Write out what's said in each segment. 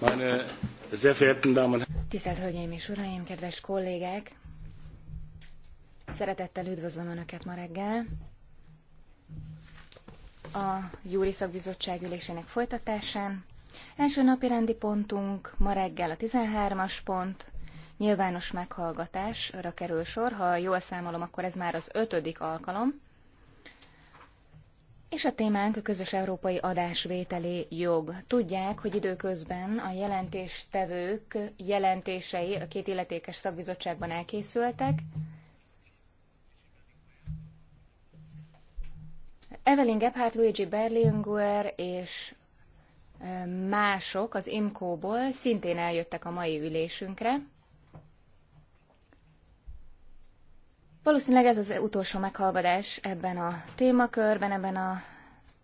Meine sehr verehrten Damen Tisztelt Hölgyeim és Uraim, kedves kollégák! Szeretettel üdvözlöm Önöket ma reggel. A Júri Szakbizottság ülésének folytatásán. Első napi rendi pontunk ma reggel a 13-as pont, nyilvános meghallgatásra kerül sor. Ha jól számolom, akkor ez már az ötödik alkalom, és a témánk a közös európai adásvételi jog. Tudják, hogy időközben a jelentéstevők jelentései a két illetékes szakbizottságban elkészültek. Evelyn Gebhardt, Luigi Berlinguer és mások az IMCO-ból szintén eljöttek a mai ülésünkre. Valószínűleg ez az utolsó meghallgatás ebben a témakörben, ebben a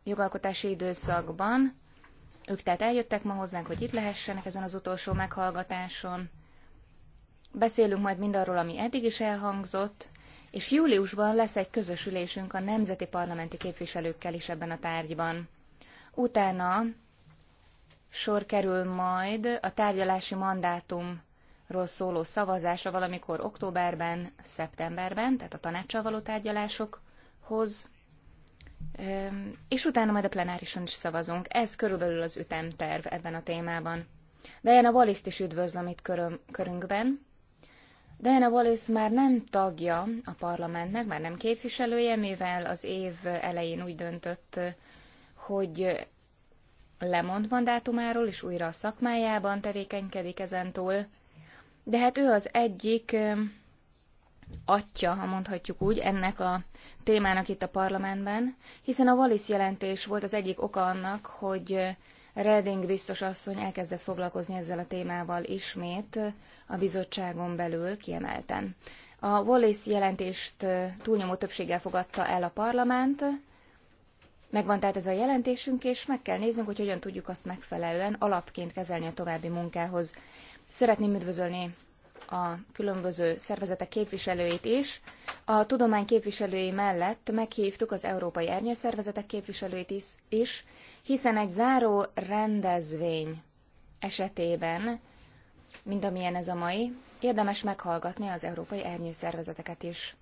jogalkotási időszakban. Ők tehát eljöttek ma hozzánk, hogy itt lehessenek ezen az utolsó meghallgatáson. Beszélünk majd mindarról, ami eddig is elhangzott, és júliusban lesz egy közös a nemzeti parlamenti képviselőkkel is ebben a tárgyban. Utána sor kerül majd a tárgyalási mandátum ról szóló szavazásra valamikor októberben, szeptemberben, tehát a tanácssal való tárgyalásokhoz, és utána majd a plenárison is szavazunk. Ez körülbelül az ütemterv ebben a témában. Diana wallace is üdvözlöm itt köröm, körünkben. Diana Wallace már nem tagja a parlamentnek, már nem képviselője, mivel az év elején úgy döntött, hogy lemond mandátumáról, és újra a szakmájában tevékenykedik ezentúl de hát ő az egyik atya, ha mondhatjuk úgy, ennek a témának itt a parlamentben, hiszen a Wallis jelentés volt az egyik oka annak, hogy Reding biztos asszony elkezdett foglalkozni ezzel a témával ismét a bizottságon belül kiemelten. A Wallis jelentést túlnyomó többséggel fogadta el a parlament, megvan tehát ez a jelentésünk, és meg kell néznünk, hogy hogyan tudjuk azt megfelelően alapként kezelni a további munkához. Szeretném üdvözölni a különböző szervezetek képviselőit is. A tudomány képviselői mellett meghívtuk az Európai szervezetek képviselőit is, hiszen egy záró rendezvény esetében, mint amilyen ez a mai, érdemes meghallgatni az Európai szervezeteket is.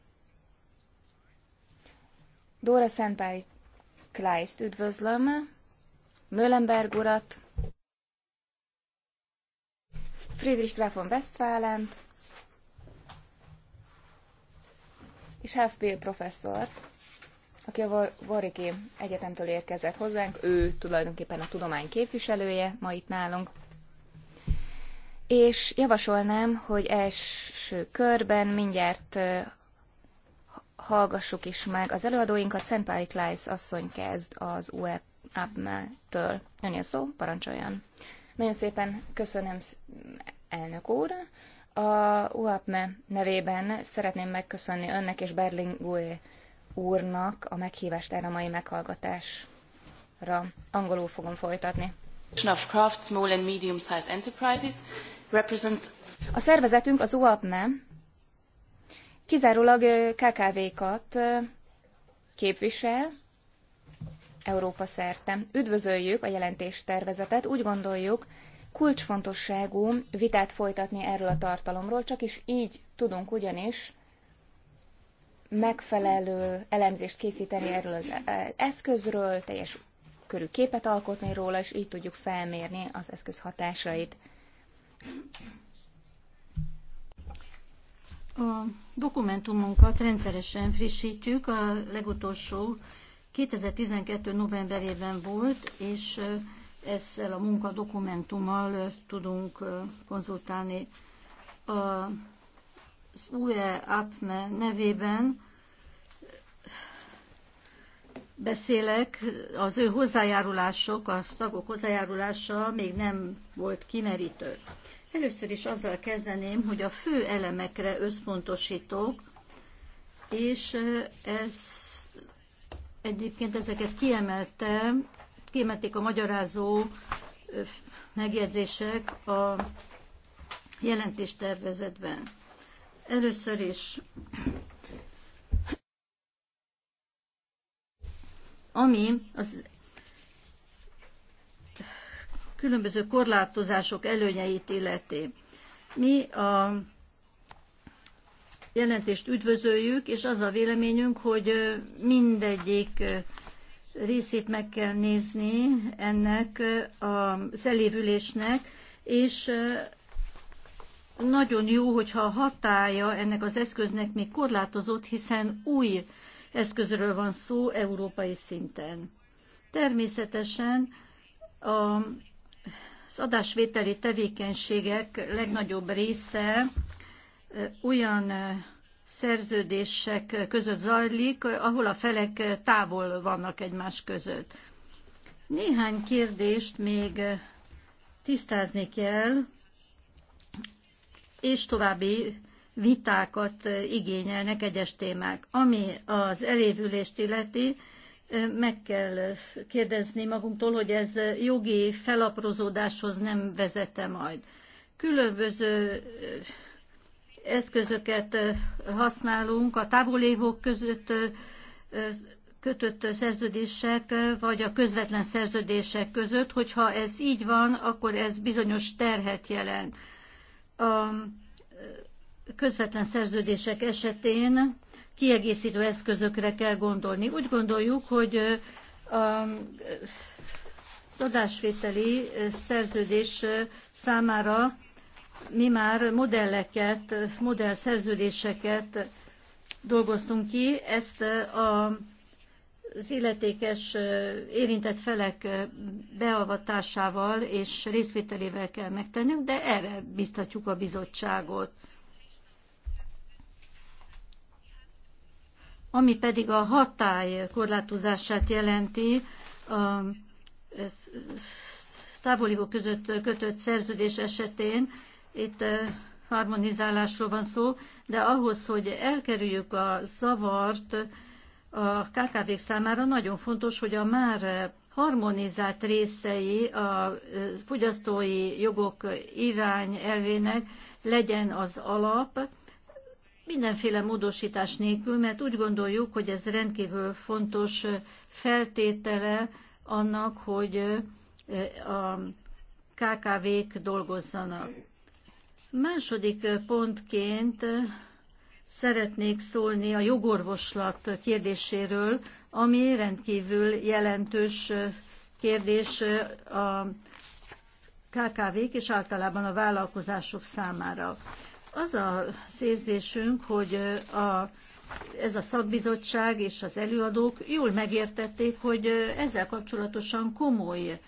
Dóra Szentpály Kleist üdvözlöm, Möllenberg urat, Friedrich Graf von Westfálent és Bill professzort, aki a Warwicki Egyetemtől érkezett hozzánk, ő tulajdonképpen a tudomány képviselője ma itt nálunk. És javasolnám, hogy első körben mindjárt hallgassuk is meg az előadóinkat. Szentpáli Klájsz asszony kezd az UEAP-től. Jönni a szó, parancsoljon. Nagyon szépen köszönöm, elnök úr. A UAPME nevében szeretném megköszönni önnek és Berlingué úrnak a meghívást erre a mai meghallgatásra. Angolul fogom folytatni. Of craft, small and medium sized enterprises represents... A szervezetünk az UAPME kizárólag KKV-kat képvisel, Európa szerte. Üdvözöljük a jelentéstervezetet, úgy gondoljuk, kulcsfontosságú vitát folytatni erről a tartalomról, csak is így tudunk ugyanis megfelelő elemzést készíteni erről az e- eszközről, teljes körű képet alkotni róla, és így tudjuk felmérni az eszköz hatásait. A dokumentumunkat rendszeresen frissítjük, a legutolsó 2012. novemberében volt, és ezzel a munkadokumentummal tudunk konzultálni. Az UE APME nevében beszélek, az ő hozzájárulások, a tagok hozzájárulása még nem volt kimerítő. Először is azzal kezdeném, hogy a fő elemekre összpontosítok, és ez Egyébként ezeket kiemelte, kiemelték a magyarázó megjegyzések a jelentéstervezetben. Először is, ami az különböző korlátozások előnyeit illeti. Mi a jelentést üdvözöljük, és az a véleményünk, hogy mindegyik részét meg kell nézni ennek a szelévülésnek, és nagyon jó, hogyha a hatája ennek az eszköznek még korlátozott, hiszen új eszközről van szó európai szinten. Természetesen a, az adásvételi tevékenységek legnagyobb része olyan szerződések között zajlik, ahol a felek távol vannak egymás között. Néhány kérdést még tisztázni kell, és további vitákat igényelnek egyes témák. Ami az elévülést illeti, meg kell kérdezni magunktól, hogy ez jogi felaprozódáshoz nem vezete majd. Különböző eszközöket használunk, a távolévók között kötött szerződések, vagy a közvetlen szerződések között, hogyha ez így van, akkor ez bizonyos terhet jelent. A közvetlen szerződések esetén kiegészítő eszközökre kell gondolni. Úgy gondoljuk, hogy az adásvételi szerződés számára mi már modelleket, szerződéseket dolgoztunk ki, ezt a az illetékes érintett felek beavatásával és részvételével kell megtennünk, de erre biztatjuk a bizottságot. Ami pedig a hatály korlátozását jelenti, a távolívó között kötött szerződés esetén itt harmonizálásról van szó, de ahhoz, hogy elkerüljük a zavart a kkv számára, nagyon fontos, hogy a már harmonizált részei a fogyasztói jogok irány elvének legyen az alap, mindenféle módosítás nélkül, mert úgy gondoljuk, hogy ez rendkívül fontos feltétele annak, hogy a KKV-k dolgozzanak. Második pontként szeretnék szólni a jogorvoslat kérdéséről, ami rendkívül jelentős kérdés a KKV-k és általában a vállalkozások számára. Az az érzésünk, hogy a, ez a szakbizottság és az előadók jól megértették, hogy ezzel kapcsolatosan komoly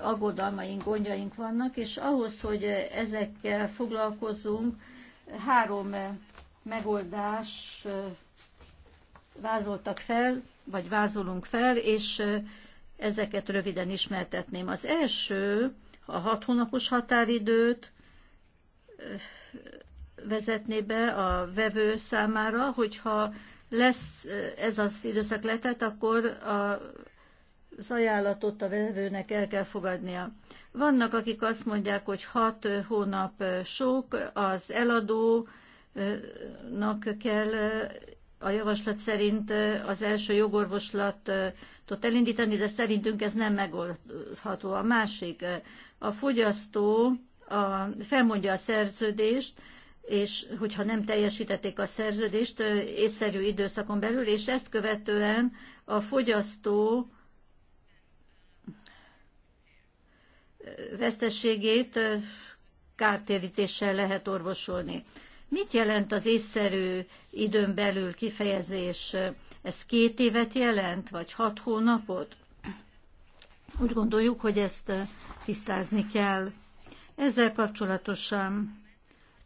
aggodalmaink, gondjaink vannak, és ahhoz, hogy ezekkel foglalkozunk, három eh, megoldás eh, vázoltak fel, vagy vázolunk fel, és eh, ezeket röviden ismertetném. Az első a hat hónapos határidőt vezetné be a vevő számára, hogyha lesz ez az időszak letelt, akkor a az ajánlatot a vevőnek el kell fogadnia. Vannak, akik azt mondják, hogy hat hónap sok, az eladónak kell a javaslat szerint az első jogorvoslatot elindítani, de szerintünk ez nem megoldható. A másik, a fogyasztó a, felmondja a szerződést, és hogyha nem teljesítették a szerződést észszerű időszakon belül, és ezt követően a fogyasztó veszteségét kártérítéssel lehet orvosolni. Mit jelent az észszerű időn belül kifejezés? Ez két évet jelent, vagy hat hónapot? Úgy gondoljuk, hogy ezt tisztázni kell. Ezzel kapcsolatosan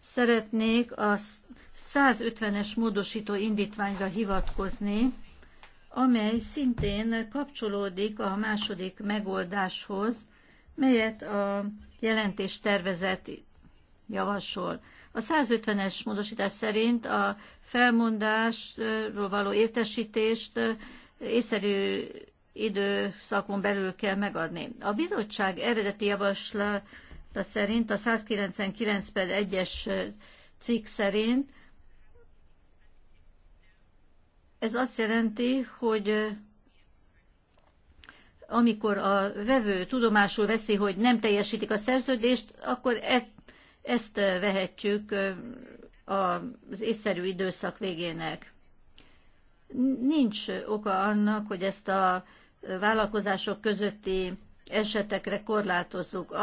szeretnék a 150-es módosító indítványra hivatkozni, amely szintén kapcsolódik a második megoldáshoz, melyet a jelentés tervezet javasol. A 150-es módosítás szerint a felmondásról való értesítést észszerű időszakon belül kell megadni. A bizottság eredeti javaslata szerint a 199 per 1-es cikk szerint ez azt jelenti, hogy amikor a vevő tudomásul veszi, hogy nem teljesítik a szerződést, akkor e, ezt vehetjük az észszerű időszak végének. Nincs oka annak, hogy ezt a vállalkozások közötti esetekre korlátozzuk.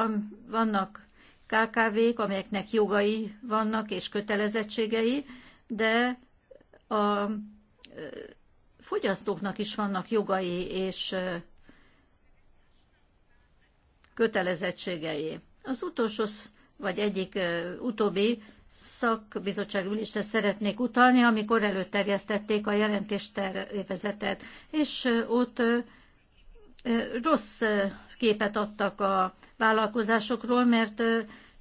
Vannak KKV-k, amelyeknek jogai vannak és kötelezettségei, de a fogyasztóknak is vannak jogai és kötelezettségei. Az utolsó, vagy egyik utóbbi szakbizottság ülésre szeretnék utalni, amikor előterjesztették a jelentéstervezetet, és ott rossz képet adtak a vállalkozásokról, mert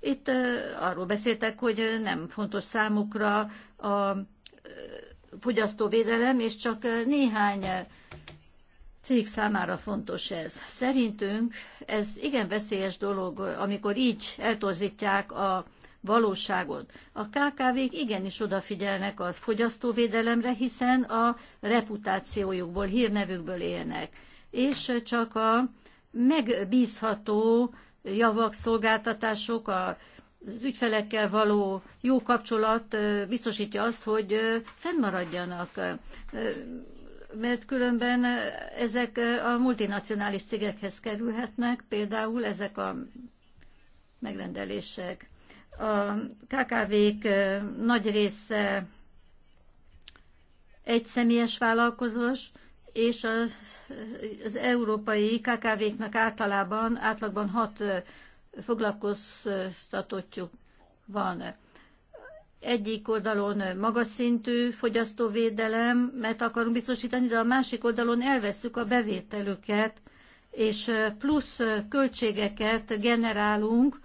itt arról beszéltek, hogy nem fontos számukra a fogyasztóvédelem, és csak néhány cég számára fontos ez. Szerintünk ez igen veszélyes dolog, amikor így eltorzítják a valóságot. A KKV-k igenis odafigyelnek a fogyasztóvédelemre, hiszen a reputációjukból, hírnevükből élnek. És csak a megbízható javak, szolgáltatások, az ügyfelekkel való jó kapcsolat biztosítja azt, hogy fennmaradjanak mert különben ezek a multinacionális cégekhez kerülhetnek, például ezek a megrendelések. A KKV-k nagy része egyszemélyes vállalkozós, és az, az európai KKV-knak általában átlagban hat foglalkoztatottjuk van egyik oldalon magas szintű mert akarunk biztosítani, de a másik oldalon elveszük a bevételüket, és plusz költségeket generálunk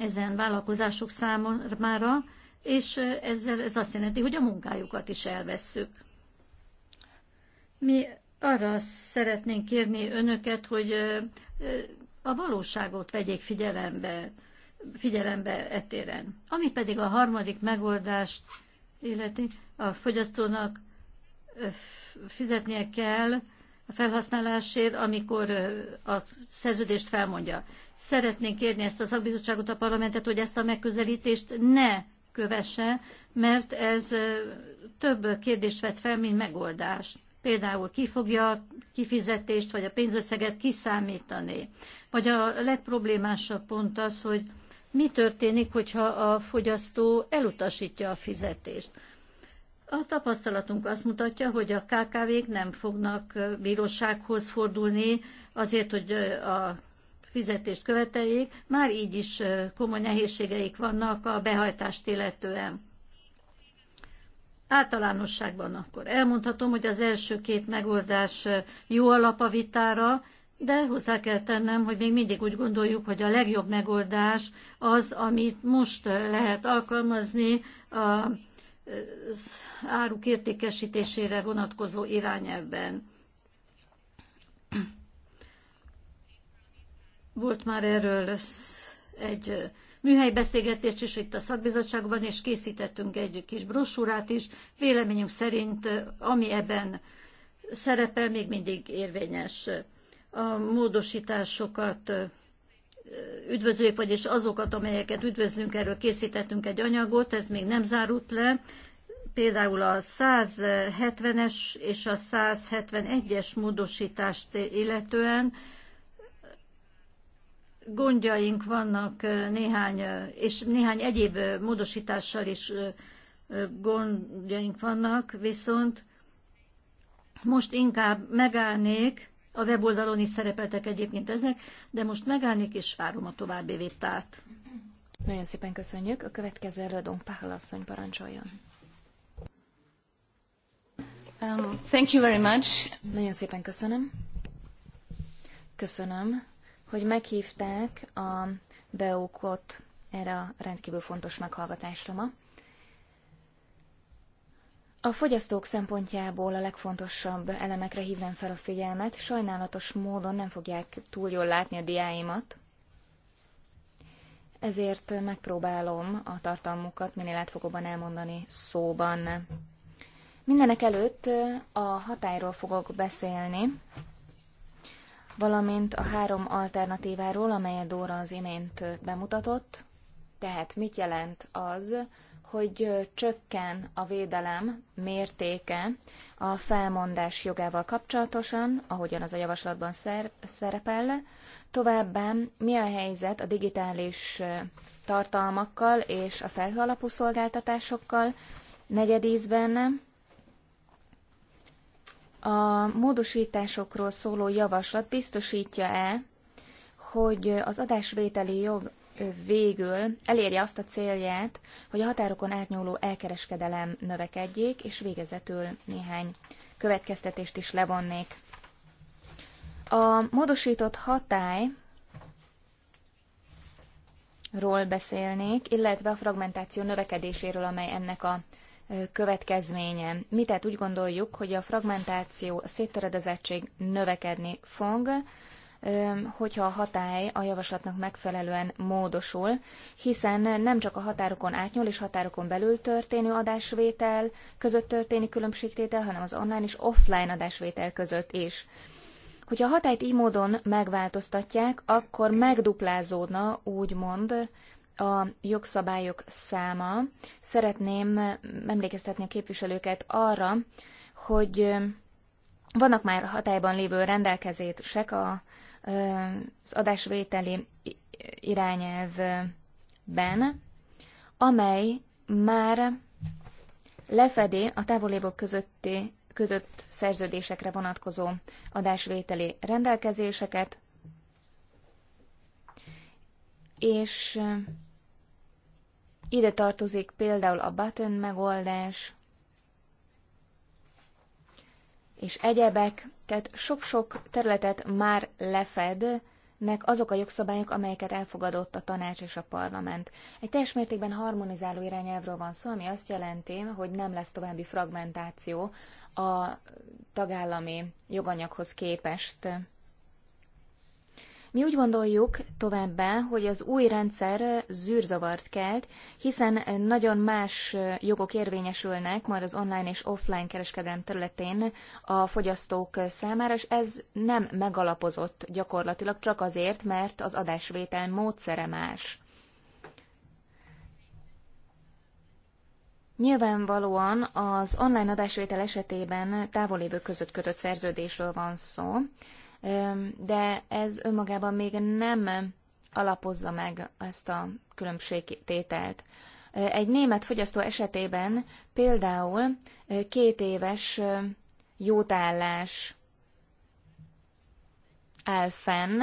ezen vállalkozások számára, és ezzel ez azt jelenti, hogy a munkájukat is elveszük. Mi arra szeretnénk kérni önöket, hogy a valóságot vegyék figyelembe figyelembe etéren. Ami pedig a harmadik megoldást illeti, a fogyasztónak fizetnie kell a felhasználásért, amikor a szerződést felmondja. Szeretnénk kérni ezt a szakbizottságot, a parlamentet, hogy ezt a megközelítést ne kövesse, mert ez több kérdést vet fel, mint megoldás. Például ki fogja a kifizetést vagy a pénzösszeget kiszámítani. Vagy a legproblémásabb pont az, hogy mi történik, hogyha a fogyasztó elutasítja a fizetést. A tapasztalatunk azt mutatja, hogy a KKV-k nem fognak bírósághoz fordulni azért, hogy a fizetést követeljék, már így is komoly nehézségeik vannak a behajtást illetően. Általánosságban akkor elmondhatom, hogy az első két megoldás jó alap a vitára, de hozzá kell tennem, hogy még mindig úgy gondoljuk, hogy a legjobb megoldás az, amit most lehet alkalmazni az áruk értékesítésére vonatkozó irányelvben. Volt már erről egy műhelybeszélgetés is itt a szakbizottságban, és készítettünk egy kis brosúrát is. Véleményünk szerint, ami ebben szerepel, még mindig érvényes a módosításokat üdvözlők, vagyis azokat, amelyeket üdvözlünk, erről készítettünk egy anyagot, ez még nem zárult le. Például a 170-es és a 171-es módosítást illetően gondjaink vannak néhány, és néhány egyéb módosítással is gondjaink vannak, viszont most inkább megállnék, a weboldalon is szerepeltek egyébként ezek, de most megállnék és várom a további vétát. Nagyon szépen köszönjük. A következő előadónk Pál asszony parancsoljon. Um, thank you very much. Nagyon szépen köszönöm. Köszönöm, hogy meghívták a beókot erre a rendkívül fontos meghallgatásra ma. A fogyasztók szempontjából a legfontosabb elemekre hívnám fel a figyelmet. Sajnálatos módon nem fogják túl jól látni a diáimat, ezért megpróbálom a tartalmukat minél átfogóban elmondani szóban. Mindenek előtt a hatályról fogok beszélni, valamint a három alternatíváról, amelyet Dóra az imént bemutatott. Tehát mit jelent az, hogy csökken a védelem mértéke a felmondás jogával kapcsolatosan, ahogyan az a javaslatban szerepel. Továbbá mi a helyzet a digitális tartalmakkal és a felhőalapú szolgáltatásokkal? Negyedízben a módosításokról szóló javaslat biztosítja-e, hogy az adásvételi jog végül elérje azt a célját, hogy a határokon átnyúló elkereskedelem növekedjék, és végezetül néhány következtetést is levonnék. A módosított hatály ról beszélnék, illetve a fragmentáció növekedéséről, amely ennek a következménye. Mi tehát úgy gondoljuk, hogy a fragmentáció, a széttöredezettség növekedni fog, hogyha a hatály a javaslatnak megfelelően módosul, hiszen nem csak a határokon átnyúl és határokon belül történő adásvétel között történik különbségtétel, hanem az online és offline adásvétel között is. Hogyha a hatályt így módon megváltoztatják, akkor megduplázódna, úgymond, a jogszabályok száma. Szeretném emlékeztetni a képviselőket arra, hogy vannak már hatályban lévő rendelkezések a az adásvételi irányelvben, amely már lefedi a távolévok közötti kötött szerződésekre vonatkozó adásvételi rendelkezéseket, és ide tartozik például a button megoldás, és egyebek, tehát sok-sok területet már lefednek azok a jogszabályok, amelyeket elfogadott a tanács és a parlament. Egy teljes mértékben harmonizáló irányelvről van szó, ami azt jelenti, hogy nem lesz további fragmentáció a tagállami joganyaghoz képest mi úgy gondoljuk továbbá, hogy az új rendszer zűrzavart kelt, hiszen nagyon más jogok érvényesülnek majd az online és offline kereskedelem területén a fogyasztók számára, és ez nem megalapozott gyakorlatilag csak azért, mert az adásvétel módszere más. Nyilvánvalóan az online adásvétel esetében távolévők között kötött szerződésről van szó, de ez önmagában még nem alapozza meg ezt a különbségtételt. Egy német fogyasztó esetében például két éves jótállás áll fenn,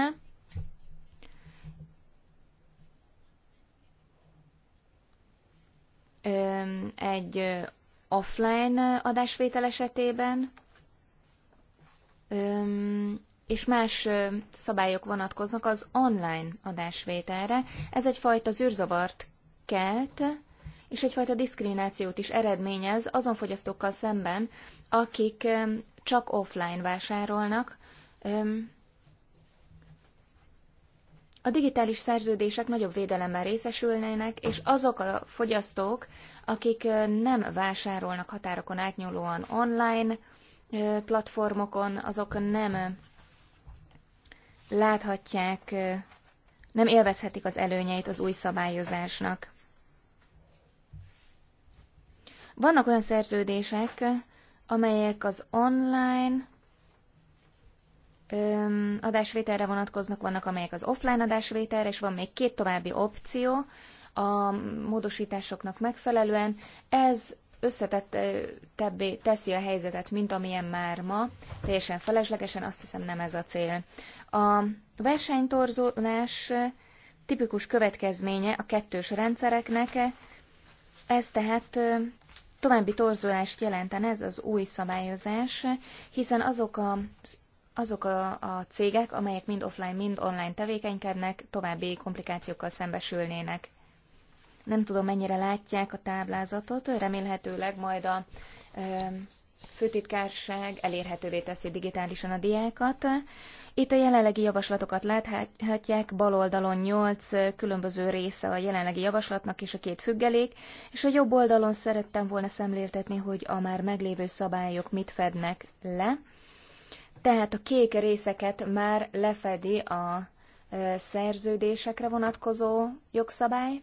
egy offline adásvétel esetében és más szabályok vonatkoznak az online adásvételre. Ez egyfajta zűrzavart kelt, és egyfajta diszkriminációt is eredményez azon fogyasztókkal szemben, akik csak offline vásárolnak. A digitális szerződések nagyobb védelemmel részesülnének, és azok a fogyasztók, akik nem vásárolnak határokon átnyúlóan online platformokon, azok nem láthatják, nem élvezhetik az előnyeit az új szabályozásnak. Vannak olyan szerződések, amelyek az online öm, adásvételre vonatkoznak, vannak amelyek az offline adásvételre, és van még két további opció a módosításoknak megfelelően. Ez összetettebbé teszi a helyzetet, mint amilyen már ma, teljesen feleslegesen, azt hiszem nem ez a cél. A versenytorzulás tipikus következménye a kettős rendszereknek, ez tehát további torzulást jelenten ez az új szabályozás, hiszen azok a azok a, a cégek, amelyek mind offline, mind online tevékenykednek, további komplikációkkal szembesülnének. Nem tudom, mennyire látják a táblázatot, remélhetőleg majd a főtitkárság elérhetővé teszi digitálisan a diákat. Itt a jelenlegi javaslatokat láthatják, bal oldalon 8 különböző része a jelenlegi javaslatnak és a két függelék, és a jobb oldalon szerettem volna szemléltetni, hogy a már meglévő szabályok mit fednek le. Tehát a kék részeket már lefedi a szerződésekre vonatkozó jogszabály,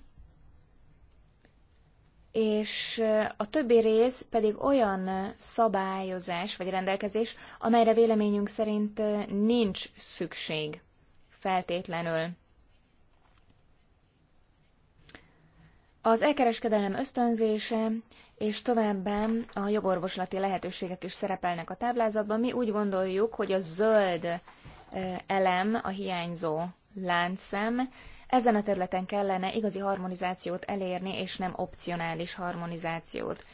és a többi rész pedig olyan szabályozás vagy rendelkezés, amelyre véleményünk szerint nincs szükség feltétlenül. Az elkereskedelem ösztönzése és továbbá a jogorvoslati lehetőségek is szerepelnek a táblázatban. Mi úgy gondoljuk, hogy a zöld elem a hiányzó láncszem, ezen a területen kellene igazi harmonizációt elérni, és nem opcionális harmonizációt.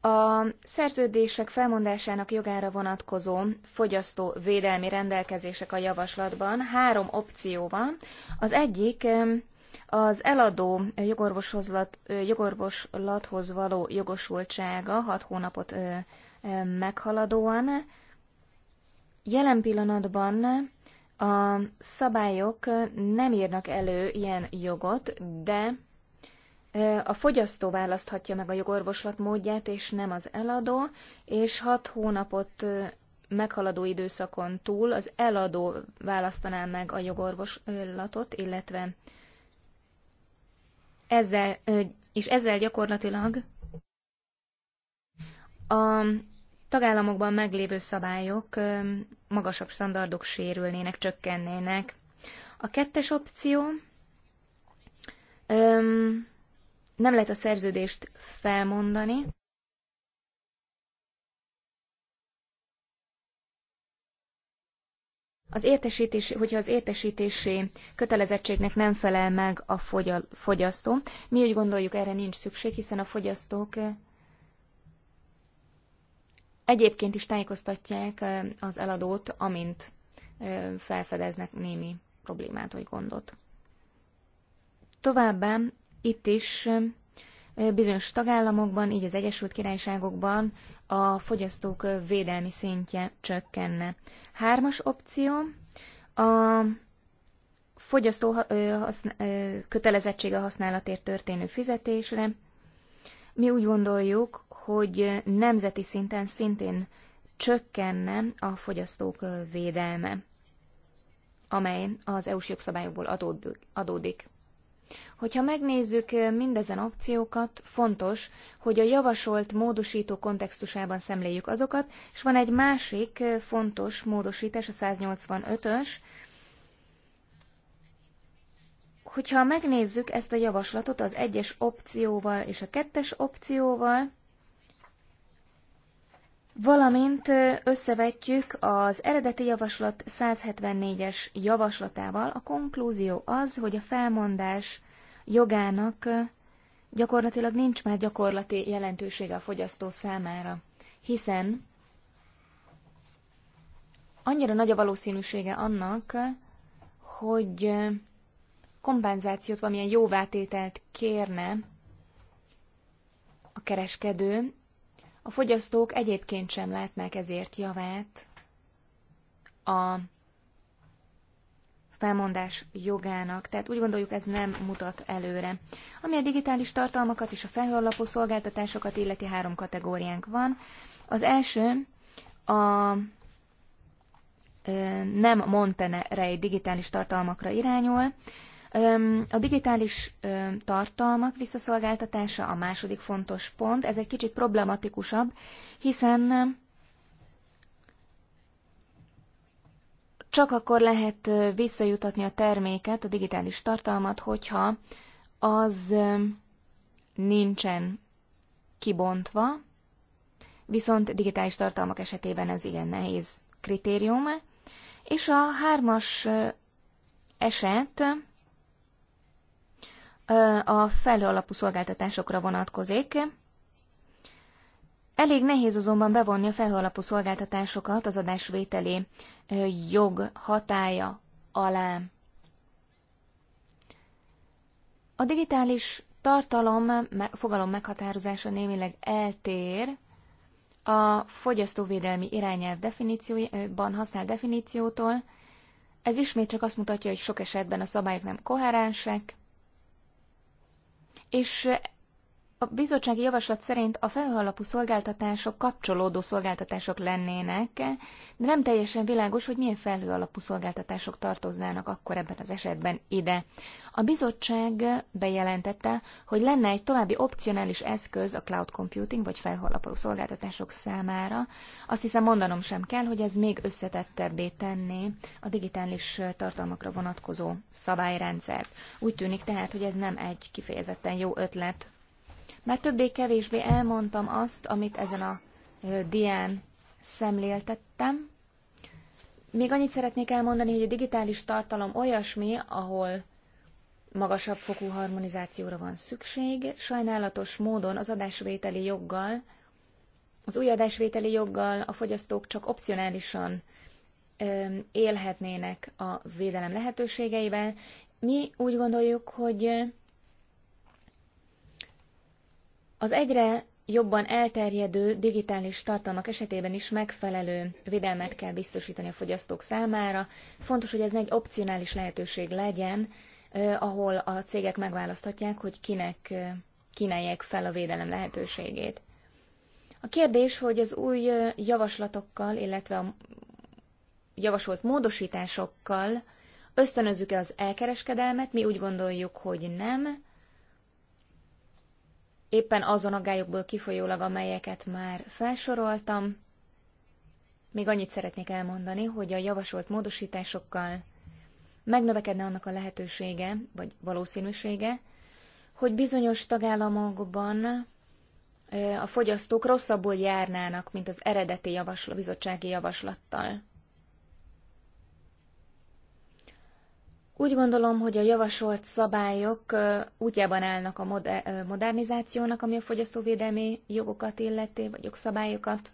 A szerződések felmondásának jogára vonatkozó fogyasztó védelmi rendelkezések a javaslatban három opció van. Az egyik az eladó jogorvoslathoz való jogosultsága 6 hónapot meghaladóan. Jelen pillanatban a szabályok nem írnak elő ilyen jogot, de a fogyasztó választhatja meg a jogorvoslat módját, és nem az eladó, és hat hónapot meghaladó időszakon túl az eladó választaná meg a jogorvoslatot, illetve ezzel, és ezzel gyakorlatilag a tagállamokban meglévő szabályok magasabb standardok sérülnének, csökkennének. A kettes opció nem lehet a szerződést felmondani, Az értesítés, hogyha az értesítési kötelezettségnek nem felel meg a fogyasztó, mi úgy gondoljuk erre nincs szükség, hiszen a fogyasztók egyébként is tájékoztatják az eladót, amint felfedeznek némi problémát vagy gondot. Továbbá itt is Bizonyos tagállamokban, így az Egyesült Királyságokban a fogyasztók védelmi szintje csökkenne. Hármas opció, a fogyasztó kötelezettsége használatért történő fizetésre. Mi úgy gondoljuk, hogy nemzeti szinten szintén csökkenne a fogyasztók védelme, amely az EU-s jogszabályokból adódik. Hogyha megnézzük mindezen opciókat, fontos, hogy a javasolt módosító kontextusában szemléljük azokat, és van egy másik fontos módosítás, a 185-ös, hogyha megnézzük ezt a javaslatot az egyes opcióval és a kettes opcióval, valamint összevetjük az eredeti javaslat 174-es javaslatával. A konklúzió az, hogy a felmondás jogának gyakorlatilag nincs már gyakorlati jelentősége a fogyasztó számára, hiszen annyira nagy a valószínűsége annak, hogy kompenzációt, valamilyen jóvátételt kérne a kereskedő, a fogyasztók egyébként sem látnák ezért javát a felmondás jogának, tehát úgy gondoljuk ez nem mutat előre. Ami a digitális tartalmakat és a felhőlapú szolgáltatásokat illeti három kategóriánk van. Az első a nem Montenerei digitális tartalmakra irányul. A digitális tartalmak visszaszolgáltatása a második fontos pont. Ez egy kicsit problematikusabb, hiszen csak akkor lehet visszajutatni a terméket, a digitális tartalmat, hogyha az nincsen kibontva, viszont digitális tartalmak esetében ez igen nehéz kritérium. És a hármas eset a felhő alapú szolgáltatásokra vonatkozik. Elég nehéz azonban bevonni a felhő alapú szolgáltatásokat az adásvételi jog hatája alá. A digitális tartalom fogalom meghatározása némileg eltér a fogyasztóvédelmi irányelv definícióban használt definíciótól. Ez ismét csak azt mutatja, hogy sok esetben a szabályok nem koherensek, és a bizottsági javaslat szerint a felhalapú szolgáltatások kapcsolódó szolgáltatások lennének, de nem teljesen világos, hogy milyen felhőalapú szolgáltatások tartoznának akkor ebben az esetben ide. A bizottság bejelentette, hogy lenne egy további opcionális eszköz a cloud computing vagy felhalapú szolgáltatások számára. Azt hiszem mondanom sem kell, hogy ez még összetettebbé tenné a digitális tartalmakra vonatkozó szabályrendszert. Úgy tűnik tehát, hogy ez nem egy kifejezetten jó ötlet már többé-kevésbé elmondtam azt, amit ezen a dián szemléltettem. Még annyit szeretnék elmondani, hogy a digitális tartalom olyasmi, ahol magasabb fokú harmonizációra van szükség. Sajnálatos módon az adásvételi joggal, az új adásvételi joggal a fogyasztók csak opcionálisan élhetnének a védelem lehetőségeivel. Mi úgy gondoljuk, hogy az egyre jobban elterjedő digitális tartalmak esetében is megfelelő védelmet kell biztosítani a fogyasztók számára. Fontos, hogy ez egy opcionális lehetőség legyen, ahol a cégek megválaszthatják, hogy kinek kínálják fel a védelem lehetőségét. A kérdés, hogy az új javaslatokkal, illetve a javasolt módosításokkal ösztönözzük-e az elkereskedelmet, mi úgy gondoljuk, hogy nem, éppen azon aggályokból kifolyólag, amelyeket már felsoroltam. Még annyit szeretnék elmondani, hogy a javasolt módosításokkal megnövekedne annak a lehetősége, vagy valószínűsége, hogy bizonyos tagállamokban a fogyasztók rosszabbul járnának, mint az eredeti javasl- bizottsági javaslattal Úgy gondolom, hogy a javasolt szabályok útjában állnak a modernizációnak, ami a fogyasztóvédelmi jogokat illeti, vagy jogszabályokat.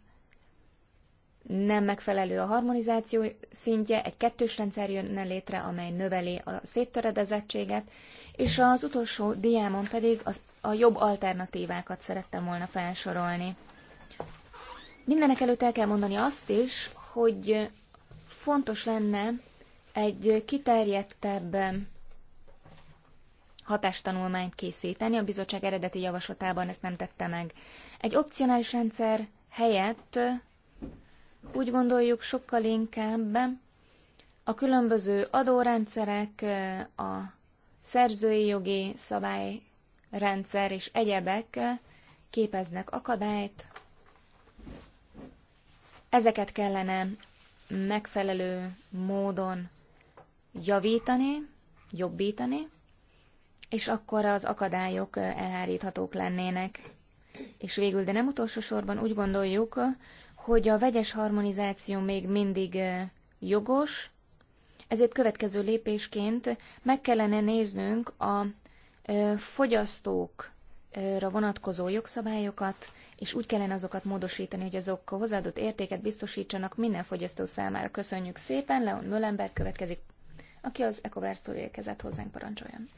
Nem megfelelő a harmonizáció szintje, egy kettős rendszer jönne létre, amely növeli a széttöredezettséget, és az utolsó diámon pedig az, a jobb alternatívákat szerettem volna felsorolni. Mindenek előtt el kell mondani azt is, hogy fontos lenne egy kiterjedtebb hatástanulmányt készíteni, a bizottság eredeti javaslatában ezt nem tette meg. Egy opcionális rendszer helyett úgy gondoljuk sokkal inkább a különböző adórendszerek, a szerzői jogi szabályrendszer és egyebek képeznek akadályt. Ezeket kellene megfelelő módon javítani, jobbítani, és akkor az akadályok elháríthatók lennének. És végül, de nem utolsó sorban úgy gondoljuk, hogy a vegyes harmonizáció még mindig jogos, ezért következő lépésként meg kellene néznünk a fogyasztókra vonatkozó jogszabályokat, és úgy kellene azokat módosítani, hogy azok hozzáadott értéket biztosítsanak minden fogyasztó számára. Köszönjük szépen, Leon Möllenberg következik aki az Ecoverse-től érkezett hozzánk parancsoljon.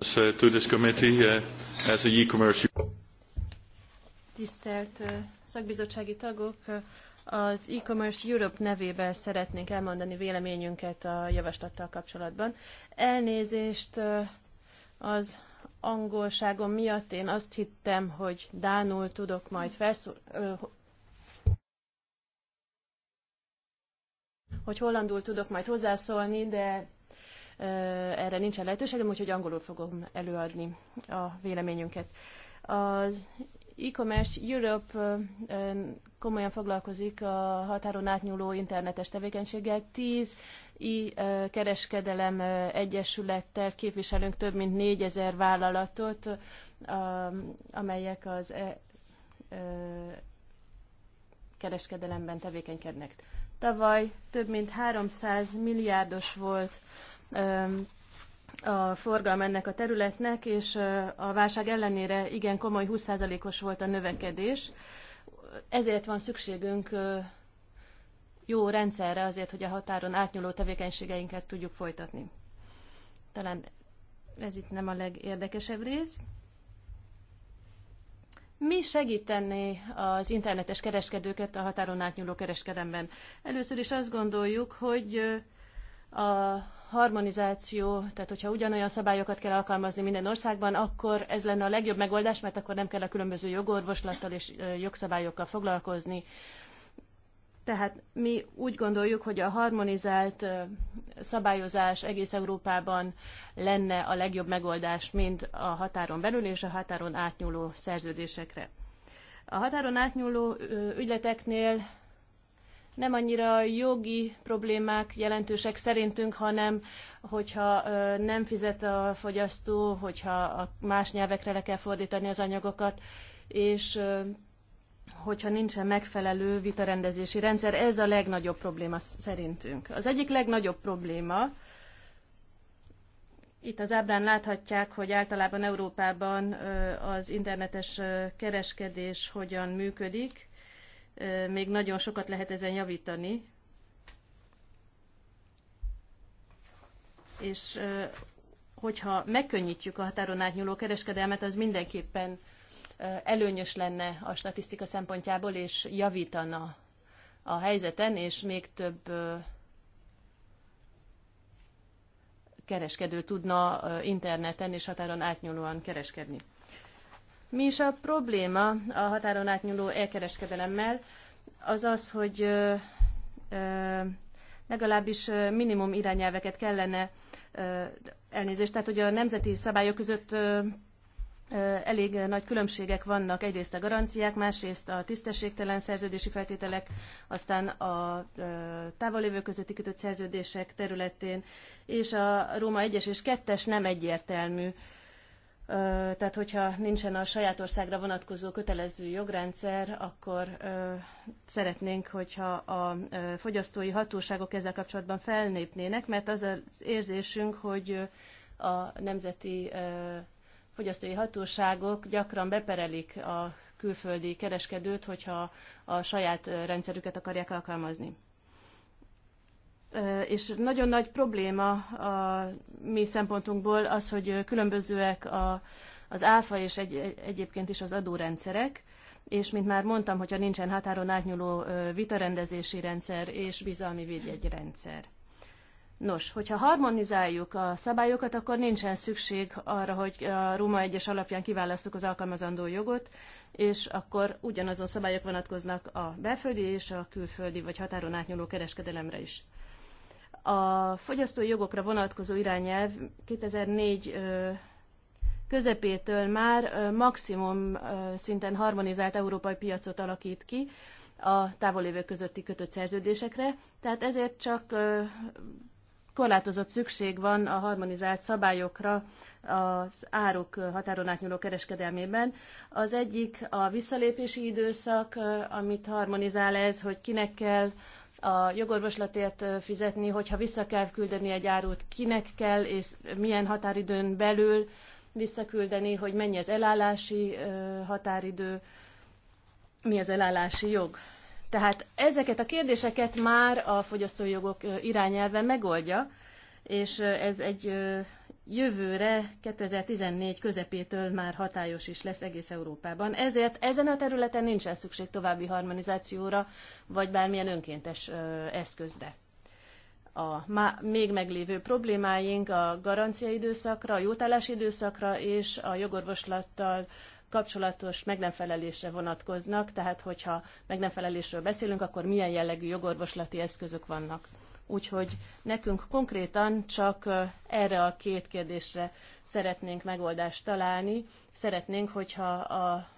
Uh, Tisztelt uh, szakbizottsági tagok, uh, az e-commerce Europe nevében szeretnénk elmondani véleményünket a javaslattal kapcsolatban. Elnézést az angolságom miatt én azt hittem, hogy Dánul tudok majd felszól, hogy hollandul tudok majd hozzászólni, de erre nincsen lehetőségem, úgyhogy angolul fogom előadni a véleményünket. Az e-commerce Europe komolyan foglalkozik a határon átnyúló internetes tevékenységgel. Tíz i kereskedelem egyesülettel képviselünk több mint négyezer vállalatot, amelyek az e kereskedelemben tevékenykednek. Tavaly több mint 300 milliárdos volt a forgalma ennek a területnek, és a válság ellenére igen komoly 20%-os volt a növekedés. Ezért van szükségünk jó rendszerre azért, hogy a határon átnyúló tevékenységeinket tudjuk folytatni. Talán ez itt nem a legérdekesebb rész. Mi segítené az internetes kereskedőket a határon átnyúló kereskedemben? Először is azt gondoljuk, hogy a harmonizáció, tehát hogyha ugyanolyan szabályokat kell alkalmazni minden országban, akkor ez lenne a legjobb megoldás, mert akkor nem kell a különböző jogorvoslattal és jogszabályokkal foglalkozni tehát mi úgy gondoljuk, hogy a harmonizált szabályozás egész Európában lenne a legjobb megoldás, mint a határon belül és a határon átnyúló szerződésekre. A határon átnyúló ügyleteknél nem annyira jogi problémák jelentősek szerintünk, hanem hogyha nem fizet a fogyasztó, hogyha más nyelvekre le kell fordítani az anyagokat, és hogyha nincsen megfelelő vitarendezési rendszer. Ez a legnagyobb probléma szerintünk. Az egyik legnagyobb probléma, itt az ábrán láthatják, hogy általában Európában az internetes kereskedés hogyan működik. Még nagyon sokat lehet ezen javítani. És hogyha megkönnyítjük a határon átnyúló kereskedelmet, az mindenképpen előnyös lenne a statisztika szempontjából, és javítana a helyzeten, és még több kereskedő tudna interneten és határon átnyúlóan kereskedni. Mi is a probléma a határon átnyúló elkereskedelemmel? Az az, hogy legalábbis minimum irányelveket kellene elnézést, tehát hogy a nemzeti szabályok között elég nagy különbségek vannak egyrészt a garanciák, másrészt a tisztességtelen szerződési feltételek, aztán a távolévő közötti kötött szerződések területén, és a Róma 1-es és 2-es nem egyértelmű. Tehát, hogyha nincsen a saját országra vonatkozó kötelező jogrendszer, akkor szeretnénk, hogyha a fogyasztói hatóságok ezzel kapcsolatban felnépnének, mert az az érzésünk, hogy a nemzeti fogyasztói hatóságok gyakran beperelik a külföldi kereskedőt, hogyha a saját rendszerüket akarják alkalmazni. És nagyon nagy probléma a mi szempontunkból az, hogy különbözőek a, az áfa és egy, egyébként is az adórendszerek, és mint már mondtam, hogyha nincsen határon átnyúló vitarendezési rendszer és bizalmi védjegyrendszer. rendszer Nos, hogyha harmonizáljuk a szabályokat, akkor nincsen szükség arra, hogy a Róma 1-es alapján kiválasztjuk az alkalmazandó jogot, és akkor ugyanazon szabályok vonatkoznak a belföldi és a külföldi vagy határon átnyúló kereskedelemre is. A fogyasztói jogokra vonatkozó irányelv 2004 közepétől már maximum szinten harmonizált európai piacot alakít ki a távolévők közötti kötött szerződésekre, tehát ezért csak korlátozott szükség van a harmonizált szabályokra az áruk határon átnyúló kereskedelmében. Az egyik a visszalépési időszak, amit harmonizál ez, hogy kinek kell a jogorvoslatért fizetni, hogyha vissza kell küldeni egy árut, kinek kell és milyen határidőn belül visszaküldeni, hogy mennyi az elállási határidő, mi az elállási jog. Tehát ezeket a kérdéseket már a fogyasztói jogok irányelve megoldja, és ez egy jövőre 2014 közepétől már hatályos is lesz egész Európában. Ezért ezen a területen nincsen szükség további harmonizációra, vagy bármilyen önkéntes eszközre. A még meglévő problémáink a garanciaidőszakra, a jótállási időszakra és a jogorvoslattal kapcsolatos meg nem felelésre vonatkoznak, tehát hogyha meg nem felelésről beszélünk, akkor milyen jellegű jogorvoslati eszközök vannak. Úgyhogy nekünk konkrétan csak erre a két kérdésre szeretnénk megoldást találni. Szeretnénk, hogyha a,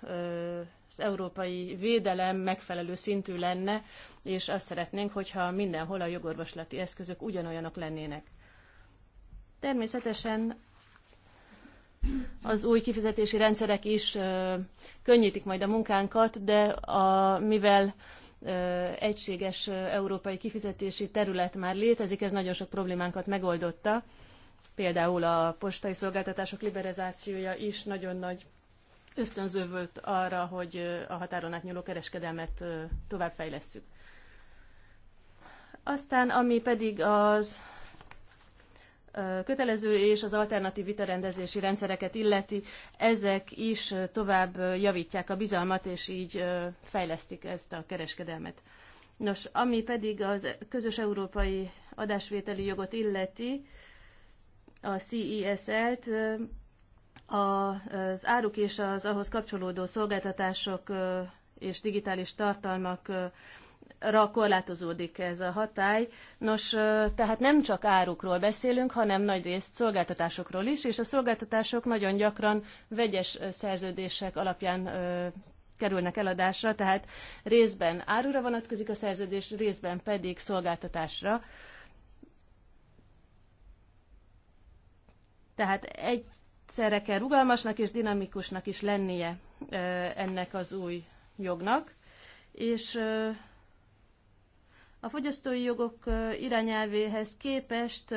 az európai védelem megfelelő szintű lenne, és azt szeretnénk, hogyha mindenhol a jogorvoslati eszközök ugyanolyanok lennének. Természetesen az új kifizetési rendszerek is könnyítik majd a munkánkat, de a, mivel egységes európai kifizetési terület már létezik, ez nagyon sok problémánkat megoldotta. Például a postai szolgáltatások liberalizációja is nagyon nagy ösztönző volt arra, hogy a határon átnyúló kereskedelmet továbbfejlesszük. Aztán, ami pedig az kötelező és az alternatív vitarendezési rendszereket illeti, ezek is tovább javítják a bizalmat, és így fejlesztik ezt a kereskedelmet. Nos, ami pedig az közös európai adásvételi jogot illeti, a CESL-t, az áruk és az ahhoz kapcsolódó szolgáltatások és digitális tartalmak ra korlátozódik ez a hatály. Nos, tehát nem csak árukról beszélünk, hanem nagy részt szolgáltatásokról is, és a szolgáltatások nagyon gyakran vegyes szerződések alapján ö, kerülnek eladásra, tehát részben árura vonatkozik a szerződés, részben pedig szolgáltatásra. Tehát egyszerre kell rugalmasnak és dinamikusnak is lennie ö, ennek az új jognak, és ö, a fogyasztói jogok irányelvéhez képest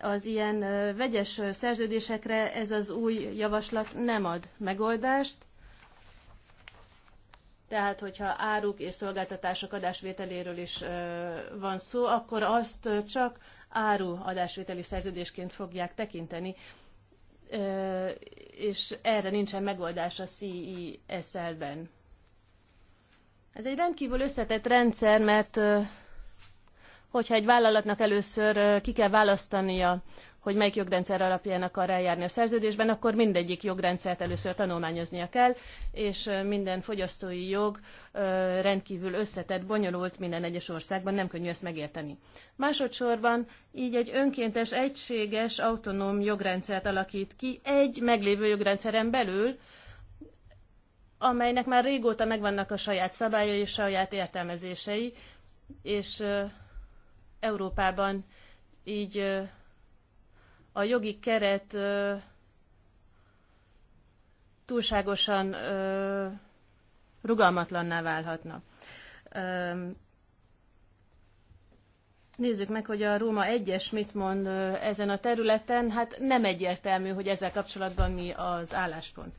az ilyen vegyes szerződésekre ez az új javaslat nem ad megoldást. Tehát, hogyha áruk és szolgáltatások adásvételéről is van szó, akkor azt csak áru adásvételi szerződésként fogják tekinteni, és erre nincsen megoldás a CISL-ben. E ez egy rendkívül összetett rendszer, mert hogyha egy vállalatnak először ki kell választania, hogy melyik jogrendszer alapján akar eljárni a szerződésben, akkor mindegyik jogrendszert először tanulmányoznia kell, és minden fogyasztói jog rendkívül összetett, bonyolult minden egyes országban, nem könnyű ezt megérteni. Másodszorban így egy önkéntes, egységes, autonóm jogrendszert alakít ki egy meglévő jogrendszeren belül, amelynek már régóta megvannak a saját szabályai és saját értelmezései, és Európában így a jogi keret túlságosan rugalmatlanná válhatna. Nézzük meg, hogy a Róma 1-es mit mond ezen a területen. Hát nem egyértelmű, hogy ezzel kapcsolatban mi az álláspont.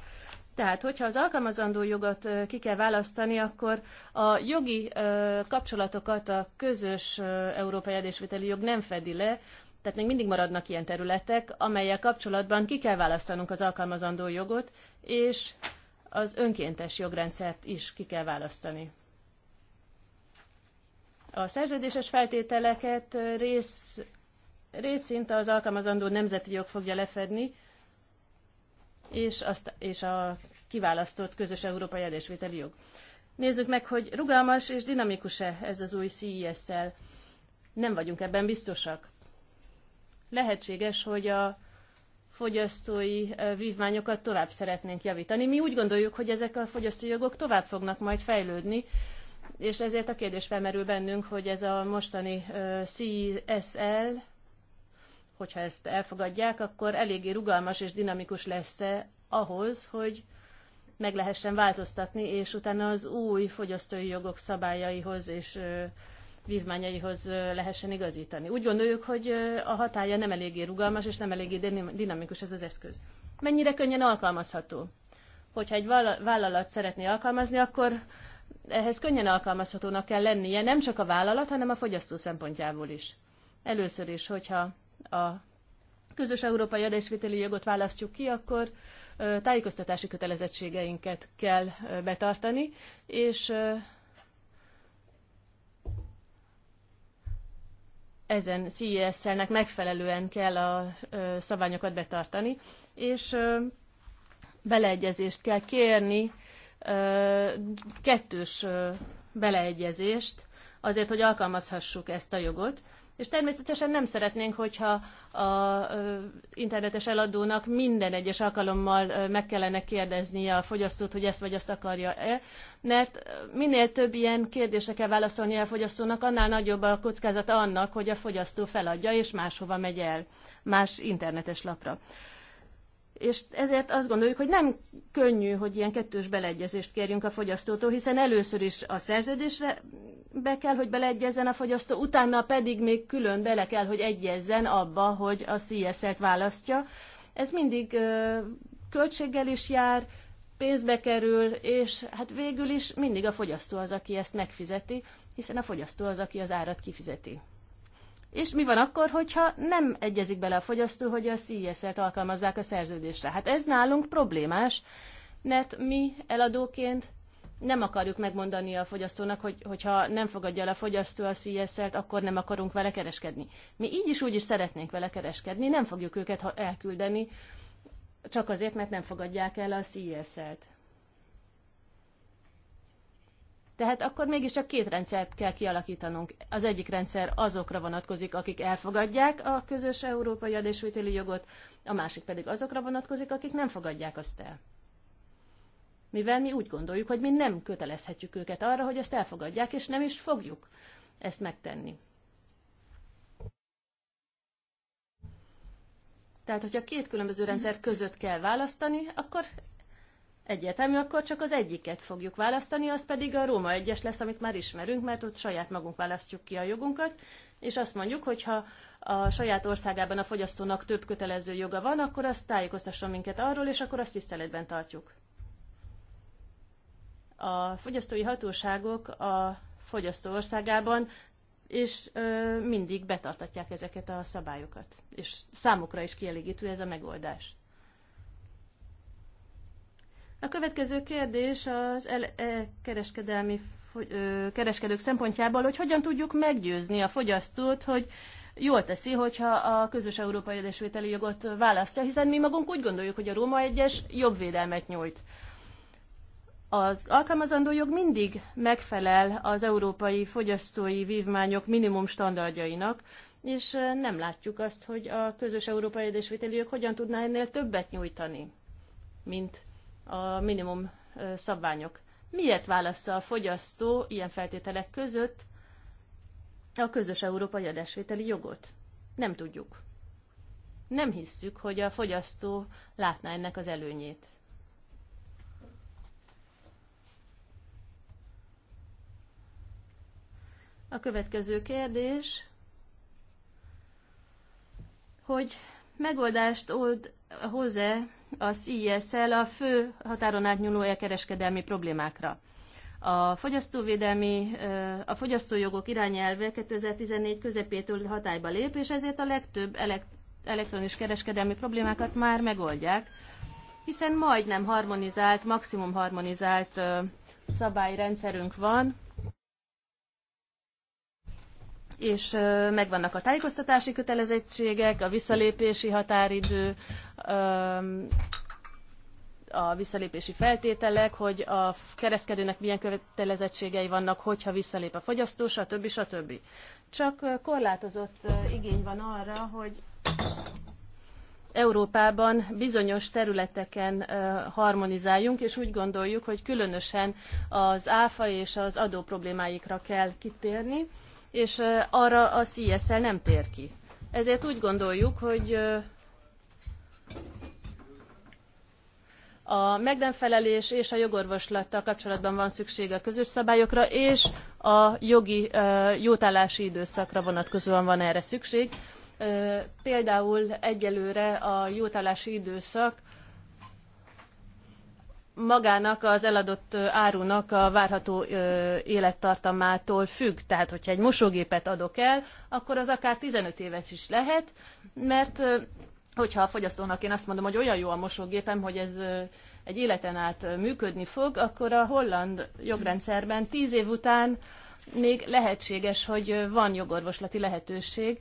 Tehát, hogyha az alkalmazandó jogot ki kell választani, akkor a jogi kapcsolatokat a közös európai adásviteli jog nem fedi le, tehát még mindig maradnak ilyen területek, amelyek kapcsolatban ki kell választanunk az alkalmazandó jogot, és az önkéntes jogrendszert is ki kell választani. A szerződéses feltételeket rész, részint az alkalmazandó nemzeti jog fogja lefedni, és, azt, és a kiválasztott közös európai adásvételi jog. Nézzük meg, hogy rugalmas és dinamikus-e ez az új CIS-szel. E Nem vagyunk ebben biztosak. Lehetséges, hogy a fogyasztói vívmányokat tovább szeretnénk javítani. Mi úgy gondoljuk, hogy ezek a fogyasztói jogok tovább fognak majd fejlődni, és ezért a kérdés felmerül bennünk, hogy ez a mostani CSL e hogyha ezt elfogadják, akkor eléggé rugalmas és dinamikus lesz -e ahhoz, hogy meg lehessen változtatni, és utána az új fogyasztói jogok szabályaihoz és vívmányaihoz lehessen igazítani. Úgy gondoljuk, hogy a hatája nem eléggé rugalmas és nem eléggé dinamikus ez az eszköz. Mennyire könnyen alkalmazható? Hogyha egy vállalat szeretné alkalmazni, akkor ehhez könnyen alkalmazhatónak kell lennie, nem csak a vállalat, hanem a fogyasztó szempontjából is. Először is, hogyha a közös európai adásvételi jogot választjuk ki, akkor tájékoztatási kötelezettségeinket kell betartani, és ezen CES-elnek megfelelően kell a szabványokat betartani, és beleegyezést kell kérni, kettős beleegyezést, azért, hogy alkalmazhassuk ezt a jogot, és természetesen nem szeretnénk, hogyha a internetes eladónak minden egyes alkalommal meg kellene kérdeznie a fogyasztót, hogy ezt vagy azt akarja-e, mert minél több ilyen kérdése kell válaszolnia a fogyasztónak, annál nagyobb a kockázata annak, hogy a fogyasztó feladja és máshova megy el, más internetes lapra és ezért azt gondoljuk, hogy nem könnyű, hogy ilyen kettős beleegyezést kérjünk a fogyasztótól, hiszen először is a szerződésre be kell, hogy beleegyezzen a fogyasztó, utána pedig még külön bele kell, hogy egyezzen abba, hogy a CSZ-et választja. Ez mindig ö, költséggel is jár, pénzbe kerül, és hát végül is mindig a fogyasztó az, aki ezt megfizeti, hiszen a fogyasztó az, aki az árat kifizeti. És mi van akkor, hogyha nem egyezik bele a fogyasztó, hogy a CIS-et e alkalmazzák a szerződésre? Hát ez nálunk problémás, mert mi eladóként nem akarjuk megmondani a fogyasztónak, hogy, hogyha nem fogadja el a fogyasztó a CSZ-et, e akkor nem akarunk vele kereskedni. Mi így is úgy is szeretnénk vele kereskedni, nem fogjuk őket elküldeni, csak azért, mert nem fogadják el a CSZ-et. E tehát akkor mégis csak két rendszert kell kialakítanunk. Az egyik rendszer azokra vonatkozik, akik elfogadják a közös európai adásvételi jogot, a másik pedig azokra vonatkozik, akik nem fogadják azt el. Mivel mi úgy gondoljuk, hogy mi nem kötelezhetjük őket arra, hogy ezt elfogadják, és nem is fogjuk ezt megtenni. Tehát, hogyha két különböző rendszer között kell választani, akkor egyetemű, akkor csak az egyiket fogjuk választani, az pedig a Róma egyes lesz, amit már ismerünk, mert ott saját magunk választjuk ki a jogunkat, és azt mondjuk, hogy ha a saját országában a fogyasztónak több kötelező joga van, akkor azt tájékoztasson minket arról, és akkor azt tiszteletben tartjuk. A fogyasztói hatóságok a fogyasztó országában és ö, mindig betartatják ezeket a szabályokat. És számukra is kielégítő ez a megoldás. A következő kérdés az -e kereskedelmi kereskedők szempontjából, hogy hogyan tudjuk meggyőzni a fogyasztót, hogy jól teszi, hogyha a közös európai edesvételi jogot választja, hiszen mi magunk úgy gondoljuk, hogy a Róma egyes jobb védelmet nyújt. Az alkalmazandó jog mindig megfelel az európai fogyasztói vívmányok minimum standardjainak, és nem látjuk azt, hogy a közös európai edesvételi jog hogyan tudná ennél többet nyújtani, mint a minimum szabványok. Miért válassza a fogyasztó ilyen feltételek között a közös európai adásvételi jogot? Nem tudjuk. Nem hisszük, hogy a fogyasztó látná ennek az előnyét. A következő kérdés, hogy megoldást old, hoz-e az ISL a fő határon átnyúló elkereskedelmi problémákra. A fogyasztóvédelmi, a fogyasztójogok irányelve 2014 közepétől hatályba lép, és ezért a legtöbb elektronikus kereskedelmi problémákat már megoldják, hiszen majdnem harmonizált, maximum harmonizált szabályrendszerünk van, és megvannak a tájékoztatási kötelezettségek, a visszalépési határidő, a visszalépési feltételek, hogy a kereskedőnek milyen kötelezettségei vannak, hogyha visszalép a fogyasztó, stb. stb. Csak korlátozott igény van arra, hogy Európában bizonyos területeken harmonizáljunk, és úgy gondoljuk, hogy különösen az áfa és az adó problémáikra kell kitérni és arra a CSL nem tér ki. Ezért úgy gondoljuk, hogy a megdenfelelés és a jogorvoslattal kapcsolatban van szükség a közös szabályokra, és a jogi jótállási időszakra vonatkozóan van erre szükség. Például egyelőre a jótállási időszak magának az eladott árunak a várható élettartamától függ. Tehát, hogyha egy mosógépet adok el, akkor az akár 15 éves is lehet, mert hogyha a fogyasztónak én azt mondom, hogy olyan jó a mosógépem, hogy ez egy életen át működni fog, akkor a holland jogrendszerben 10 év után még lehetséges, hogy van jogorvoslati lehetőség.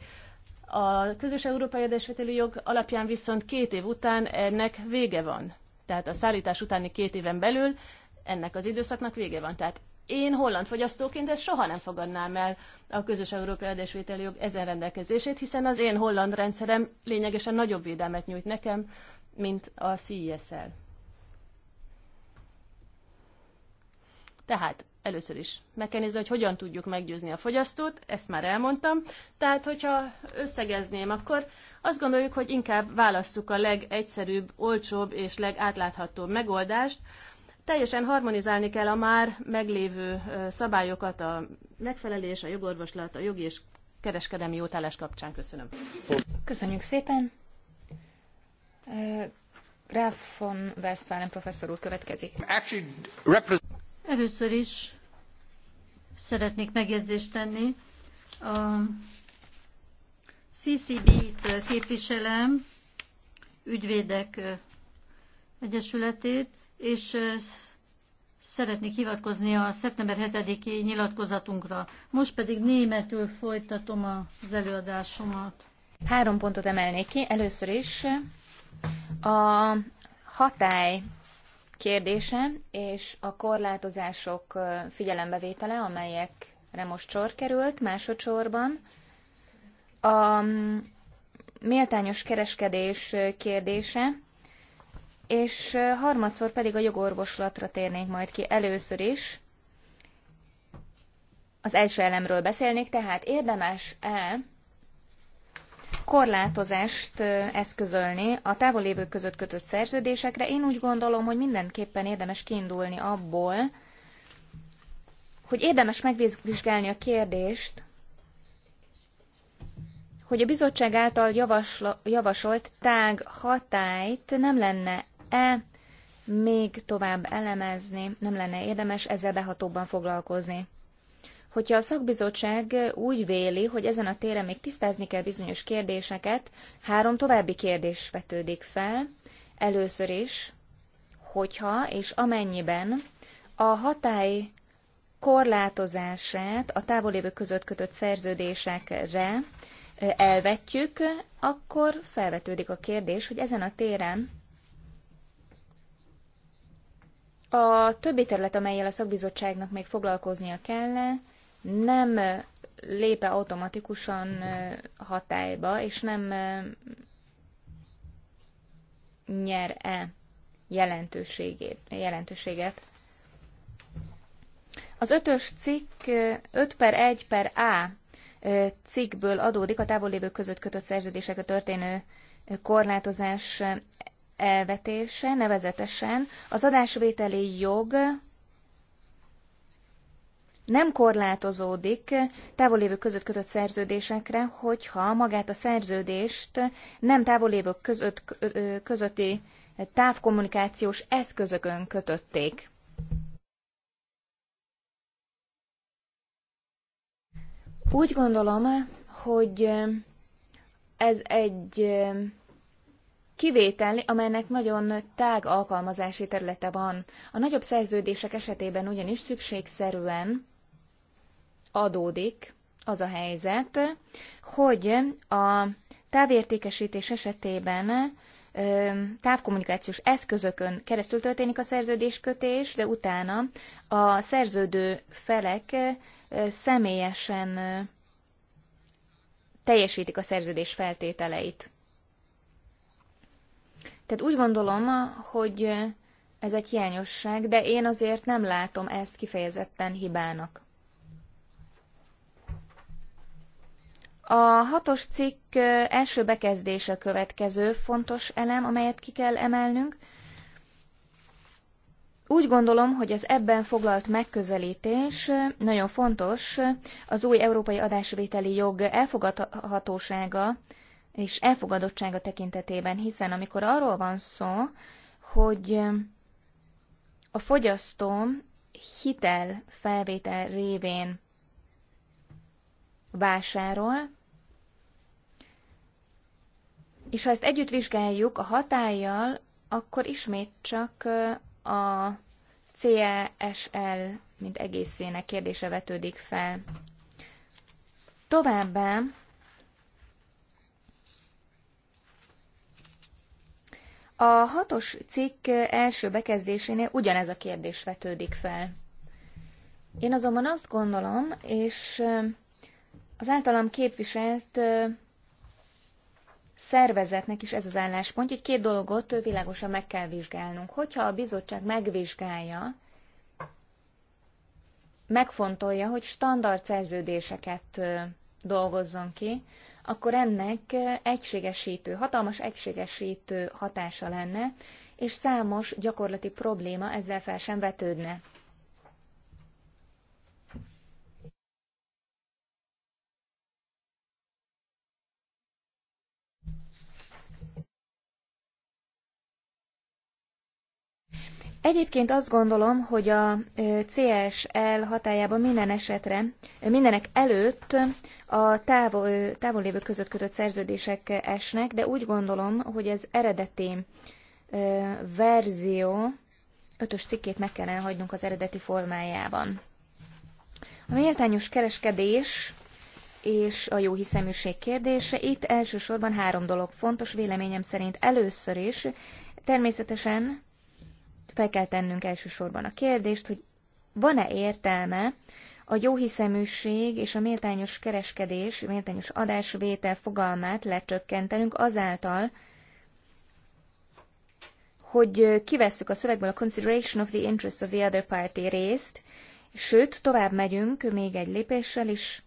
A közös európai adásvételi jog alapján viszont két év után ennek vége van tehát a szállítás utáni két éven belül ennek az időszaknak vége van. Tehát én holland fogyasztóként ezt soha nem fogadnám el a közös európai adásvételi jog ezen rendelkezését, hiszen az én holland rendszerem lényegesen nagyobb védelmet nyújt nekem, mint a CISL. E tehát először is meg kell nézni, hogy hogyan tudjuk meggyőzni a fogyasztót, ezt már elmondtam. Tehát, hogyha összegezném, akkor azt gondoljuk, hogy inkább válasszuk a legegyszerűbb, olcsóbb és legátláthatóbb megoldást. Teljesen harmonizálni kell a már meglévő szabályokat, a megfelelés, a jogorvoslat, a jogi és kereskedelmi jótállás kapcsán. Köszönöm. Köszönjük szépen. Graf von Westphalen professzor úr következik. Először is szeretnék megjegyzést tenni a CCB-t képviselem, ügyvédek egyesületét, és szeretnék hivatkozni a szeptember 7-i nyilatkozatunkra. Most pedig németül folytatom az előadásomat. Három pontot emelnék ki. Először is a hatály kérdése és a korlátozások figyelembevétele, amelyekre most sor került másodszorban, a méltányos kereskedés kérdése, és harmadszor pedig a jogorvoslatra térnék majd ki először is. Az első elemről beszélnék, tehát érdemes-e korlátozást eszközölni a távol lévők között kötött szerződésekre. Én úgy gondolom, hogy mindenképpen érdemes kiindulni abból, hogy érdemes megvizsgálni a kérdést, hogy a bizottság által javasla, javasolt tág hatályt nem lenne-e még tovább elemezni, nem lenne érdemes ezzel behatóbban foglalkozni. Hogyha a szakbizottság úgy véli, hogy ezen a téren még tisztázni kell bizonyos kérdéseket, három további kérdés vetődik fel. Először is, hogyha és amennyiben a hatály korlátozását a távolévők között kötött szerződésekre elvetjük, akkor felvetődik a kérdés, hogy ezen a téren a többi terület, amelyel a szakbizottságnak még foglalkoznia kellene, nem lépe automatikusan hatályba, és nem nyer-e jelentőséget. Az ötös cikk 5 per 1 per A cikkből adódik a távollévők között kötött szerződésekre történő korlátozás elvetése, nevezetesen az adásvételi jog nem korlátozódik távolévők között kötött szerződésekre, hogyha magát a szerződést nem távolévők között, közötti távkommunikációs eszközökön kötötték. Úgy gondolom, hogy ez egy kivétel, amelynek nagyon tág alkalmazási területe van. A nagyobb szerződések esetében ugyanis szükségszerűen adódik az a helyzet, hogy a távértékesítés esetében távkommunikációs eszközökön keresztül történik a szerződéskötés, de utána a szerződő felek személyesen teljesítik a szerződés feltételeit. Tehát úgy gondolom, hogy ez egy hiányosság, de én azért nem látom ezt kifejezetten hibának. A hatos cikk első bekezdése következő fontos elem, amelyet ki kell emelnünk – úgy gondolom, hogy az ebben foglalt megközelítés nagyon fontos az új európai adásvételi jog elfogadhatósága és elfogadottsága tekintetében, hiszen amikor arról van szó, hogy a fogyasztó hitel felvétel révén vásárol, és ha ezt együtt vizsgáljuk a hatállyal, akkor ismét csak a CESL, mint egészének kérdése vetődik fel. Továbbá a hatos cikk első bekezdésénél ugyanez a kérdés vetődik fel. Én azonban azt gondolom, és az általam képviselt szervezetnek is ez az álláspont, hogy két dolgot világosan meg kell vizsgálnunk. Hogyha a bizottság megvizsgálja, megfontolja, hogy standard szerződéseket dolgozzon ki, akkor ennek egységesítő, hatalmas egységesítő hatása lenne, és számos gyakorlati probléma ezzel fel sem vetődne. Egyébként azt gondolom, hogy a CSL hatájában minden esetre, mindenek előtt a távol, távol lévő között kötött szerződések esnek, de úgy gondolom, hogy az eredeti verzió ötös cikkét meg kellene hagynunk az eredeti formájában. A méltányos kereskedés és a jó hiszeműség kérdése. Itt elsősorban három dolog fontos véleményem szerint. Először is természetesen fel kell tennünk elsősorban a kérdést, hogy van-e értelme a jóhiszeműség és a méltányos kereskedés, méltányos adásvétel fogalmát lecsökkentenünk azáltal, hogy kivesszük a szövegből a consideration of the interest of the other party részt, sőt, tovább megyünk még egy lépéssel is,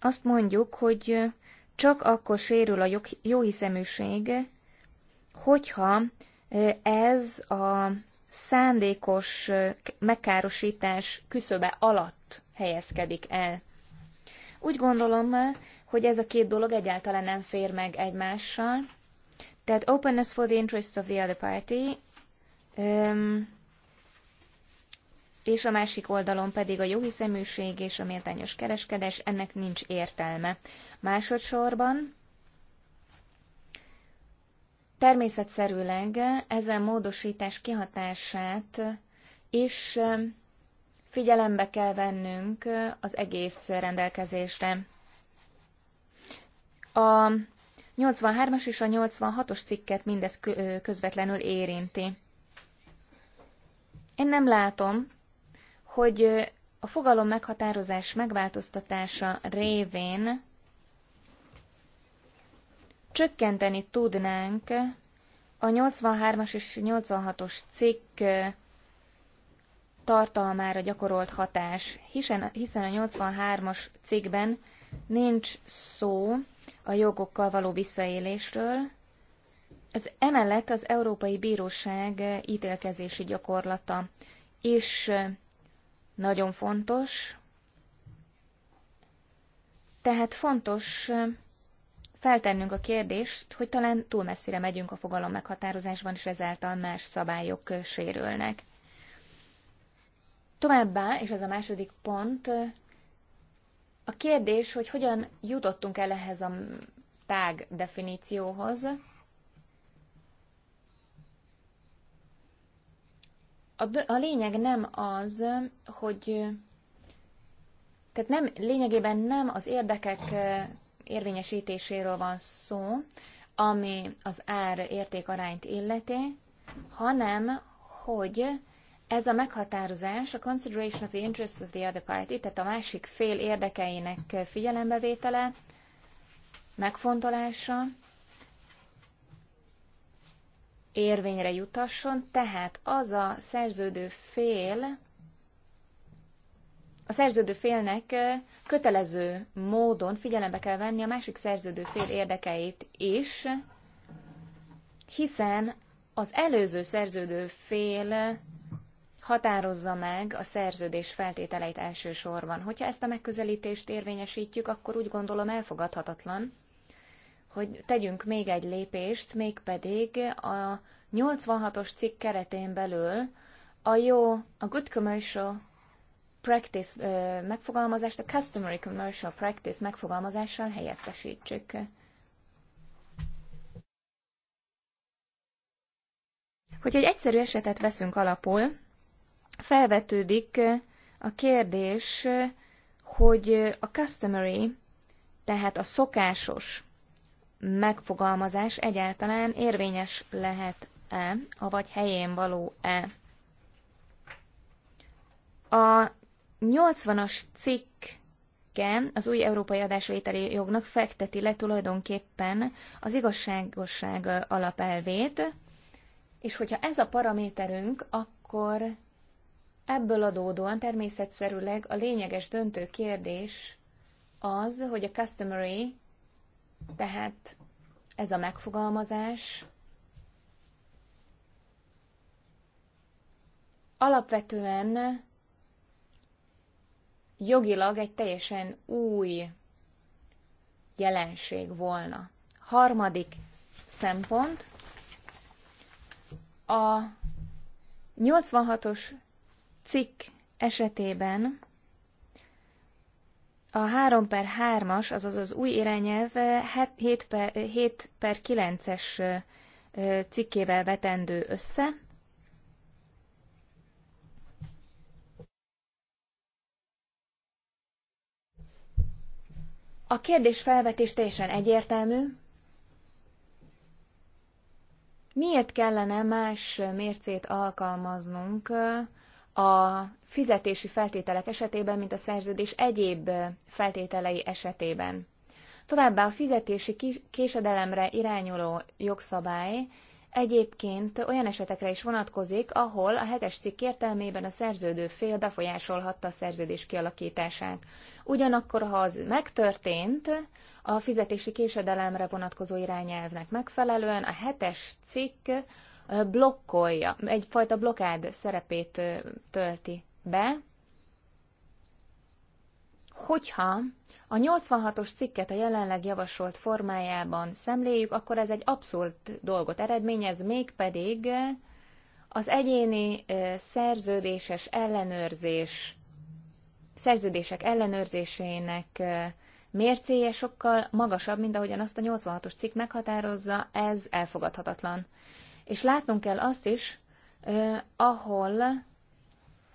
azt mondjuk, hogy csak akkor sérül a jóhiszeműség, hogyha ez a szándékos megkárosítás küszöbe alatt helyezkedik el. Úgy gondolom, hogy ez a két dolog egyáltalán nem fér meg egymással. Tehát openness for the interests of the other party, és a másik oldalon pedig a jogi szeműség és a méltányos kereskedés, ennek nincs értelme. Másodszorban Természetszerűleg ezen módosítás kihatását is figyelembe kell vennünk az egész rendelkezésre. A 83-as és a 86-os cikket mindez közvetlenül érinti. Én nem látom, hogy a fogalom meghatározás megváltoztatása révén csökkenteni tudnánk a 83-as és 86-os cikk tartalmára gyakorolt hatás, hiszen, hiszen a 83-as cikkben nincs szó a jogokkal való visszaélésről, ez emellett az Európai Bíróság ítélkezési gyakorlata is nagyon fontos, tehát fontos feltennünk a kérdést, hogy talán túl messzire megyünk a fogalom meghatározásban, és ezáltal más szabályok sérülnek. Továbbá, és ez a második pont, a kérdés, hogy hogyan jutottunk el ehhez a tág definícióhoz, a, a lényeg nem az, hogy tehát nem, lényegében nem az érdekek érvényesítéséről van szó, ami az ár értékarányt illeti, hanem hogy ez a meghatározás, a consideration of the interests of the other party, tehát a másik fél érdekeinek figyelembevétele, megfontolása, érvényre jutasson, tehát az a szerződő fél, a szerződő félnek kötelező módon figyelembe kell venni a másik szerződő fél érdekeit is, hiszen az előző szerződő fél határozza meg a szerződés feltételeit elsősorban. Hogyha ezt a megközelítést érvényesítjük, akkor úgy gondolom elfogadhatatlan, hogy tegyünk még egy lépést, mégpedig a 86-os cikk keretén belül a jó, a good commercial practice megfogalmazást a customary commercial practice megfogalmazással helyettesítsük. Hogyha egy egyszerű esetet veszünk alapul, felvetődik a kérdés, hogy a customary, tehát a szokásos megfogalmazás egyáltalán érvényes lehet-e, avagy helyén való-e. A 80-as cikken az új európai adásvételi jognak fekteti le tulajdonképpen az igazságosság alapelvét, és hogyha ez a paraméterünk, akkor ebből adódóan természetszerűleg a lényeges döntő kérdés az, hogy a customary, tehát ez a megfogalmazás, alapvetően jogilag egy teljesen új jelenség volna. Harmadik szempont, a 86-os cikk esetében a 3 per 3-as, azaz az új irányelv 7 per, 7 per 9-es cikkével vetendő össze, A kérdés felvetés teljesen egyértelmű. Miért kellene más mércét alkalmaznunk a fizetési feltételek esetében, mint a szerződés egyéb feltételei esetében? Továbbá a fizetési késedelemre irányuló jogszabály Egyébként olyan esetekre is vonatkozik, ahol a hetes cikk értelmében a szerződő fél befolyásolhatta a szerződés kialakítását. Ugyanakkor, ha az megtörtént, a fizetési késedelemre vonatkozó irányelvnek megfelelően a hetes cikk blokkolja, egyfajta blokád szerepét tölti be, hogyha a 86-os cikket a jelenleg javasolt formájában szemléljük, akkor ez egy abszolút dolgot eredményez, mégpedig az egyéni szerződéses ellenőrzés, szerződések ellenőrzésének mércéje sokkal magasabb, mint ahogyan azt a 86-os cikk meghatározza, ez elfogadhatatlan. És látnunk kell azt is, ahol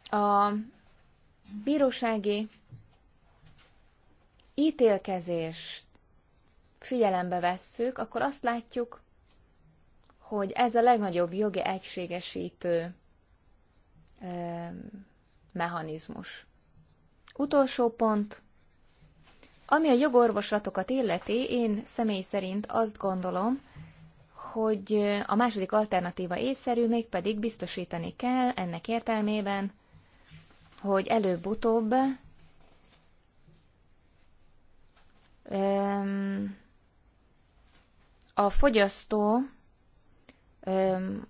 a bírósági ítélkezés figyelembe vesszük, akkor azt látjuk, hogy ez a legnagyobb jogi egységesítő mechanizmus. Utolsó pont. Ami a jogorvoslatokat illeti, én személy szerint azt gondolom, hogy a második alternatíva észszerű, mégpedig biztosítani kell ennek értelmében, hogy előbb-utóbb a fogyasztó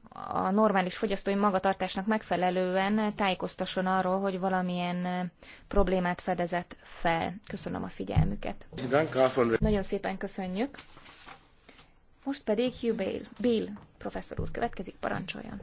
a normális fogyasztói magatartásnak megfelelően tájékoztasson arról, hogy valamilyen eh, problémát fedezett fel. Köszönöm a figyelmüket. Nagyon szépen köszönjük. Most pedig Hugh Bale, Bill professzor úr következik, parancsoljon.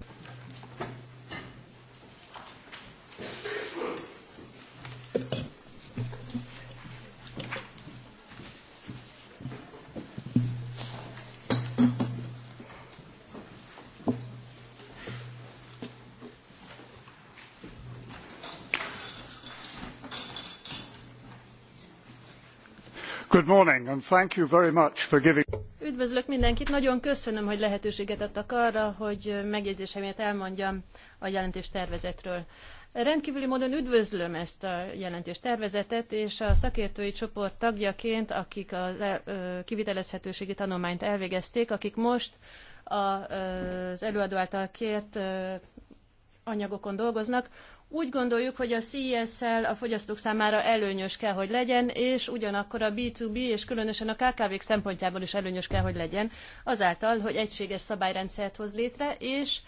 Üdvözlök mindenkit, nagyon köszönöm, hogy lehetőséget adtak arra, hogy megjegyzéseimet elmondjam a jelentés rendkvüli módon üdvözlöm ezt a jelentéstervezetet, és a szakértői csoport tagjaként, akik a kivitelezhetőségi tanulmányt elvégezték, akik most az előadó által kért anyagokon dolgoznak, úgy gondoljuk, hogy a CSL e a fogyasztók számára előnyös kell, hogy legyen, és ugyanakkor a B2B és különösen a KKV-k szempontjából is előnyös kell, hogy legyen, azáltal, hogy egységes szabályrendszert hoz létre, és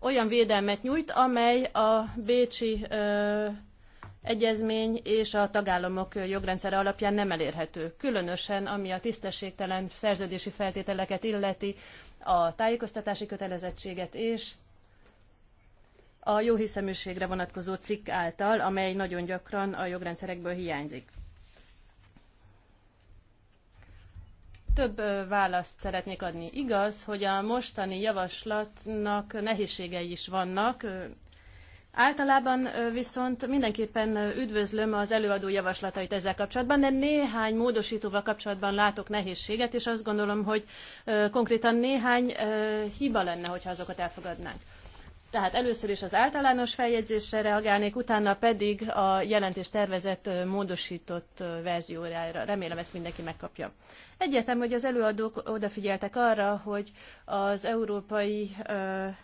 olyan védelmet nyújt, amely a Bécsi ö, egyezmény és a tagállamok jogrendszere alapján nem elérhető. Különösen, ami a tisztességtelen szerződési feltételeket illeti, a tájékoztatási kötelezettséget és a jóhiszeműségre vonatkozó cikk által, amely nagyon gyakran a jogrendszerekből hiányzik. Több választ szeretnék adni. Igaz, hogy a mostani javaslatnak nehézségei is vannak, Általában viszont mindenképpen üdvözlöm az előadó javaslatait ezzel kapcsolatban, de néhány módosítóval kapcsolatban látok nehézséget, és azt gondolom, hogy konkrétan néhány hiba lenne, hogyha azokat elfogadnánk. Tehát először is az általános feljegyzésre reagálnék, utána pedig a jelentés tervezett módosított verziójára. Remélem ezt mindenki megkapja. Egyetem, hogy az előadók odafigyeltek arra, hogy az Európai uh,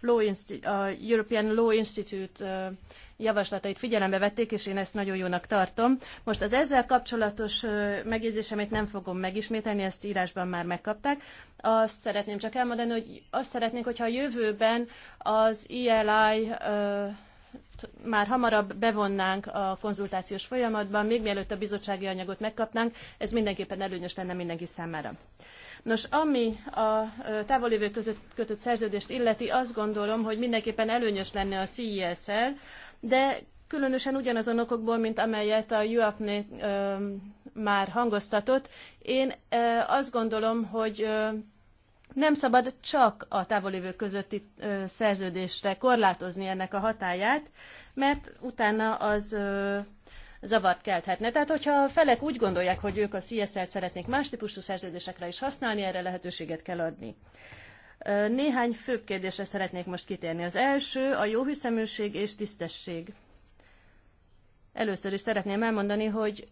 Law Insti- a European Law Institute uh, javaslatait figyelembe vették, és én ezt nagyon jónak tartom. Most az ezzel kapcsolatos megjegyzésemet nem fogom megismételni, ezt írásban már megkapták. Azt szeretném csak elmondani, hogy azt szeretnénk, hogyha a jövőben az ILI e már hamarabb bevonnánk a konzultációs folyamatban, még mielőtt a bizottsági anyagot megkapnánk, ez mindenképpen előnyös lenne mindenki számára. Nos, ami a távolévők között kötött szerződést illeti, azt gondolom, hogy mindenképpen előnyös lenne a CIES-el de különösen ugyanazon okokból, mint amelyet a UAPNE már hangoztatott, én azt gondolom, hogy nem szabad csak a távolévők közötti ö, szerződésre korlátozni ennek a hatáját, mert utána az ö, zavart kelthetne. Tehát, hogyha a felek úgy gondolják, hogy ők a CSZ-t szeretnék más típusú szerződésekre is használni, erre lehetőséget kell adni. Néhány fő kérdésre szeretnék most kitérni. Az első a jóhiszeműség és tisztesség. Először is szeretném elmondani, hogy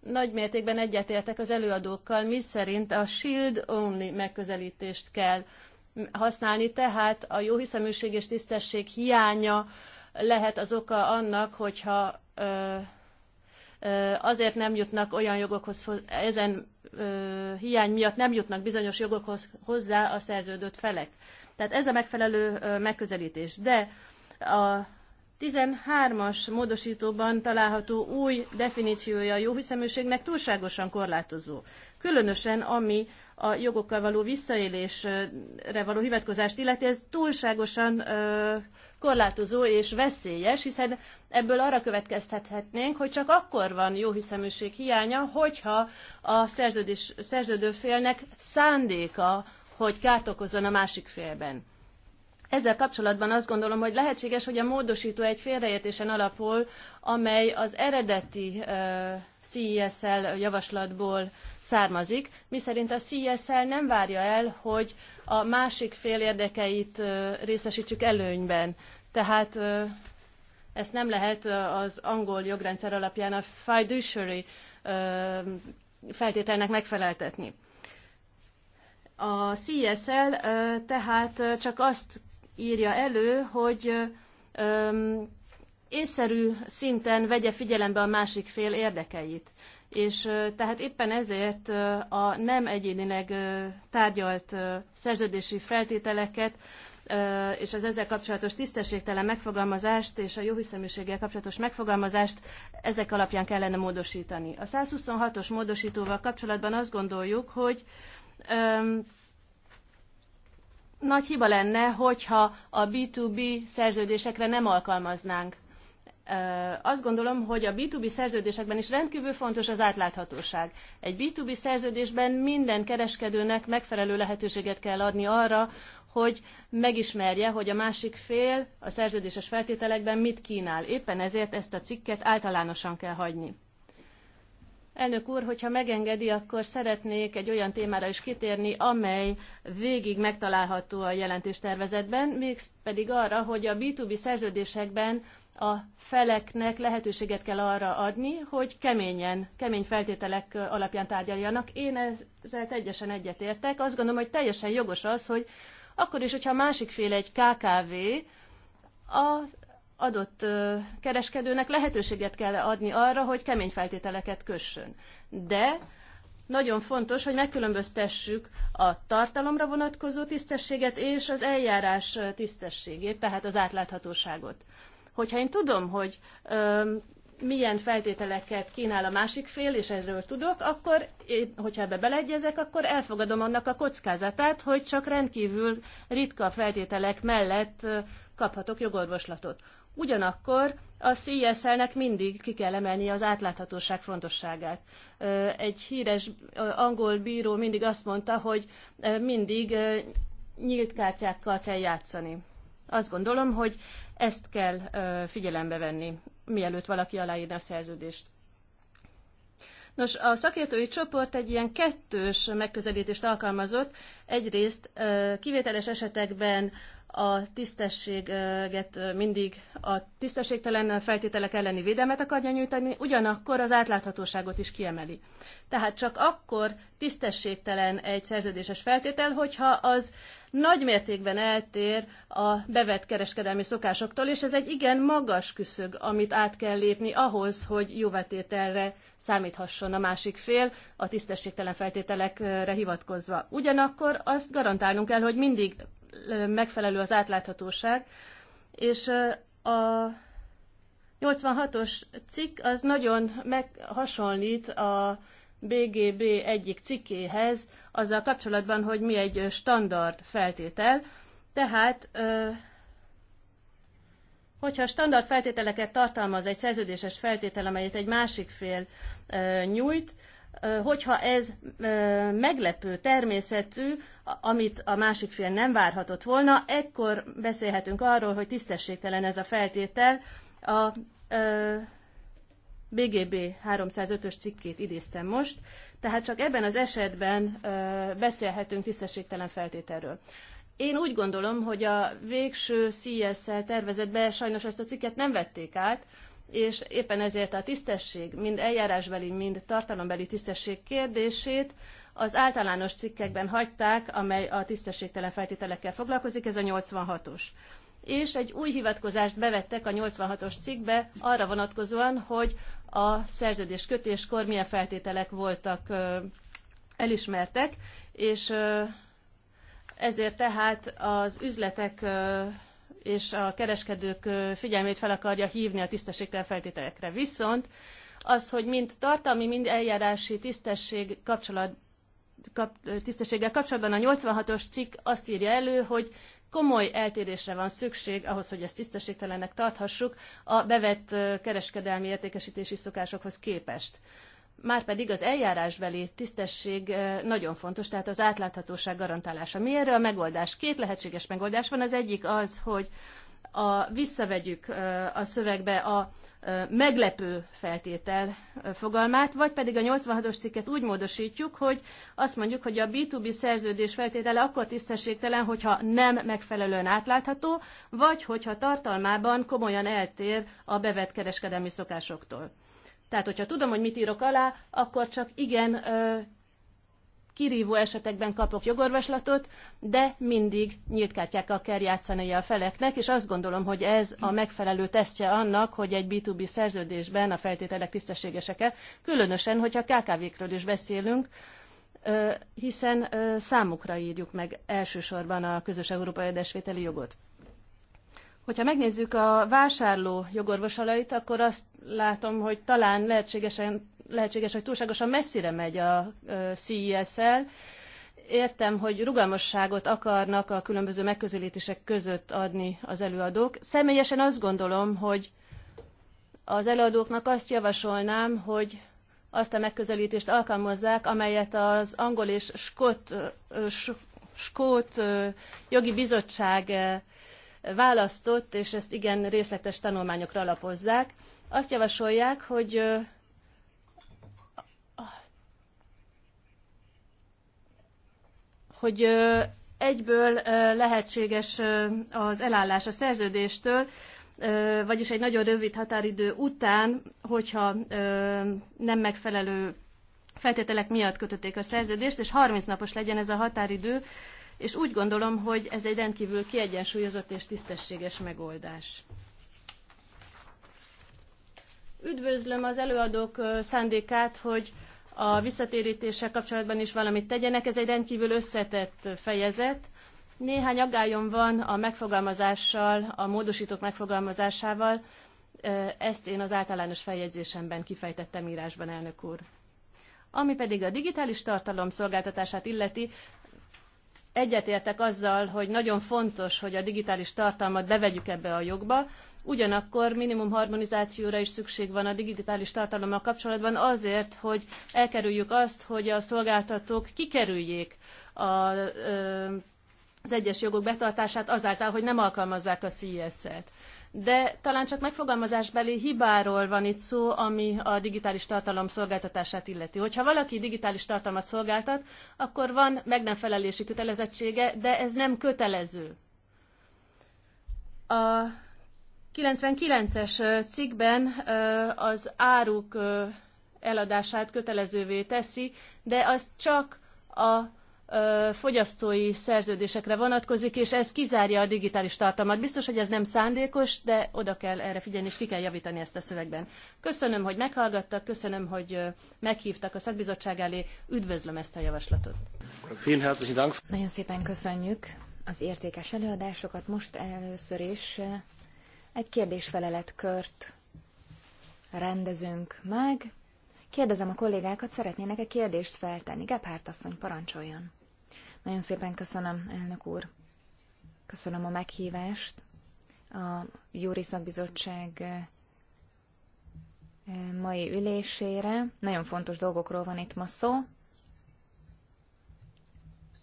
nagy mértékben egyetértek az előadókkal, mi szerint a shield only megközelítést kell használni, tehát a jóhiszeműség és tisztesség hiánya lehet az oka annak, hogyha ö, azért nem jutnak olyan jogokhoz, ezen hiány miatt nem jutnak bizonyos jogokhoz hozzá a szerződött felek. Tehát ez a megfelelő megközelítés. De a 13-as módosítóban található új definíciója a jóhiszeműségnek túlságosan korlátozó. Különösen ami a jogokkal való visszaélésre való hivatkozást illeti, ez túlságosan korlátozó és veszélyes, hiszen ebből arra következtethetnénk, hogy csak akkor van jó hiszeműség hiánya, hogyha a szerződés, szerződő félnek szándéka, hogy kárt okozzon a másik félben. Ezzel kapcsolatban azt gondolom, hogy lehetséges, hogy a módosító egy félreértésen alapul, amely az eredeti CISL javaslatból származik, miszerint a CISL nem várja el, hogy a másik fél érdekeit részesítsük előnyben. Tehát ezt nem lehet az angol jogrendszer alapján a fiduciary feltételnek megfeleltetni. A CSL tehát csak azt írja elő, hogy észszerű szinten vegye figyelembe a másik fél érdekeit. És tehát éppen ezért a nem egyénileg tárgyalt szerződési feltételeket és az ezzel kapcsolatos tisztességtelen megfogalmazást és a jóhiszeműséggel kapcsolatos megfogalmazást ezek alapján kellene módosítani. A 126-os módosítóval kapcsolatban azt gondoljuk, hogy öm, nagy hiba lenne, hogyha a B2B szerződésekre nem alkalmaznánk azt gondolom, hogy a B2B szerződésekben is rendkívül fontos az átláthatóság. Egy B2B szerződésben minden kereskedőnek megfelelő lehetőséget kell adni arra, hogy megismerje, hogy a másik fél a szerződéses feltételekben mit kínál. Éppen ezért ezt a cikket általánosan kell hagyni. Elnök úr, hogyha megengedi, akkor szeretnék egy olyan témára is kitérni, amely végig megtalálható a jelentéstervezetben, mégpedig arra, hogy a B2B szerződésekben a feleknek lehetőséget kell arra adni, hogy keményen, kemény feltételek alapján tárgyaljanak. Én ezzel teljesen egyetértek. Azt gondolom, hogy teljesen jogos az, hogy akkor is, hogyha a másik fél egy KKV, az adott kereskedőnek lehetőséget kell adni arra, hogy kemény feltételeket kössön. De nagyon fontos, hogy megkülönböztessük a tartalomra vonatkozó tisztességet és az eljárás tisztességét, tehát az átláthatóságot. Hogyha én tudom, hogy ö, milyen feltételeket kínál a másik fél, és erről tudok, akkor, én, hogyha ebbe beleegyezek, akkor elfogadom annak a kockázatát, hogy csak rendkívül ritka feltételek mellett kaphatok jogorvoslatot. Ugyanakkor a CSL-nek mindig ki kell emelni az átláthatóság fontosságát. Egy híres angol bíró mindig azt mondta, hogy mindig nyílt kártyákkal kell játszani. Azt gondolom, hogy ezt kell figyelembe venni, mielőtt valaki aláírna a szerződést. Nos, a szakértői csoport egy ilyen kettős megközelítést alkalmazott. Egyrészt kivételes esetekben a tisztességet mindig a tisztességtelen feltételek elleni védelmet akarja nyújtani, ugyanakkor az átláthatóságot is kiemeli. Tehát csak akkor tisztességtelen egy szerződéses feltétel, hogyha az nagy mértékben eltér a bevett kereskedelmi szokásoktól, és ez egy igen magas küszög, amit át kell lépni ahhoz, hogy jóvetételre számíthasson a másik fél, a tisztességtelen feltételekre hivatkozva. Ugyanakkor azt garantálnunk kell, hogy mindig megfelelő az átláthatóság, és a 86-os cikk az nagyon meghasonlít a BGB egyik cikkéhez, azzal kapcsolatban, hogy mi egy standard feltétel. Tehát, hogyha standard feltételeket tartalmaz egy szerződéses feltétel, amelyet egy másik fél nyújt, hogyha ez meglepő természetű, amit a másik fél nem várhatott volna, ekkor beszélhetünk arról, hogy tisztességtelen ez a feltétel. A BGB 305-ös cikkét idéztem most, tehát csak ebben az esetben beszélhetünk tisztességtelen feltételről. Én úgy gondolom, hogy a végső CSR tervezetbe sajnos ezt a cikket nem vették át, és éppen ezért a tisztesség, mind eljárásbeli, mind tartalombeli tisztesség kérdését az általános cikkekben hagyták, amely a tisztességtelen feltételekkel foglalkozik, ez a 86-os és egy új hivatkozást bevettek a 86-os cikkbe arra vonatkozóan, hogy a szerződés kötéskor milyen feltételek voltak elismertek, és ezért tehát az üzletek és a kereskedők figyelmét fel akarja hívni a tisztességtelen feltételekre. Viszont az, hogy mind tartalmi, mind eljárási tisztesség kapcsolat, kap, tisztességgel kapcsolatban a 86-os cikk azt írja elő, hogy komoly eltérésre van szükség ahhoz, hogy ezt tisztességtelennek tarthassuk a bevett kereskedelmi értékesítési szokásokhoz képest. Márpedig az eljárásbeli tisztesség nagyon fontos, tehát az átláthatóság garantálása. Mi erre a megoldás? Két lehetséges megoldás van. Az egyik az, hogy a, visszavegyük a szövegbe a meglepő feltétel fogalmát, vagy pedig a 86-os cikket úgy módosítjuk, hogy azt mondjuk, hogy a B2B szerződés feltétele akkor tisztességtelen, hogyha nem megfelelően átlátható, vagy hogyha tartalmában komolyan eltér a bevett kereskedelmi szokásoktól. Tehát, hogyha tudom, hogy mit írok alá, akkor csak igen kirívó esetekben kapok jogorvoslatot, de mindig nyílt kártyákkal kell játszani a feleknek, és azt gondolom, hogy ez a megfelelő tesztje annak, hogy egy B2B szerződésben a feltételek tisztességesek-e, különösen, hogyha KKV-kről is beszélünk, hiszen számukra írjuk meg elsősorban a közös európai edesvételi jogot. Hogyha megnézzük a vásárló jogorvosalait, akkor azt látom, hogy talán lehetségesen lehetséges, hogy túlságosan messzire megy a CISL. E Értem, hogy rugalmasságot akarnak a különböző megközelítések között adni az előadók. Személyesen azt gondolom, hogy az előadóknak azt javasolnám, hogy azt a megközelítést alkalmazzák, amelyet az angol és skot, skót jogi bizottság választott, és ezt igen részletes tanulmányokra alapozzák. Azt javasolják, hogy hogy egyből lehetséges az elállás a szerződéstől, vagyis egy nagyon rövid határidő után, hogyha nem megfelelő feltételek miatt kötötték a szerződést, és 30 napos legyen ez a határidő, és úgy gondolom, hogy ez egy rendkívül kiegyensúlyozott és tisztességes megoldás. Üdvözlöm az előadók szándékát, hogy a visszatérítéssel kapcsolatban is valamit tegyenek. Ez egy rendkívül összetett fejezet. Néhány aggályom van a megfogalmazással, a módosítók megfogalmazásával. Ezt én az általános feljegyzésemben kifejtettem írásban, elnök úr. Ami pedig a digitális tartalom szolgáltatását illeti, egyetértek azzal, hogy nagyon fontos, hogy a digitális tartalmat bevegyük ebbe a jogba, Ugyanakkor minimum harmonizációra is szükség van a digitális tartalommal kapcsolatban azért, hogy elkerüljük azt, hogy a szolgáltatók kikerüljék a, az egyes jogok betartását azáltal, hogy nem alkalmazzák a CSZ-et. De talán csak megfogalmazásbeli hibáról van itt szó, ami a digitális tartalom szolgáltatását illeti. Hogyha valaki digitális tartalmat szolgáltat, akkor van meg nem felelési kötelezettsége, de ez nem kötelező. A 99-es cikkben az áruk eladását kötelezővé teszi, de az csak a fogyasztói szerződésekre vonatkozik, és ez kizárja a digitális tartalmat. Biztos, hogy ez nem szándékos, de oda kell erre figyelni, és ki kell javítani ezt a szövegben. Köszönöm, hogy meghallgattak, köszönöm, hogy meghívtak a szakbizottság elé, üdvözlöm ezt a javaslatot. Nagyon szépen köszönjük az értékes előadásokat. Most először is egy kérdésfelelet kört rendezünk meg. Kérdezem a kollégákat, szeretnének-e kérdést feltenni? Gebhárt asszony, parancsoljon. Nagyon szépen köszönöm, elnök úr. Köszönöm a meghívást. A Júri Szakbizottság eh, eh, mai ülésére. Nagyon fontos dolgokról van itt ma szó.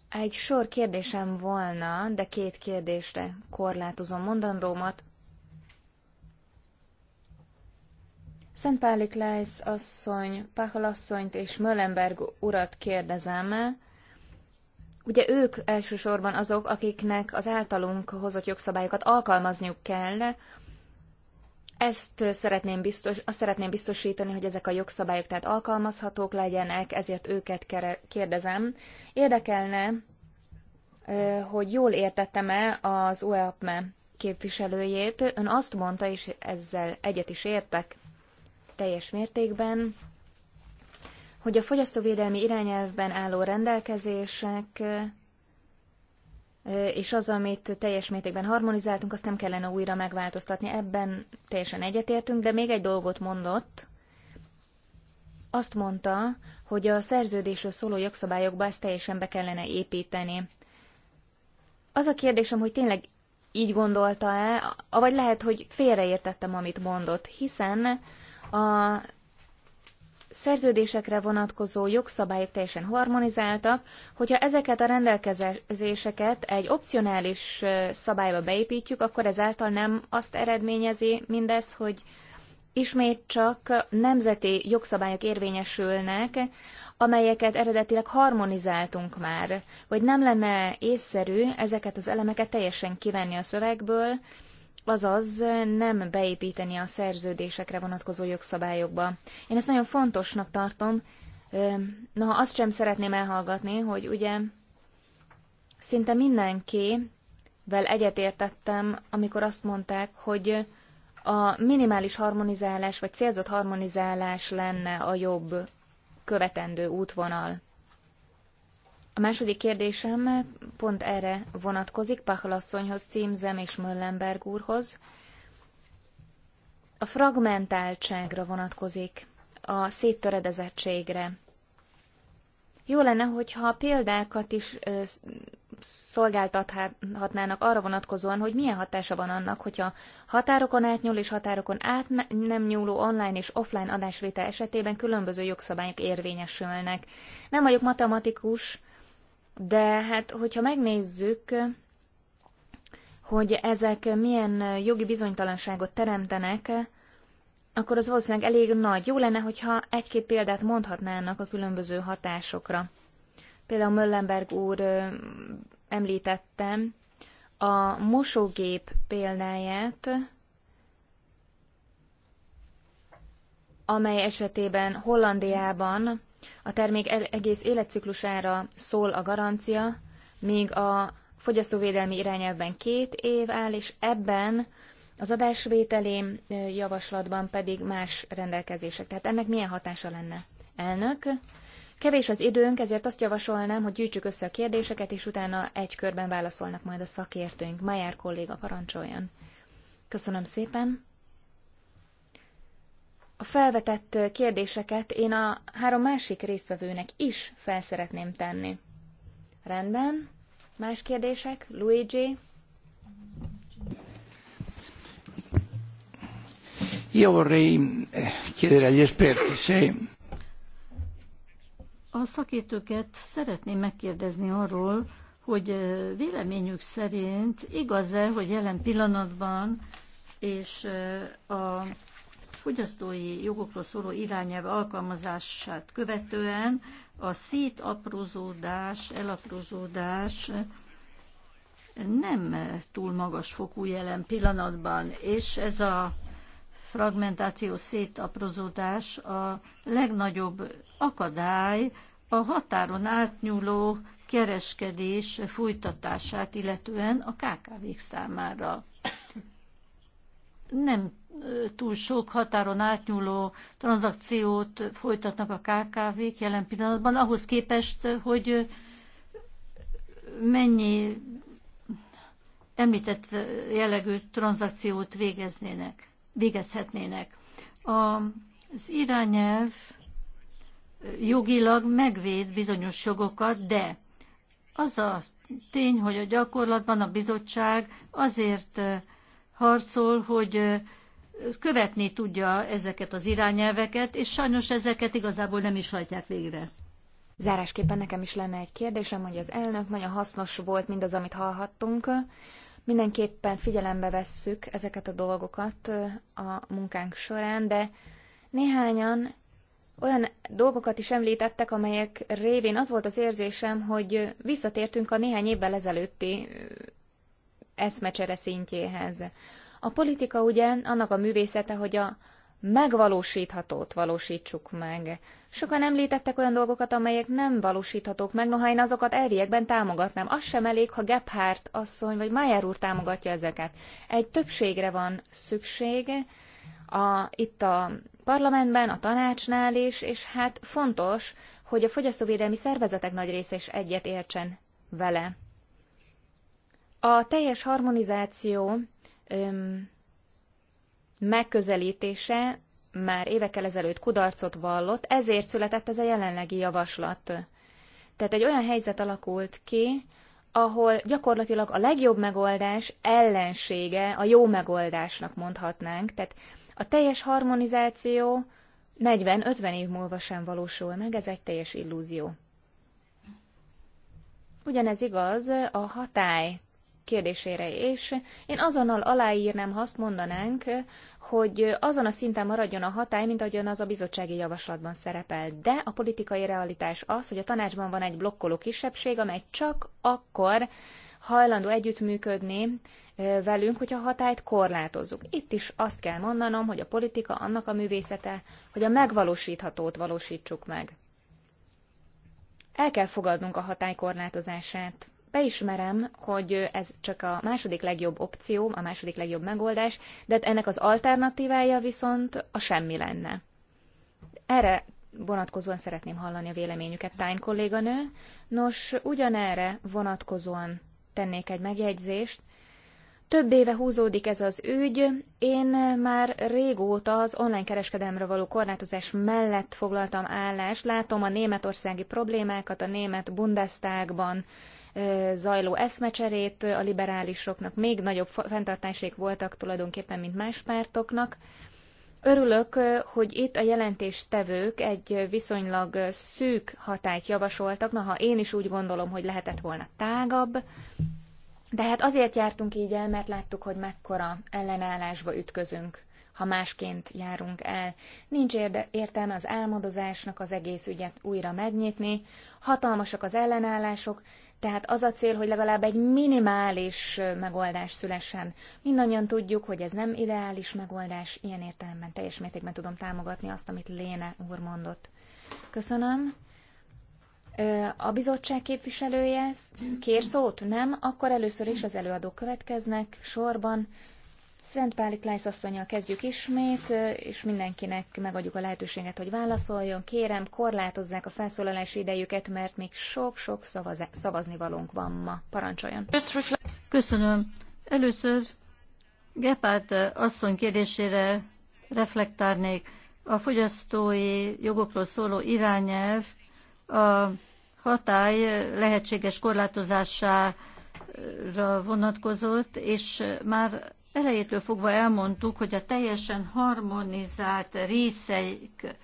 Egy sor kérdésem volna, de két kérdésre korlátozom mondandómat. Szent Páli Kleisz asszony, Pachal asszonyt és Möllenberg urat kérdezem -e. Ugye ők elsősorban azok, akiknek az általunk hozott jogszabályokat alkalmazniuk kell, ezt szeretném biztos, azt szeretném biztosítani, hogy ezek a jogszabályok tehát alkalmazhatók legyenek, ezért őket kérdezem. Érdekelne, hogy jól értettem-e az UEAPME képviselőjét. Ön azt mondta, és ezzel egyet is értek, teljes mértékben, hogy a fogyasztóvédelmi irányelvben álló rendelkezések és az, amit teljes mértékben harmonizáltunk, azt nem kellene újra megváltoztatni. Ebben teljesen egyetértünk, de még egy dolgot mondott. Azt mondta, hogy a szerződésről szóló jogszabályokba ezt teljesen be kellene építeni. Az a kérdésem, hogy tényleg így gondolta-e, vagy lehet, hogy félreértettem, amit mondott, hiszen a szerződésekre vonatkozó jogszabályok teljesen harmonizáltak, hogyha ezeket a rendelkezéseket egy opcionális szabályba beépítjük, akkor ezáltal nem azt eredményezi mindez, hogy ismét csak nemzeti jogszabályok érvényesülnek, amelyeket eredetileg harmonizáltunk már, vagy nem lenne észszerű ezeket az elemeket teljesen kivenni a szövegből, azaz nem beépíteni a szerződésekre vonatkozó jogszabályokba. Én ezt nagyon fontosnak tartom, na azt sem szeretném elhallgatni, hogy ugye szinte mindenkivel egyetértettem, amikor azt mondták, hogy a minimális harmonizálás vagy célzott harmonizálás lenne a jobb követendő útvonal. A második kérdésem pont erre vonatkozik, Pachalasszonyhoz, címzem és Möllenberg úrhoz. A fragmentáltságra vonatkozik, a széttöredezettségre. Jó lenne, hogyha példákat is ö, szolgáltathatnának arra vonatkozóan, hogy milyen hatása van annak, hogyha határokon átnyúl és határokon át nem nyúló online és offline adásvétel esetében különböző jogszabályok érvényesülnek. Nem vagyok matematikus, de hát, hogyha megnézzük, hogy ezek milyen jogi bizonytalanságot teremtenek, akkor az valószínűleg elég nagy. Jó lenne, hogyha egy-két példát mondhatnának a különböző hatásokra. Például Möllenberg úr említettem a mosógép példáját, amely esetében Hollandiában a termék egész életciklusára szól a garancia, míg a fogyasztóvédelmi irányelvben két év áll, és ebben az adásvételi javaslatban pedig más rendelkezések. Tehát ennek milyen hatása lenne? Elnök, kevés az időnk, ezért azt javasolnám, hogy gyűjtsük össze a kérdéseket, és utána egy körben válaszolnak majd a szakértőink. Majár kolléga parancsoljon. Köszönöm szépen a felvetett kérdéseket én a három másik résztvevőnek is szeretném tenni. Rendben. Más kérdések? Luigi? Io vorrei eh, chiedere agli esperti se... A szakértőket szeretném megkérdezni arról, hogy eh, véleményük szerint igaz-e, hogy jelen pillanatban és eh, a fogyasztói jogokról szóló irányelv alkalmazását követően a szétaprózódás, elaprózódás nem túl magas fokú jelen pillanatban, és ez a fragmentáció, szétaprozódás a legnagyobb akadály a határon átnyúló kereskedés folytatását, illetően a KKV-k számára. Nem túl sok határon átnyúló tranzakciót folytatnak a KKV-k jelen pillanatban, ahhoz képest, hogy mennyi említett jellegű tranzakciót végeznének, végezhetnének. Az irányelv jogilag megvéd bizonyos jogokat, de az a tény, hogy a gyakorlatban a bizottság azért harcol, hogy követni tudja ezeket az irányelveket, és sajnos ezeket igazából nem is hajtják végre. Zárásképpen nekem is lenne egy kérdésem, hogy az elnök nagyon hasznos volt mindaz, amit hallhattunk. Mindenképpen figyelembe vesszük ezeket a dolgokat a munkánk során, de néhányan olyan dolgokat is említettek, amelyek révén az volt az érzésem, hogy visszatértünk a néhány évvel ezelőtti eszmecsere szintjéhez. A politika ugye annak a művészete, hogy a megvalósíthatót valósítsuk meg. Sokan említettek olyan dolgokat, amelyek nem valósíthatók meg, noha én azokat elviekben támogatnám. Az sem elég, ha Gebhardt asszony vagy Mayer úr támogatja ezeket. Egy többségre van szükség, a, itt a parlamentben, a tanácsnál is, és hát fontos, hogy a fogyasztóvédelmi szervezetek nagy része is egyet értsen vele. A teljes harmonizáció öm, megközelítése már évekkel ezelőtt kudarcot vallott, ezért született ez a jelenlegi javaslat. Tehát egy olyan helyzet alakult ki, ahol gyakorlatilag a legjobb megoldás ellensége a jó megoldásnak mondhatnánk. Tehát a teljes harmonizáció 40-50 év múlva sem valósul meg, ez egy teljes illúzió. Ugyanez igaz a hatály kérdésére is. Én azonnal aláírnám, ha azt mondanánk, hogy azon a szinten maradjon a hatály, mint ahogyan az a bizottsági javaslatban szerepel. De a politikai realitás az, hogy a tanácsban van egy blokkoló kisebbség, amely csak akkor hajlandó együttműködni velünk, hogyha a hatályt korlátozzuk. Itt is azt kell mondanom, hogy a politika annak a művészete, hogy a megvalósíthatót valósítsuk meg. El kell fogadnunk a hatálykorlátozását. korlátozását beismerem, hogy ez csak a második legjobb opció, a második legjobb megoldás, de hát ennek az alternatívája viszont a semmi lenne. Erre vonatkozóan szeretném hallani a véleményüket, Tány kolléganő. Nos, ugyanerre vonatkozóan tennék egy megjegyzést. Több éve húzódik ez az ügy, én már régóta az online kereskedelemre való korlátozás mellett foglaltam állást, látom a németországi problémákat a német Bundestagban, zajló eszmecserét, a liberálisoknak még nagyobb fenntartásék voltak tulajdonképpen, mint más pártoknak. Örülök, hogy itt a jelentéstevők egy viszonylag szűk hatályt javasoltak, na ha én is úgy gondolom, hogy lehetett volna tágabb, de hát azért jártunk így el, mert láttuk, hogy mekkora ellenállásba ütközünk, ha másként járunk el. Nincs érde- értelme az álmodozásnak az egész ügyet újra megnyitni, hatalmasak az ellenállások, tehát az a cél, hogy legalább egy minimális megoldás szülessen. Mindannyian tudjuk, hogy ez nem ideális megoldás, ilyen értelemben teljes mértékben tudom támogatni azt, amit Léne úr mondott. Köszönöm. A bizottság képviselője kér szót? Nem? Akkor először is az előadók következnek sorban. Szent Pálik Lájsz asszonyjal kezdjük ismét, és mindenkinek megadjuk a lehetőséget, hogy válaszoljon. Kérem, korlátozzák a felszólalási idejüket, mert még sok-sok szavazni valónk van ma. Parancsoljon! Köszönöm. Először Gepárt asszony kérdésére reflektálnék. A fogyasztói jogokról szóló irányelv a hatály lehetséges korlátozására vonatkozott, és már elejétől fogva elmondtuk, hogy a teljesen harmonizált részeik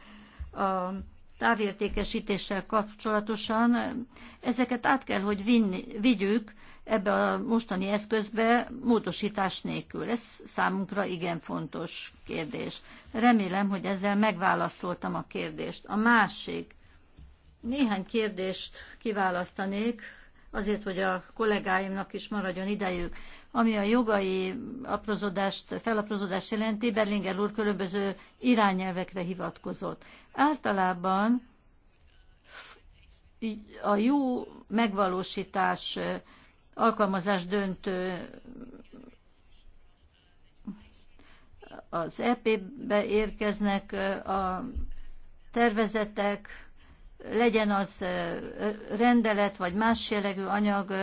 a távértékesítéssel kapcsolatosan ezeket át kell, hogy vinni, vigyük ebbe a mostani eszközbe módosítás nélkül. Ez számunkra igen fontos kérdés. Remélem, hogy ezzel megválaszoltam a kérdést. A másik, néhány kérdést kiválasztanék, azért, hogy a kollégáimnak is maradjon idejük. Ami a jogai aprozodást, felaprozodást jelenti, Berlinger úr különböző irányelvekre hivatkozott. Általában a jó megvalósítás, alkalmazás döntő az EP-be érkeznek a tervezetek, legyen az rendelet vagy más jellegű anyag,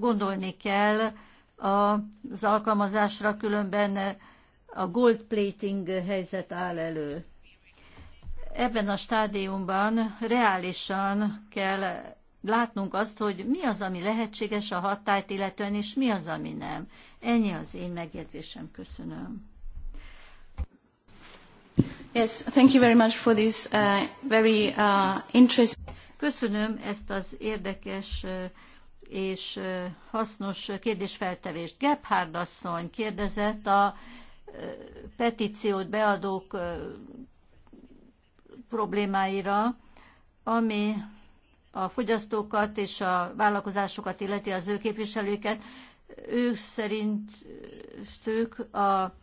gondolni kell az alkalmazásra, különben a gold plating helyzet áll elő. Ebben a stádiumban reálisan kell látnunk azt, hogy mi az, ami lehetséges a hatályt illetően, és mi az, ami nem. Ennyi az én megjegyzésem. Köszönöm. Yes, thank you very much for this uh, very uh, interesting. Köszönöm ezt az érdekes uh, és hasznos kérdésfeltevést. Gebhard asszony kérdezett a petíciót beadók problémáira, ami a fogyasztókat és a vállalkozásokat illeti az ő képviselőket. Ő ők a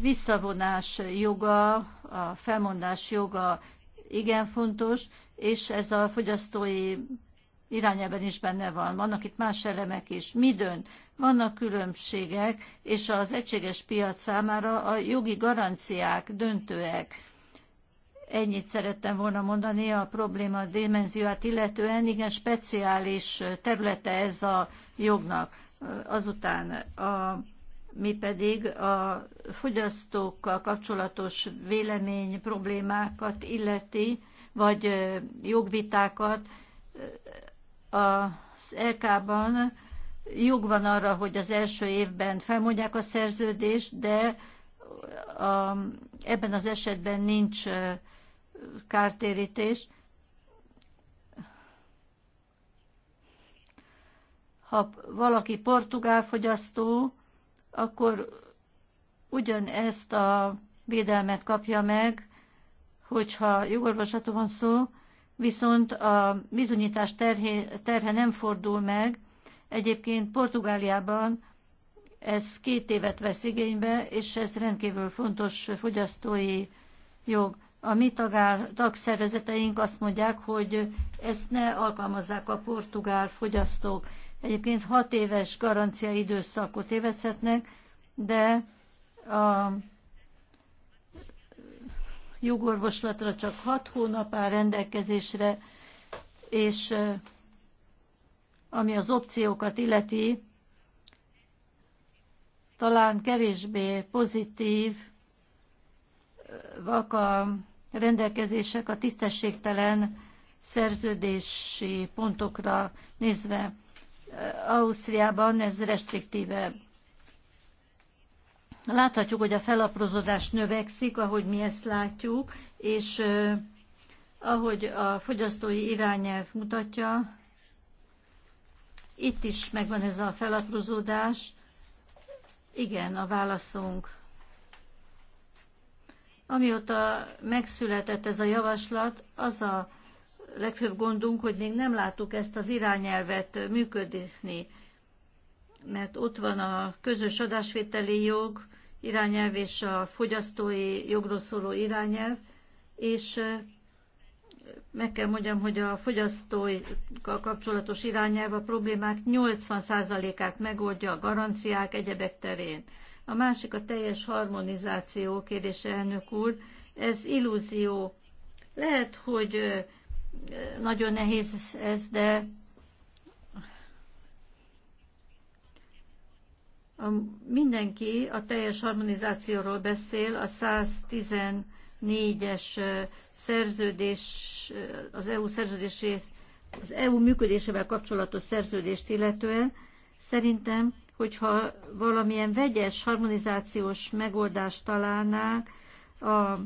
visszavonás joga, a felmondás joga igen fontos, és ez a fogyasztói irányában is benne van. Vannak itt más elemek is. Mi dönt? Vannak különbségek, és az egységes piac számára a jogi garanciák döntőek. Ennyit szerettem volna mondani a probléma dimenzióát illetően. Igen, speciális területe ez a jognak. Azután a mi pedig a fogyasztókkal kapcsolatos vélemény problémákat illeti, vagy jogvitákat, az LK-ban jog van arra, hogy az első évben felmondják a szerződést, de a, ebben az esetben nincs kártérítés. Ha valaki portugál fogyasztó, akkor ugyanezt a védelmet kapja meg, hogyha jogorvosatú van szó, viszont a bizonyítás terhe, terhe nem fordul meg. Egyébként Portugáliában ez két évet vesz igénybe, és ez rendkívül fontos fogyasztói jog. A mi tagál, tagszervezeteink azt mondják, hogy ezt ne alkalmazzák a portugál fogyasztók. Egyébként hat éves garancia időszakot évezhetnek, de a jogorvoslatra csak hat hónap áll rendelkezésre, és ami az opciókat illeti, talán kevésbé pozitív a rendelkezések a tisztességtelen szerződési pontokra nézve. Ausztriában ez restriktívebb. Láthatjuk, hogy a felaprózódás növekszik, ahogy mi ezt látjuk, és ahogy a fogyasztói irányelv mutatja, itt is megvan ez a felaprózódás. Igen, a válaszunk. Amióta megszületett ez a javaslat, az a legfőbb gondunk, hogy még nem láttuk ezt az irányelvet működni, mert ott van a közös adásvételi jog, irányelv és a fogyasztói jogról szóló irányelv, és meg kell mondjam, hogy a fogyasztói kapcsolatos irányelv a problémák 80%-át megoldja a garanciák egyebek terén. A másik a teljes harmonizáció kérdése, elnök úr. Ez illúzió. Lehet, hogy nagyon nehéz ez, de A, mindenki a teljes harmonizációról beszél, a 114-es szerződés, az EU szerződését az EU működésével kapcsolatos szerződést illetően, szerintem, hogyha valamilyen vegyes, harmonizációs megoldást találnák a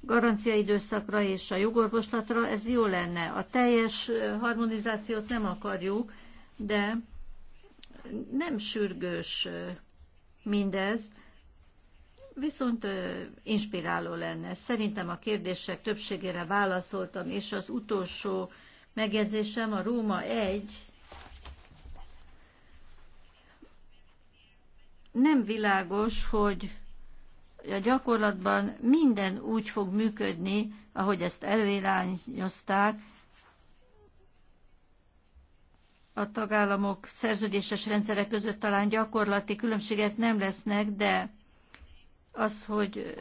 garanciaidőszakra és a jogorvoslatra, ez jó lenne. A teljes harmonizációt nem akarjuk, de nem sürgős mindez, viszont inspiráló lenne. Szerintem a kérdések többségére válaszoltam, és az utolsó megjegyzésem a Róma 1 nem világos, hogy a gyakorlatban minden úgy fog működni, ahogy ezt előirányozták, a tagállamok szerződéses rendszere között talán gyakorlati különbséget nem lesznek, de az, hogy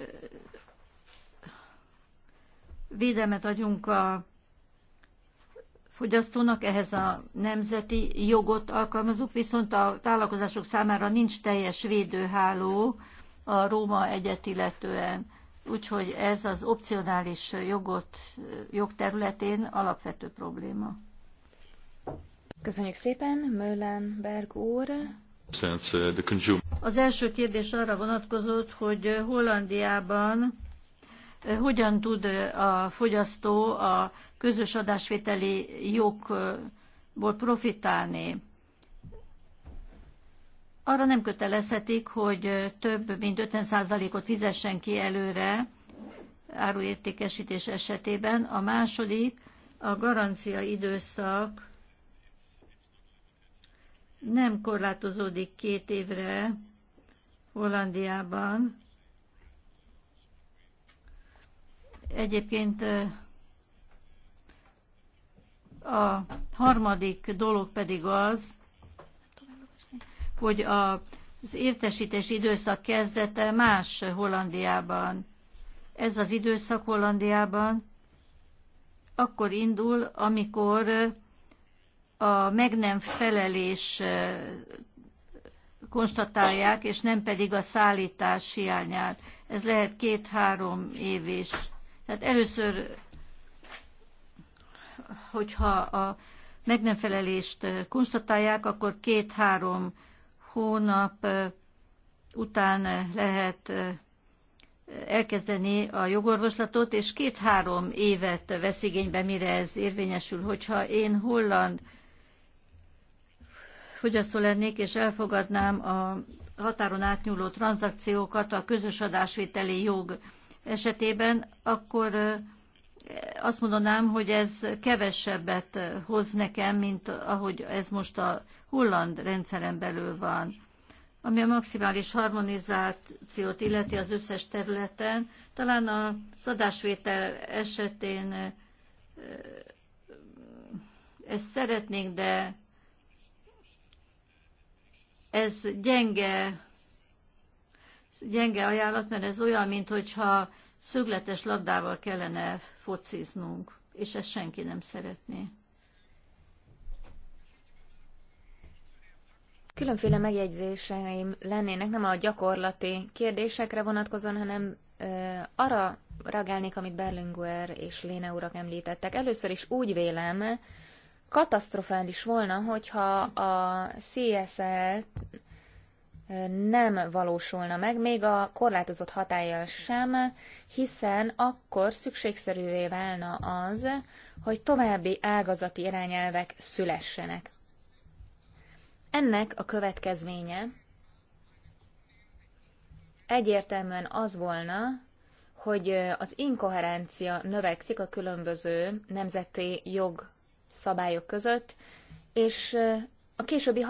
védelmet adjunk a fogyasztónak, ehhez a nemzeti jogot alkalmazunk, viszont a vállalkozások számára nincs teljes védőháló a Róma egyet illetően. Úgyhogy ez az opcionális jogot, jogterületén alapvető probléma. Köszönjük szépen, Möllenberg úr. Az első kérdés arra vonatkozott, hogy Hollandiában eh, hogyan tud eh, a fogyasztó a közös adásvételi jogból profitálni. Arra nem kötelezhetik, hogy eh, több mint 50%-ot fizessen ki előre áruértékesítés esetében. A második a garancia időszak nem korlátozódik két évre Hollandiában. Egyébként a harmadik dolog pedig az, hogy az értesítési időszak kezdete más Hollandiában. Ez az időszak Hollandiában akkor indul, amikor a meg nem felelés konstatálják, és nem pedig a szállítás hiányát. Ez lehet két-három év is. Tehát először, hogyha a meg nem felelést konstatálják, akkor két-három hónap után lehet elkezdeni a jogorvoslatot, és két-három évet vesz igénybe, mire ez érvényesül. Hogyha én holland fogyasztó lennék, és elfogadnám a határon átnyúló tranzakciókat a közös adásvételi jog esetében, akkor azt mondanám, hogy ez kevesebbet hoz nekem, mint ahogy ez most a holland rendszeren belül van. Ami a maximális harmonizációt illeti az összes területen, talán az adásvétel esetén ezt szeretnénk, de ez gyenge, gyenge ajánlat, mert ez olyan, mint szögletes labdával kellene fociznunk, és ezt senki nem szeretné. Különféle megjegyzéseim lennének nem a gyakorlati kérdésekre vonatkozóan, hanem ö, arra reagálnék, amit Berlinguer és Léne urak említettek. Először is úgy vélem, katasztrofális volna, hogyha a CSL nem valósulna meg, még a korlátozott hatája sem, hiszen akkor szükségszerűvé válna az, hogy további ágazati irányelvek szülessenek. Ennek a következménye egyértelműen az volna, hogy az inkoherencia növekszik a különböző nemzeti jog szabályok között, és a későbbi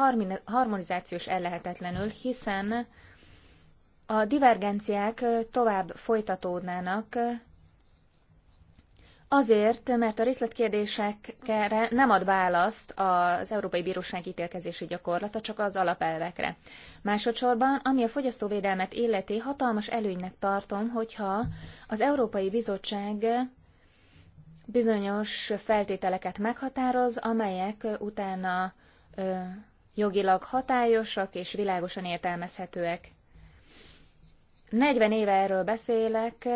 harmonizációs ellehetetlenül, hiszen a divergenciák tovább folytatódnának, Azért, mert a részletkérdésekre nem ad választ az Európai Bíróság ítélkezési gyakorlata, csak az alapelvekre. Másodszorban, ami a fogyasztóvédelmet illeti, hatalmas előnynek tartom, hogyha az Európai Bizottság bizonyos feltételeket meghatároz, amelyek utána ö, jogilag hatályosak és világosan értelmezhetőek. 40 éve erről beszélek,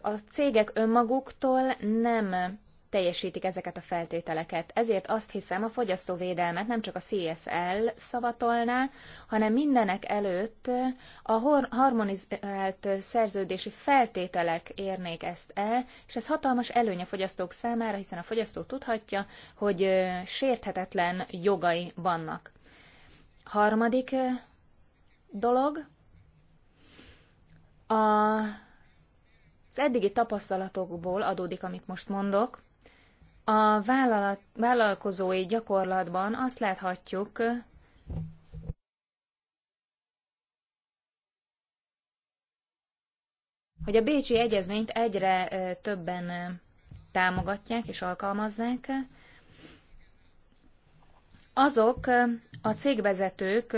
a cégek önmaguktól nem teljesítik ezeket a feltételeket. Ezért azt hiszem, a fogyasztóvédelmet nem csak a CSL szavatolná, hanem mindenek előtt a harmonizált szerződési feltételek érnék ezt el, és ez hatalmas előny a fogyasztók számára, hiszen a fogyasztó tudhatja, hogy sérthetetlen jogai vannak. Harmadik dolog, a az eddigi tapasztalatokból adódik, amit most mondok. A vállalat, vállalkozói gyakorlatban azt láthatjuk, hogy a Bécsi Egyezményt egyre többen támogatják és alkalmazzák. Azok a cégvezetők,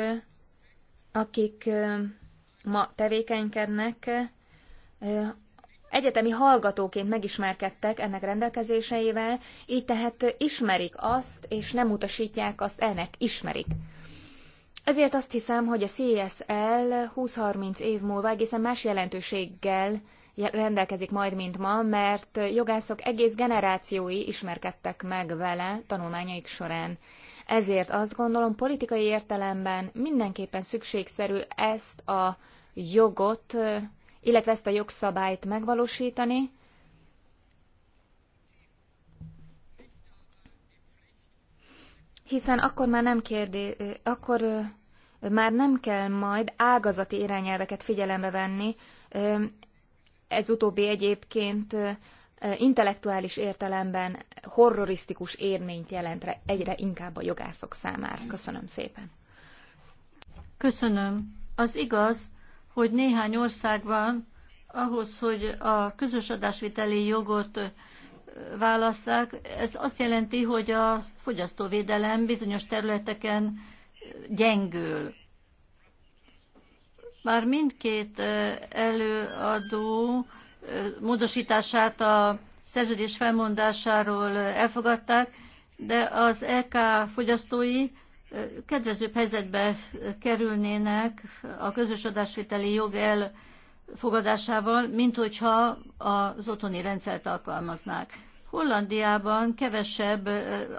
akik ma tevékenykednek, egyetemi hallgatóként megismerkedtek ennek rendelkezéseivel, így tehát ismerik azt, és nem utasítják azt el, mert ismerik. Ezért azt hiszem, hogy a CSL 20-30 év múlva egészen más jelentőséggel rendelkezik majd, mint ma, mert jogászok egész generációi ismerkedtek meg vele tanulmányaik során. Ezért azt gondolom, politikai értelemben mindenképpen szükségszerű ezt a jogot illetve ezt a jogszabályt megvalósítani. Hiszen akkor már nem kérdé, akkor már nem kell majd ágazati irányelveket figyelembe venni. Ez utóbbi egyébként intellektuális értelemben horrorisztikus érményt jelent egyre inkább a jogászok számára. Köszönöm szépen. Köszönöm. Az igaz, hogy néhány országban ahhoz, hogy a közös adásviteli jogot válasszák, ez azt jelenti, hogy a fogyasztóvédelem bizonyos területeken gyengül. Már mindkét előadó módosítását a szerződés felmondásáról elfogadták, de az EK fogyasztói kedvezőbb helyzetbe kerülnének a közös adásvételi jog elfogadásával, mint hogyha az otthoni rendszert alkalmaznák. Hollandiában kevesebb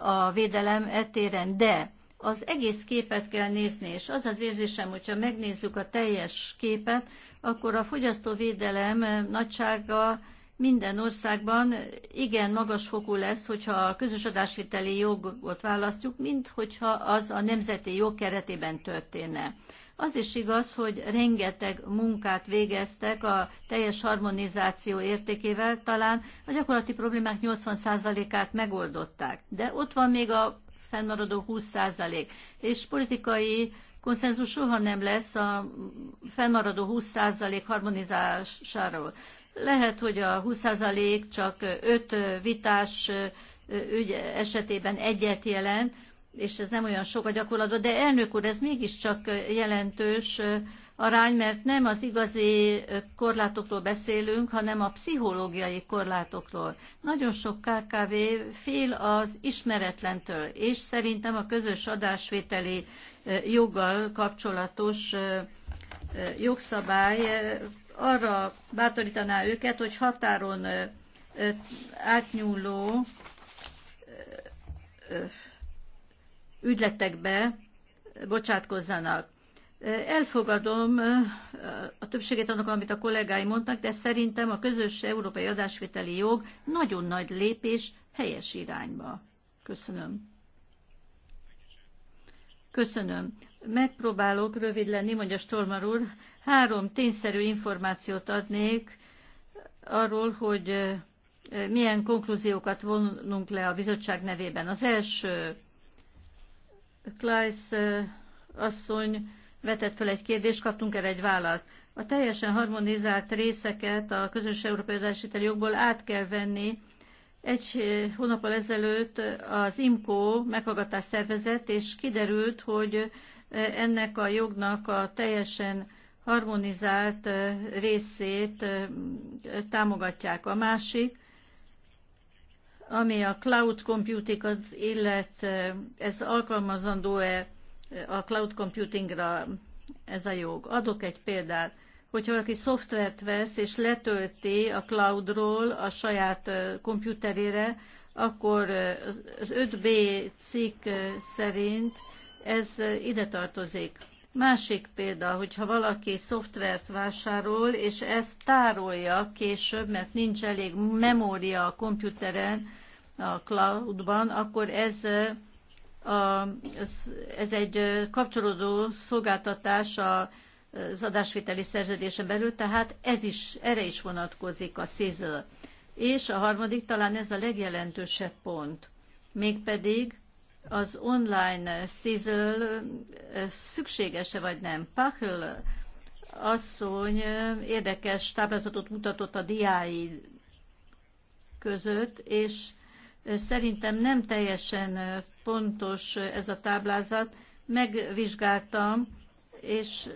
a védelem etéren, de az egész képet kell nézni, és az az érzésem, hogyha megnézzük a teljes képet, akkor a fogyasztóvédelem nagysága minden országban igen magas fokú lesz, hogyha a közös adásvételi jogot választjuk, mint hogyha az a nemzeti jog keretében történne. Az is igaz, hogy rengeteg munkát végeztek a teljes harmonizáció értékével, talán a gyakorlati problémák 80%-át megoldották. De ott van még a fennmaradó 20%, és politikai konszenzus soha nem lesz a fennmaradó 20% harmonizásáról. Lehet, hogy a 20% csak 5 vitás ügy esetében egyet jelent, és ez nem olyan sok a gyakorlatban, de elnök úr, ez mégiscsak jelentős arány, mert nem az igazi korlátokról beszélünk, hanem a pszichológiai korlátokról. Nagyon sok KKV fél az ismeretlentől, és szerintem a közös adásvételi joggal kapcsolatos jogszabály arra bátorítaná őket, hogy határon átnyúló ügyletekbe bocsátkozzanak. Elfogadom a többségét annak, amit a kollégáim mondtak, de szerintem a közös európai adásvételi jog nagyon nagy lépés helyes irányba. Köszönöm. Köszönöm. Megpróbálok rövid lenni, mondja Stormar úr. Három tényszerű információt adnék arról, hogy milyen konklúziókat vonunk le a bizottság nevében. Az első, Klajsz asszony vetett fel egy kérdést, kaptunk erre egy választ. A teljesen harmonizált részeket a közös európai adásíteli jogból át kell venni. Egy hónappal ezelőtt az IMCO meghallgatás szervezett, és kiderült, hogy ennek a jognak a teljesen harmonizált részét támogatják. A másik, ami a cloud az illet, ez alkalmazandó-e a cloud computingra ez a jog? Adok egy példát. Hogyha valaki szoftvert vesz és letölti a cloudról a saját komputerére, akkor az 5B cikk szerint ez ide tartozik. Másik példa, hogyha valaki szoftvert vásárol, és ezt tárolja később, mert nincs elég memória a komputeren, a cloudban, akkor ez, a, ez egy kapcsolódó szolgáltatás a az adásvételi szerződése belül, tehát ez is, erre is vonatkozik a Sizzle. És a harmadik talán ez a legjelentősebb pont, mégpedig az online Sizzle szükséges-e vagy nem. Pachl asszony érdekes táblázatot mutatott a diái között, és szerintem nem teljesen pontos ez a táblázat. Megvizsgáltam, és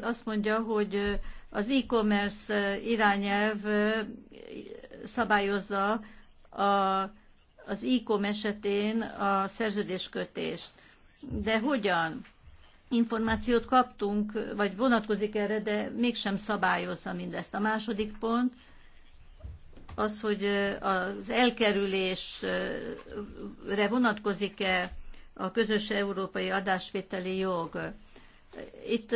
azt mondja, hogy az e-commerce irányelv szabályozza a az ICOM esetén a szerződéskötést. De hogyan? Információt kaptunk, vagy vonatkozik erre, de mégsem szabályozza mindezt. A második pont az, hogy az elkerülésre vonatkozik-e a közös európai adásvételi jog. Itt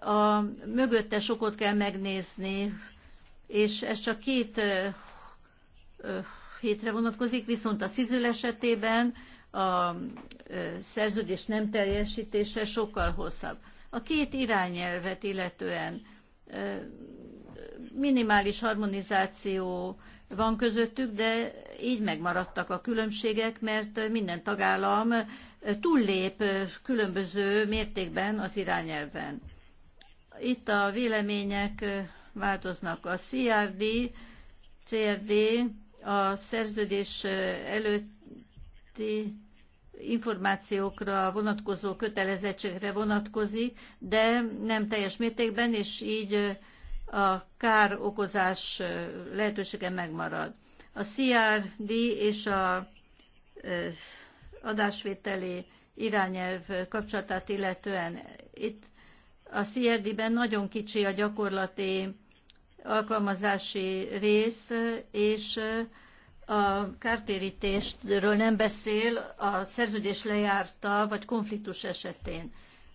a mögöttes okot kell megnézni, és ez csak két hétre vonatkozik, viszont a szizül esetében a szerződés nem teljesítése sokkal hosszabb. A két irányelvet illetően minimális harmonizáció van közöttük, de így megmaradtak a különbségek, mert minden tagállam túllép különböző mértékben az irányelven. Itt a vélemények változnak. A CRD, CRD a szerződés előtti információkra vonatkozó kötelezettségre vonatkozik, de nem teljes mértékben, és így a kár okozás lehetősége megmarad. A CRD és a adásvételi irányelv kapcsolatát illetően itt a CRD-ben nagyon kicsi a gyakorlati alkalmazási rész, és a kártérítésről nem beszél a szerződés lejárta vagy konfliktus esetén.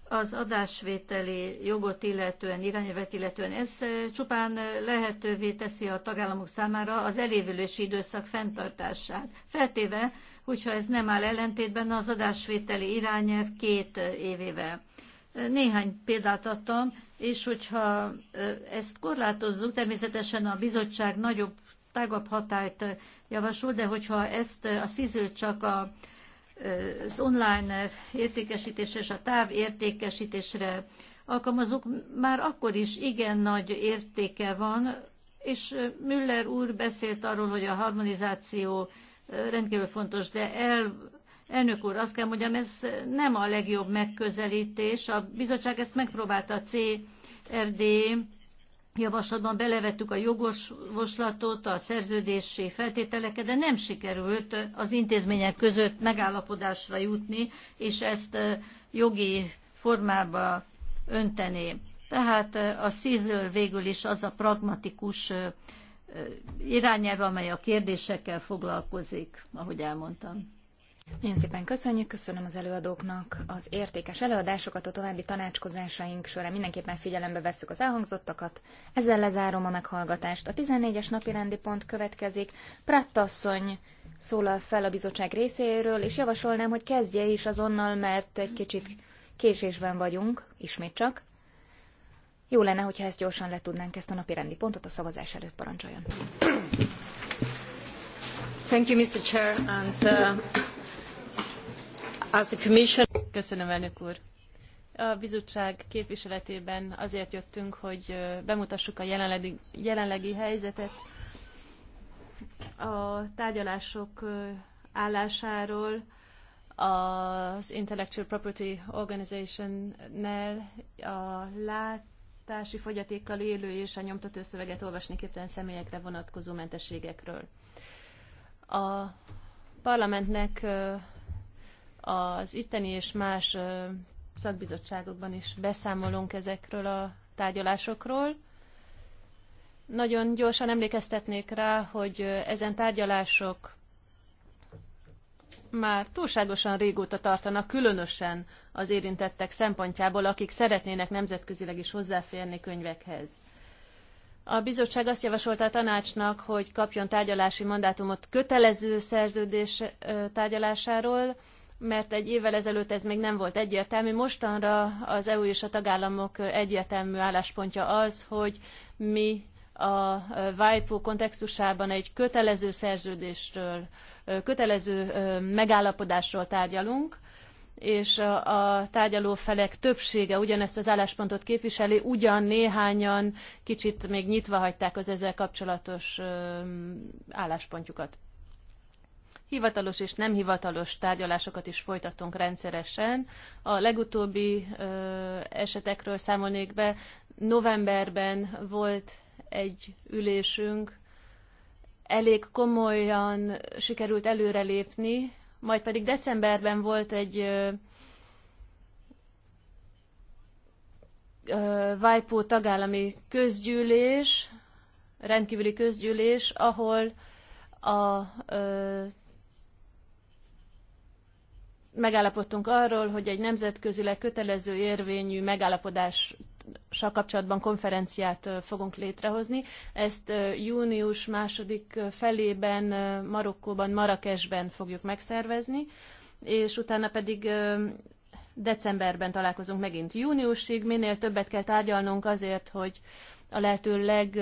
Az adásvételi jogot illetően, irányelvet illetően ez csupán lehetővé teszi a tagállamok számára az elévülési időszak fenntartását. Feltéve, hogyha ez nem áll ellentétben az adásvételi irányelv két évével. Néhány példát adtam, és hogyha ezt korlátozzuk, természetesen a bizottság nagyobb, tágabb hatályt javasol, de hogyha ezt a sziző csak a, az online értékesítésre és a táv értékesítésre alkalmazunk, már akkor is igen nagy értéke van, és Müller úr beszélt arról, hogy a harmonizáció rendkívül fontos, de el Elnök úr, azt kell mondjam, ez nem a legjobb megközelítés. A bizottság ezt megpróbálta a CRD javaslatban belevettük a jogoslatot, a szerződési feltételeket, de nem sikerült az intézmények között megállapodásra jutni, és ezt jogi formába önteni. Tehát a CISL végül is az a pragmatikus irányelv, amely a kérdésekkel foglalkozik, ahogy elmondtam. Nagyon szépen köszönjük, köszönöm az előadóknak az értékes előadásokat, a további tanácskozásaink során mindenképpen figyelembe vesszük az elhangzottakat. Ezzel lezárom a meghallgatást. A 14-es napi rendi pont következik. asszony szólal fel a bizottság részéről, és javasolnám, hogy kezdje is azonnal, mert egy kicsit késésben vagyunk, ismét csak. Jó lenne, hogyha ezt gyorsan le tudnánk ezt a napi rendi pontot a szavazás előtt parancsoljon. Thank you, Mr. Chair, and, uh a commission... Köszönöm, elnök úr. A bizottság képviseletében azért jöttünk, hogy bemutassuk a jelenlegi, jelenlegi helyzetet, a tárgyalások állásáról, az Intellectual Property Organization-nel a látási fogyatékkal élő és a nyomtató szöveget olvasni képtelen személyekre vonatkozó mentességekről. A parlamentnek az itteni és más szakbizottságokban is beszámolunk ezekről a tárgyalásokról. Nagyon gyorsan emlékeztetnék rá, hogy ezen tárgyalások már túlságosan régóta tartanak, különösen az érintettek szempontjából, akik szeretnének nemzetközileg is hozzáférni könyvekhez. A bizottság azt javasolta a tanácsnak, hogy kapjon tárgyalási mandátumot kötelező szerződés tárgyalásáról, mert egy évvel ezelőtt ez még nem volt egyértelmű. Mostanra az EU és a tagállamok egyértelmű álláspontja az, hogy mi a WIPO kontextusában egy kötelező szerződésről, kötelező megállapodásról tárgyalunk, és a tárgyaló felek többsége ugyanezt az álláspontot képviseli, ugyan néhányan kicsit még nyitva hagyták az ezzel kapcsolatos álláspontjukat hivatalos és nem hivatalos tárgyalásokat is folytatunk rendszeresen. A legutóbbi ö, esetekről számolnék be. Novemberben volt egy ülésünk, elég komolyan sikerült előrelépni, majd pedig decemberben volt egy ö, Vajpó tagállami közgyűlés, rendkívüli közgyűlés, ahol a megállapodtunk arról, hogy egy nemzetközileg kötelező érvényű megállapodás kapcsolatban konferenciát fogunk létrehozni. Ezt június második felében Marokkóban, Marrakesben fogjuk megszervezni, és utána pedig decemberben találkozunk megint júniusig. Minél többet kell tárgyalnunk azért, hogy a lehető leg,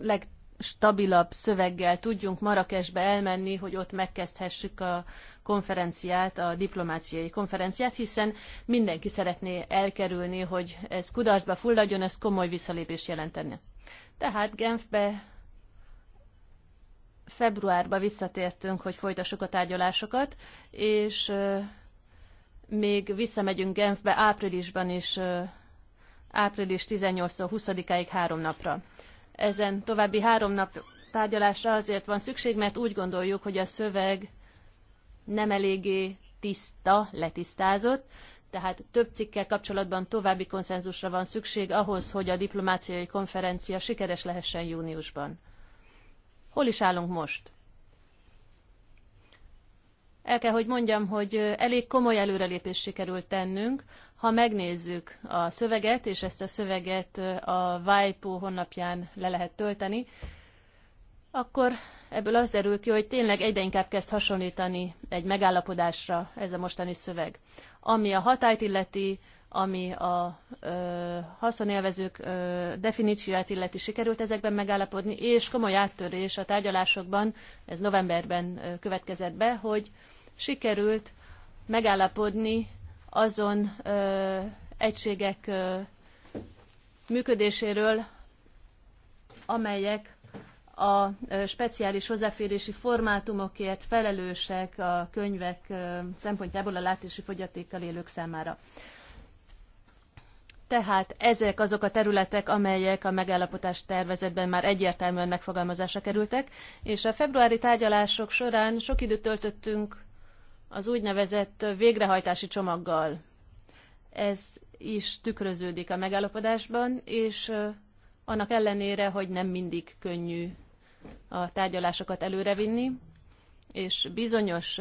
leg stabilabb szöveggel tudjunk Marrakesbe elmenni, hogy ott megkezdhessük a konferenciát, a diplomáciai konferenciát, hiszen mindenki szeretné elkerülni, hogy ez kudarcba fulladjon, ez komoly visszalépés jelentene. Tehát Genfbe februárba visszatértünk, hogy folytassuk a tárgyalásokat, és még visszamegyünk Genfbe áprilisban is, április 18-20-áig három napra ezen további három nap tárgyalásra azért van szükség, mert úgy gondoljuk, hogy a szöveg nem eléggé tiszta, letisztázott, tehát több cikkel kapcsolatban további konszenzusra van szükség ahhoz, hogy a diplomáciai konferencia sikeres lehessen júniusban. Hol is állunk most? El kell, hogy mondjam, hogy elég komoly előrelépést sikerült tennünk. Ha megnézzük a szöveget, és ezt a szöveget a WIPO honlapján le lehet tölteni, akkor ebből az derül ki, hogy tényleg egyre inkább kezd hasonlítani egy megállapodásra ez a mostani szöveg. Ami a hatályt illeti, ami a ö, haszonélvezők ö, definícióját illeti sikerült ezekben megállapodni, és komoly áttörés a tárgyalásokban, ez novemberben következett be, hogy sikerült megállapodni azon ö, egységek ö, működéséről, amelyek a speciális hozzáférési formátumokért felelősek a könyvek szempontjából a látási fogyatékkal élők számára. Tehát ezek azok a területek, amelyek a megállapotás tervezetben már egyértelműen megfogalmazásra kerültek, és a februári tárgyalások során sok időt töltöttünk az úgynevezett végrehajtási csomaggal. Ez is tükröződik a megállapodásban, és annak ellenére, hogy nem mindig könnyű a tárgyalásokat előrevinni, és bizonyos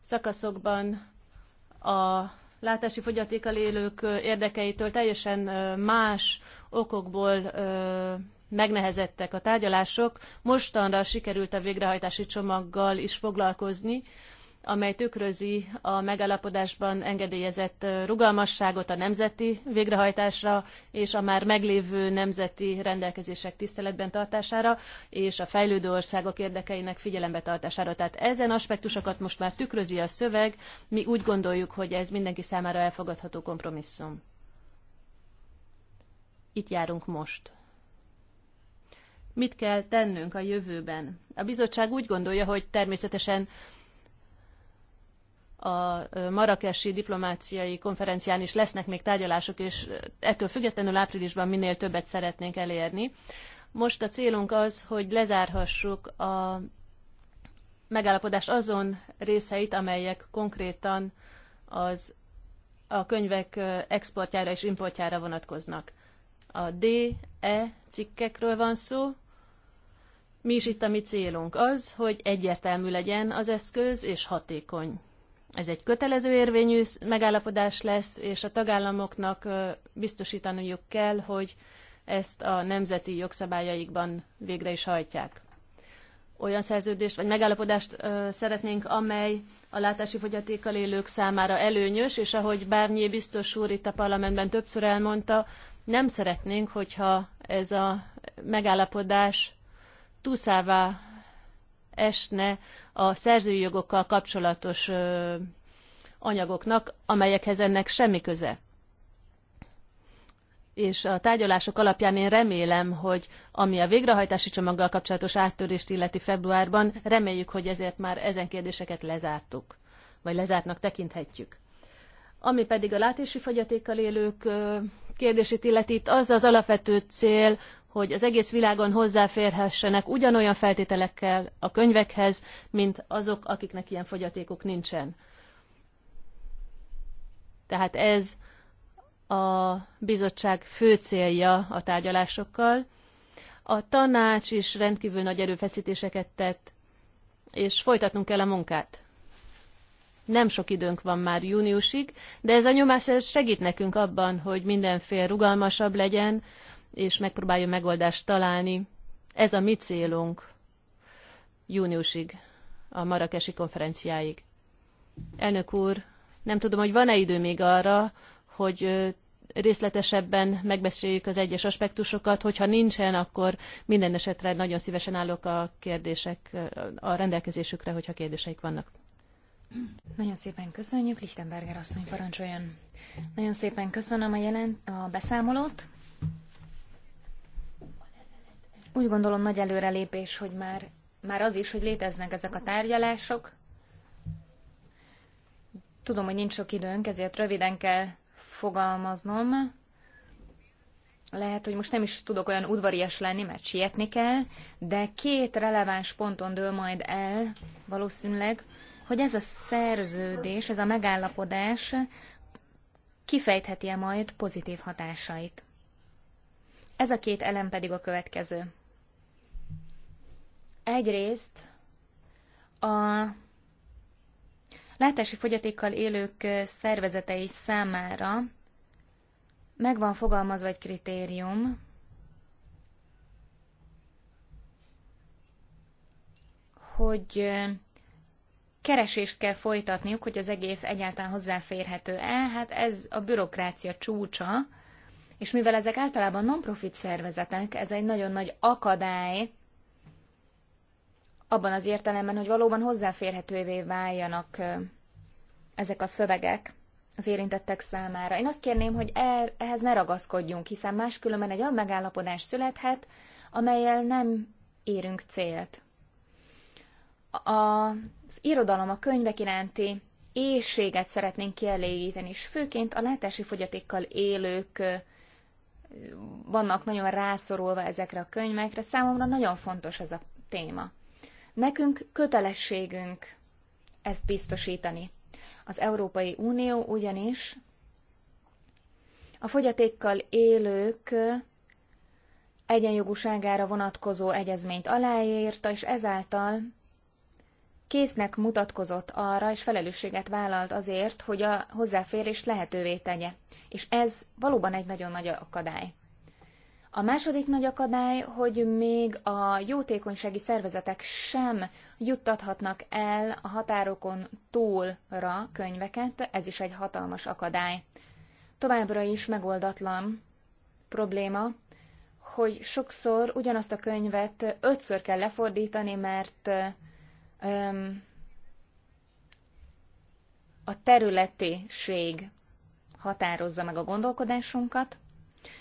szakaszokban a látási fogyatékkal élők érdekeitől teljesen más okokból megnehezettek a tárgyalások, mostanra sikerült a végrehajtási csomaggal is foglalkozni, amely tükrözi a megállapodásban engedélyezett rugalmasságot a nemzeti végrehajtásra és a már meglévő nemzeti rendelkezések tiszteletben tartására és a fejlődő országok érdekeinek figyelembe tartására. Tehát ezen aspektusokat most már tükrözi a szöveg, mi úgy gondoljuk, hogy ez mindenki számára elfogadható kompromisszum. Itt járunk most mit kell tennünk a jövőben. A bizottság úgy gondolja, hogy természetesen a marakesi diplomáciai konferencián is lesznek még tárgyalások, és ettől függetlenül áprilisban minél többet szeretnénk elérni. Most a célunk az, hogy lezárhassuk a megállapodás azon részeit, amelyek konkrétan az a könyvek exportjára és importjára vonatkoznak. A D, E cikkekről van szó. Mi is itt a mi célunk az, hogy egyértelmű legyen az eszköz és hatékony. Ez egy kötelező érvényű megállapodás lesz, és a tagállamoknak biztosítaniuk kell, hogy ezt a nemzeti jogszabályaikban végre is hajtják. Olyan szerződést vagy megállapodást ö, szeretnénk, amely a látási fogyatékkal élők számára előnyös, és ahogy Bárnyé biztos úr itt a parlamentben többször elmondta, nem szeretnénk, hogyha ez a megállapodás túszává esne a szerzői jogokkal kapcsolatos anyagoknak, amelyekhez ennek semmi köze. És a tárgyalások alapján én remélem, hogy ami a végrehajtási csomaggal kapcsolatos áttörést illeti februárban, reméljük, hogy ezért már ezen kérdéseket lezártuk, vagy lezártnak tekinthetjük. Ami pedig a látési fogyatékkal élők kérdését illeti, itt az az alapvető cél, hogy az egész világon hozzáférhessenek ugyanolyan feltételekkel a könyvekhez, mint azok, akiknek ilyen fogyatékuk nincsen. Tehát ez a bizottság fő célja a tárgyalásokkal. A tanács is rendkívül nagy erőfeszítéseket tett, és folytatnunk kell a munkát. Nem sok időnk van már júniusig, de ez a nyomás ez segít nekünk abban, hogy mindenfél rugalmasabb legyen, és megpróbáljon megoldást találni. Ez a mi célunk júniusig, a marakesi konferenciáig. Elnök úr, nem tudom, hogy van-e idő még arra, hogy részletesebben megbeszéljük az egyes aspektusokat. Hogyha nincsen, akkor minden esetre nagyon szívesen állok a kérdések a rendelkezésükre, hogyha kérdéseik vannak. Nagyon szépen köszönjük, Lichtenberger asszony parancsoljon. Nagyon szépen köszönöm a, jelent, a beszámolót. Úgy gondolom nagy előrelépés, hogy már, már az is, hogy léteznek ezek a tárgyalások. Tudom, hogy nincs sok időnk, ezért röviden kell fogalmaznom. Lehet, hogy most nem is tudok olyan udvarias lenni, mert sietni kell, de két releváns ponton dől majd el valószínűleg, hogy ez a szerződés, ez a megállapodás kifejtheti-e majd pozitív hatásait. Ez a két elem pedig a következő. Egyrészt a látási fogyatékkal élők szervezetei számára meg van fogalmazva egy kritérium, hogy keresést kell folytatniuk, hogy az egész egyáltalán hozzáférhető-e. Hát ez a bürokrácia csúcsa, és mivel ezek általában non-profit szervezetek, ez egy nagyon nagy akadály abban az értelemben, hogy valóban hozzáférhetővé váljanak ezek a szövegek az érintettek számára. Én azt kérném, hogy er, ehhez ne ragaszkodjunk, hiszen máskülönben egy olyan megállapodás születhet, amelyel nem érünk célt az irodalom, a könyvek iránti éjséget szeretnénk kielégíteni, és főként a látási fogyatékkal élők vannak nagyon rászorulva ezekre a könyvekre. Számomra nagyon fontos ez a téma. Nekünk kötelességünk ezt biztosítani. Az Európai Unió ugyanis a fogyatékkal élők egyenjogúságára vonatkozó egyezményt aláírta, és ezáltal késznek mutatkozott arra, és felelősséget vállalt azért, hogy a hozzáférést lehetővé tegye. És ez valóban egy nagyon nagy akadály. A második nagy akadály, hogy még a jótékonysági szervezetek sem juttathatnak el a határokon túlra könyveket, ez is egy hatalmas akadály. Továbbra is megoldatlan probléma, hogy sokszor ugyanazt a könyvet ötször kell lefordítani, mert a területiség határozza meg a gondolkodásunkat.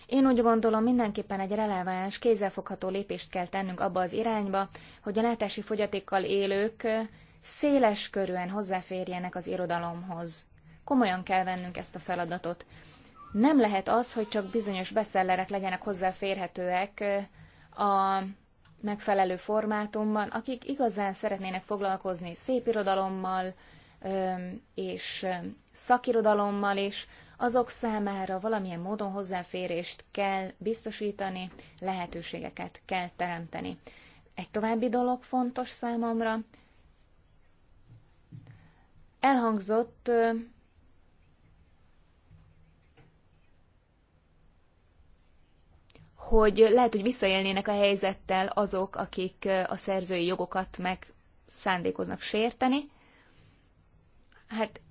Én úgy gondolom, mindenképpen egy releváns, kézzelfogható lépést kell tennünk abba az irányba, hogy a látási fogyatékkal élők széles körűen hozzáférjenek az irodalomhoz. Komolyan kell vennünk ezt a feladatot. Nem lehet az, hogy csak bizonyos beszellerek legyenek hozzáférhetőek a megfelelő formátumban, akik igazán szeretnének foglalkozni szép irodalommal és szakirodalommal is, azok számára valamilyen módon hozzáférést kell biztosítani, lehetőségeket kell teremteni. Egy további dolog fontos számomra. Elhangzott hogy lehet, hogy visszaélnének a helyzettel azok, akik a szerzői jogokat meg szándékoznak sérteni. Hát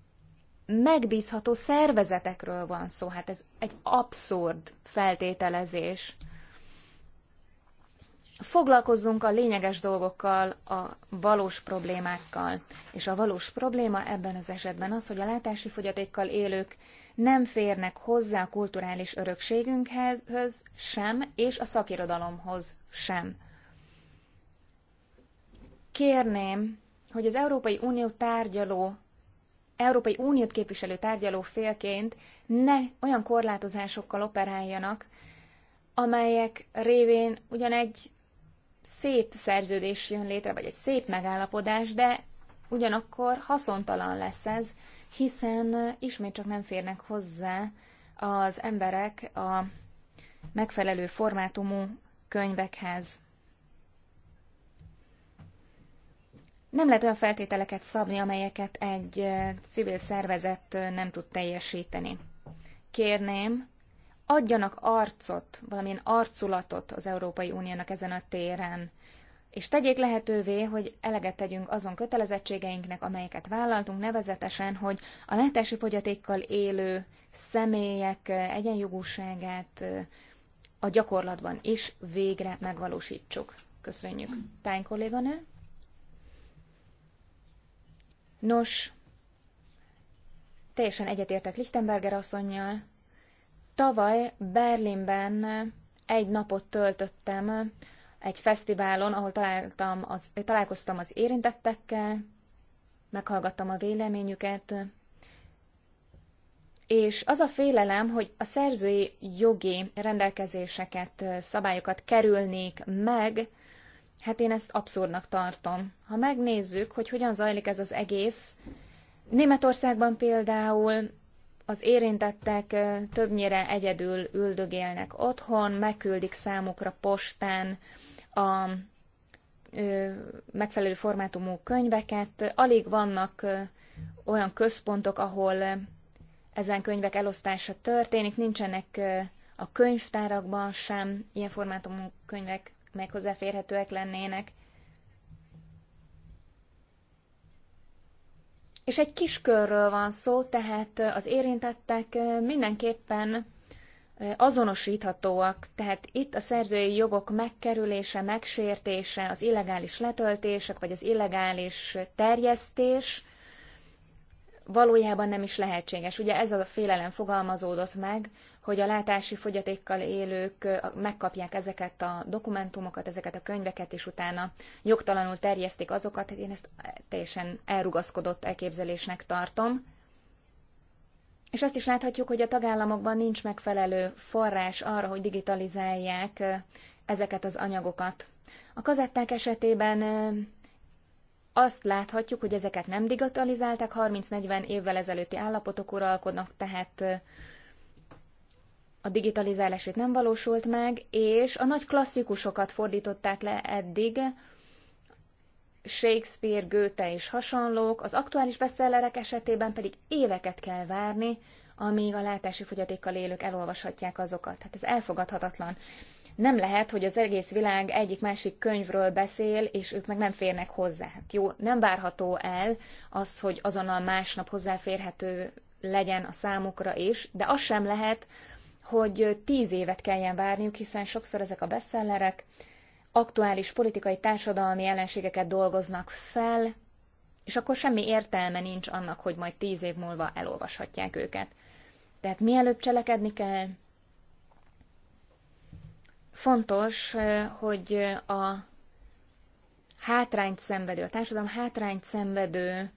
megbízható szervezetekről van szó, hát ez egy abszurd feltételezés. Foglalkozzunk a lényeges dolgokkal, a valós problémákkal. És a valós probléma ebben az esetben az, hogy a látási fogyatékkal élők nem férnek hozzá a kulturális örökségünkhöz sem, és a szakirodalomhoz sem. Kérném, hogy az Európai Unió tárgyaló Európai Uniót képviselő tárgyaló félként ne olyan korlátozásokkal operáljanak, amelyek révén ugyan egy szép szerződés jön létre, vagy egy szép megállapodás, de ugyanakkor haszontalan lesz ez, hiszen ismét csak nem férnek hozzá az emberek a megfelelő formátumú könyvekhez. Nem lehet olyan feltételeket szabni, amelyeket egy civil szervezet nem tud teljesíteni. Kérném, adjanak arcot, valamilyen arculatot az Európai Uniónak ezen a téren és tegyék lehetővé, hogy eleget tegyünk azon kötelezettségeinknek, amelyeket vállaltunk, nevezetesen, hogy a látási fogyatékkal élő személyek egyenjogúságát a gyakorlatban is végre megvalósítsuk. Köszönjük. Tány kolléganő? Nos, teljesen egyetértek Lichtenberger asszonynal. Tavaly Berlinben egy napot töltöttem egy fesztiválon, ahol találtam az, találkoztam az érintettekkel, meghallgattam a véleményüket, és az a félelem, hogy a szerzői jogi rendelkezéseket, szabályokat kerülnék meg, hát én ezt abszurdnak tartom. Ha megnézzük, hogy hogyan zajlik ez az egész, Németországban például az érintettek többnyire egyedül üldögélnek otthon, megküldik számukra postán a megfelelő formátumú könyveket. Alig vannak olyan központok, ahol ezen könyvek elosztása történik, nincsenek a könyvtárakban sem ilyen formátumú könyvek, meg hozzáférhetőek lennének. És egy kis körről van szó, tehát az érintettek mindenképpen azonosíthatóak, tehát itt a szerzői jogok megkerülése, megsértése, az illegális letöltések, vagy az illegális terjesztés valójában nem is lehetséges. Ugye ez a félelem fogalmazódott meg, hogy a látási fogyatékkal élők megkapják ezeket a dokumentumokat, ezeket a könyveket, és utána jogtalanul terjesztik azokat. Én ezt teljesen elrugaszkodott elképzelésnek tartom és azt is láthatjuk, hogy a tagállamokban nincs megfelelő forrás arra, hogy digitalizálják ezeket az anyagokat. A kazetták esetében azt láthatjuk, hogy ezeket nem digitalizálták, 30-40 évvel ezelőtti állapotok uralkodnak, tehát a digitalizálásét nem valósult meg, és a nagy klasszikusokat fordították le eddig, Shakespeare, Goethe és hasonlók, az aktuális bestsellerek esetében pedig éveket kell várni, amíg a látási fogyatékkal élők elolvashatják azokat. Hát ez elfogadhatatlan. Nem lehet, hogy az egész világ egyik-másik könyvről beszél, és ők meg nem férnek hozzá. Hát jó, nem várható el az, hogy azonnal másnap hozzáférhető legyen a számukra is, de az sem lehet, hogy tíz évet kelljen várniuk, hiszen sokszor ezek a bestsellerek aktuális politikai, társadalmi ellenségeket dolgoznak fel, és akkor semmi értelme nincs annak, hogy majd tíz év múlva elolvashatják őket. Tehát mielőbb cselekedni kell. Fontos, hogy a hátrányt szenvedő, a társadalom hátrányt szenvedő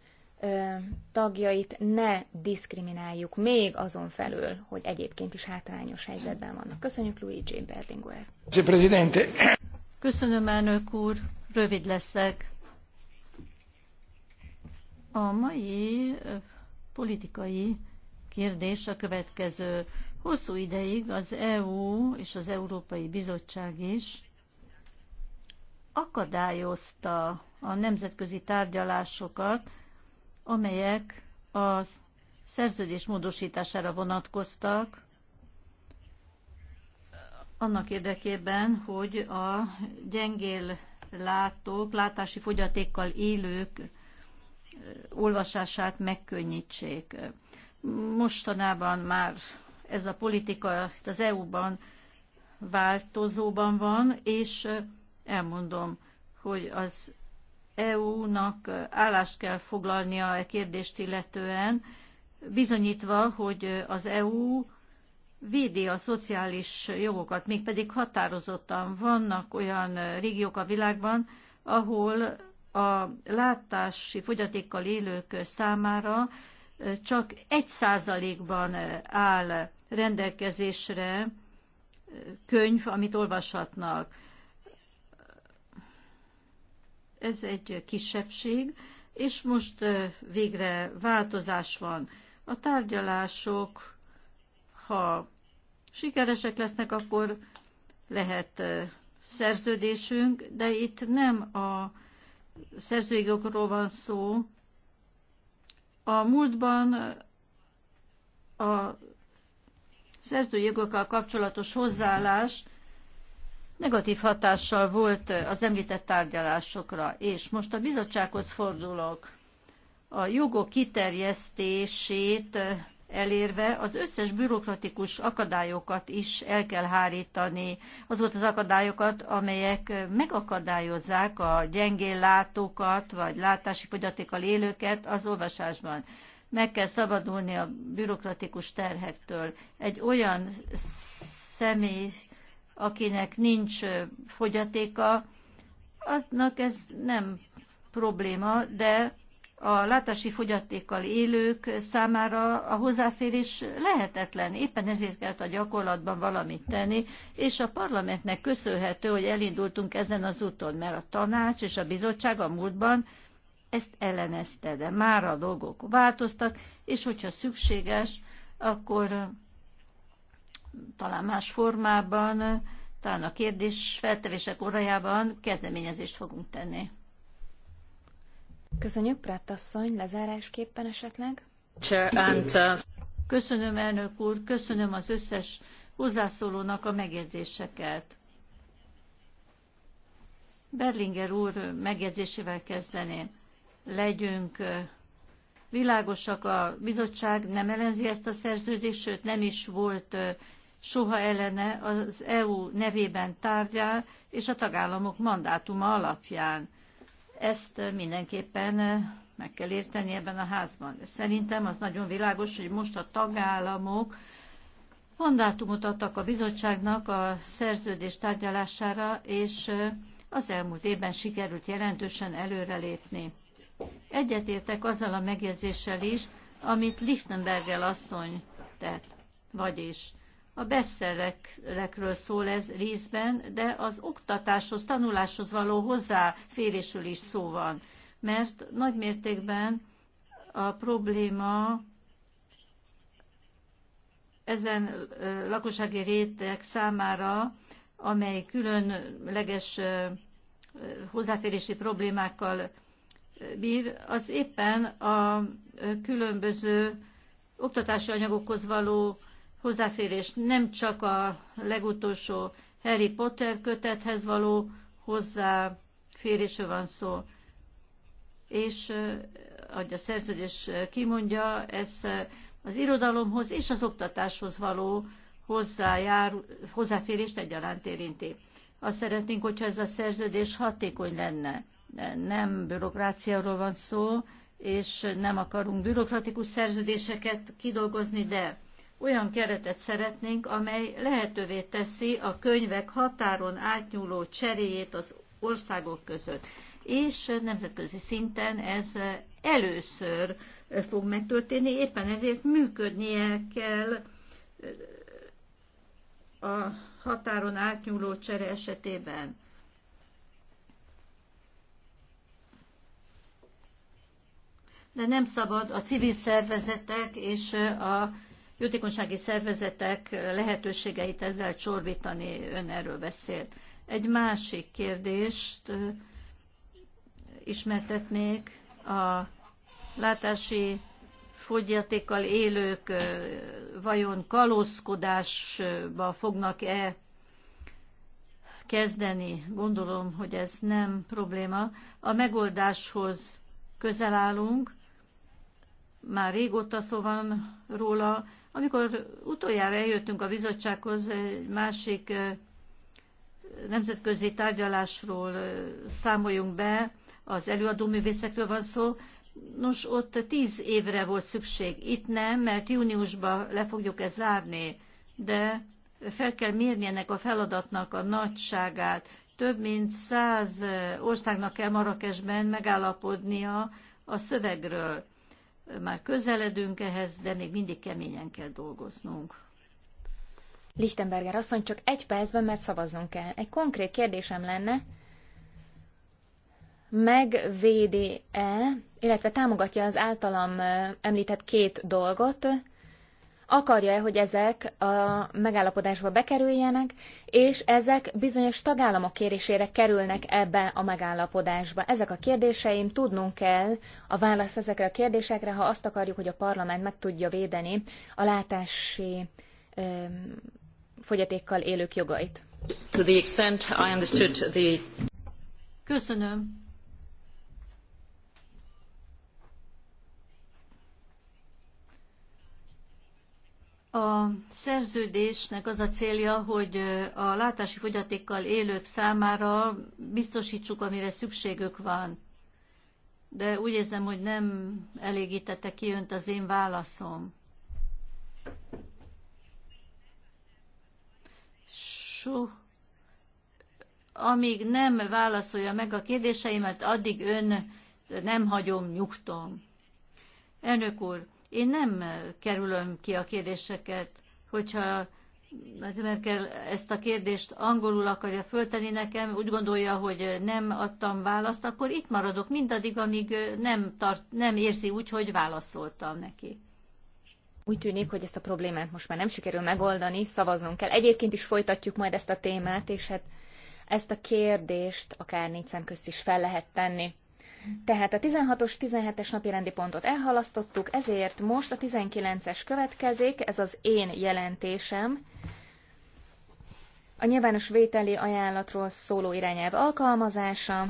tagjait ne diszkrimináljuk, még azon felül, hogy egyébként is hátrányos helyzetben vannak. Köszönjük Luigi Berlinguer. Köszönöm, elnök úr, rövid leszek. A mai politikai kérdés a következő. Hosszú ideig az EU és az Európai Bizottság is akadályozta a nemzetközi tárgyalásokat, amelyek a szerződés módosítására vonatkoztak, annak érdekében, hogy a gyengél látók, látási fogyatékkal élők olvasását megkönnyítsék. Mostanában már ez a politika az EU-ban változóban van, és elmondom, hogy az EU-nak állást kell foglalnia a e kérdést illetően, bizonyítva, hogy az EU védi a szociális jogokat, mégpedig határozottan vannak olyan régiók a világban, ahol a látási fogyatékkal élők számára csak egy százalékban áll rendelkezésre könyv, amit olvashatnak. Ez egy kisebbség, és most végre változás van. A tárgyalások ha sikeresek lesznek, akkor lehet szerződésünk, de itt nem a szerzőjogokról van szó. A múltban a szerzőjogokkal kapcsolatos hozzáállás negatív hatással volt az említett tárgyalásokra, és most a bizottsághoz fordulok. A jogok kiterjesztését elérve, az összes bürokratikus akadályokat is el kell hárítani, azokat az akadályokat, amelyek megakadályozzák a gyengén látókat, vagy látási fogyatékkal élőket az olvasásban. Meg kell szabadulni a bürokratikus terhektől. Egy olyan személy, akinek nincs fogyatéka, annak ez nem probléma, de a látási fogyatékkal élők számára a hozzáférés lehetetlen. Éppen ezért kellett a gyakorlatban valamit tenni, és a parlamentnek köszönhető, hogy elindultunk ezen az úton, mert a tanács és a bizottság a múltban ezt ellenezte, de már a dolgok változtak, és hogyha szükséges, akkor talán más formában, talán a kérdés feltevések órájában kezdeményezést fogunk tenni. Köszönjük, Prát asszony, lezárásképpen esetleg. Uh, köszönöm, elnök úr, köszönöm az összes hozzászólónak a megjegyzéseket. Berlinger úr megjegyzésével kezdeném. Legyünk uh, világosak, a bizottság nem ellenzi ezt a szerződést, sőt nem is volt uh, soha ellene az EU nevében tárgyal és a tagállamok mandátuma alapján. Ezt mindenképpen eh, meg kell érteni ebben a házban. Szerintem az nagyon világos, hogy most a tagállamok mandátumot adtak a bizottságnak a szerződés tárgyalására, és eh, az elmúlt évben sikerült jelentősen előrelépni. Egyetértek azzal a megjegyzéssel is, amit Lichtenberger asszony tett, vagyis a beszélekről szól ez részben, de az oktatáshoz, tanuláshoz való hozzáférésről is szó van, mert nagy mértékben a probléma ezen lakossági réteg számára, amely különleges hozzáférési problémákkal bír, az éppen a különböző oktatási anyagokhoz való hozzáférés nem csak a legutolsó Harry Potter kötethez való hozzáférésről van szó. És eh, ahogy a szerződés kimondja, ez eh, az irodalomhoz és az oktatáshoz való hozzájár, hozzáférést egyaránt érinti. Azt szeretnénk, hogyha ez a szerződés hatékony lenne. Nem bürokráciáról van szó, és nem akarunk bürokratikus szerződéseket kidolgozni, de olyan keretet szeretnénk, amely lehetővé teszi a könyvek határon átnyúló cseréjét az országok között. És nemzetközi szinten ez először fog megtörténni, éppen ezért működnie kell a határon átnyúló csere esetében. De nem szabad a civil szervezetek és a jótékonysági szervezetek lehetőségeit ezzel csorbítani, ön erről beszélt. Egy másik kérdést ismertetnék a látási fogyatékkal élők vajon kalózkodásba fognak-e kezdeni. Gondolom, hogy ez nem probléma. A megoldáshoz közel állunk, már régóta szó van róla. Amikor utoljára eljöttünk a bizottsághoz egy másik nemzetközi tárgyalásról számoljunk be, az előadó művészekről van szó, Nos, ott tíz évre volt szükség. Itt nem, mert júniusban le fogjuk ezt zárni, de fel kell mérni ennek a feladatnak a nagyságát. Több mint száz országnak kell Marrakesben megállapodnia a szövegről már közeledünk ehhez, de még mindig keményen kell dolgoznunk. Lichtenberger asszony, csak egy percben, mert szavazzunk kell. Egy konkrét kérdésem lenne, megvédi-e, illetve támogatja az általam eh, említett két dolgot, akarja-e, hogy ezek a megállapodásba bekerüljenek, és ezek bizonyos tagállamok kérésére kerülnek ebbe a megállapodásba. Ezek a kérdéseim, tudnunk kell a választ ezekre a kérdésekre, ha azt akarjuk, hogy a parlament meg tudja védeni a látási ö, fogyatékkal élők jogait. To the extent I understood the... Köszönöm. A szerződésnek az a célja, hogy a látási fogyatékkal élők számára biztosítsuk, amire szükségük van. De úgy érzem, hogy nem elégítette ki önt az én válaszom. So, amíg nem válaszolja meg a kérdéseimet, addig ön nem hagyom nyugtom. Elnök úr, én nem eh, kerülöm ki a kérdéseket, hogyha Merkel ezt a kérdést angolul akarja föltenni nekem, úgy gondolja, hogy nem adtam választ, akkor itt maradok mindaddig, amíg eh, nem, tart, nem érzi úgy, hogy válaszoltam neki. Úgy tűnik, hogy ezt a problémát most már nem sikerül megoldani, Szavazunk. kell. Egyébként is folytatjuk majd ezt a témát, és hát ezt a kérdést akár négy szem közt is fel lehet tenni. Tehát a 16-os, 17-es napi rendi pontot elhalasztottuk, ezért most a 19-es következik, ez az én jelentésem. A nyilvános vételi ajánlatról szóló irányelv alkalmazása.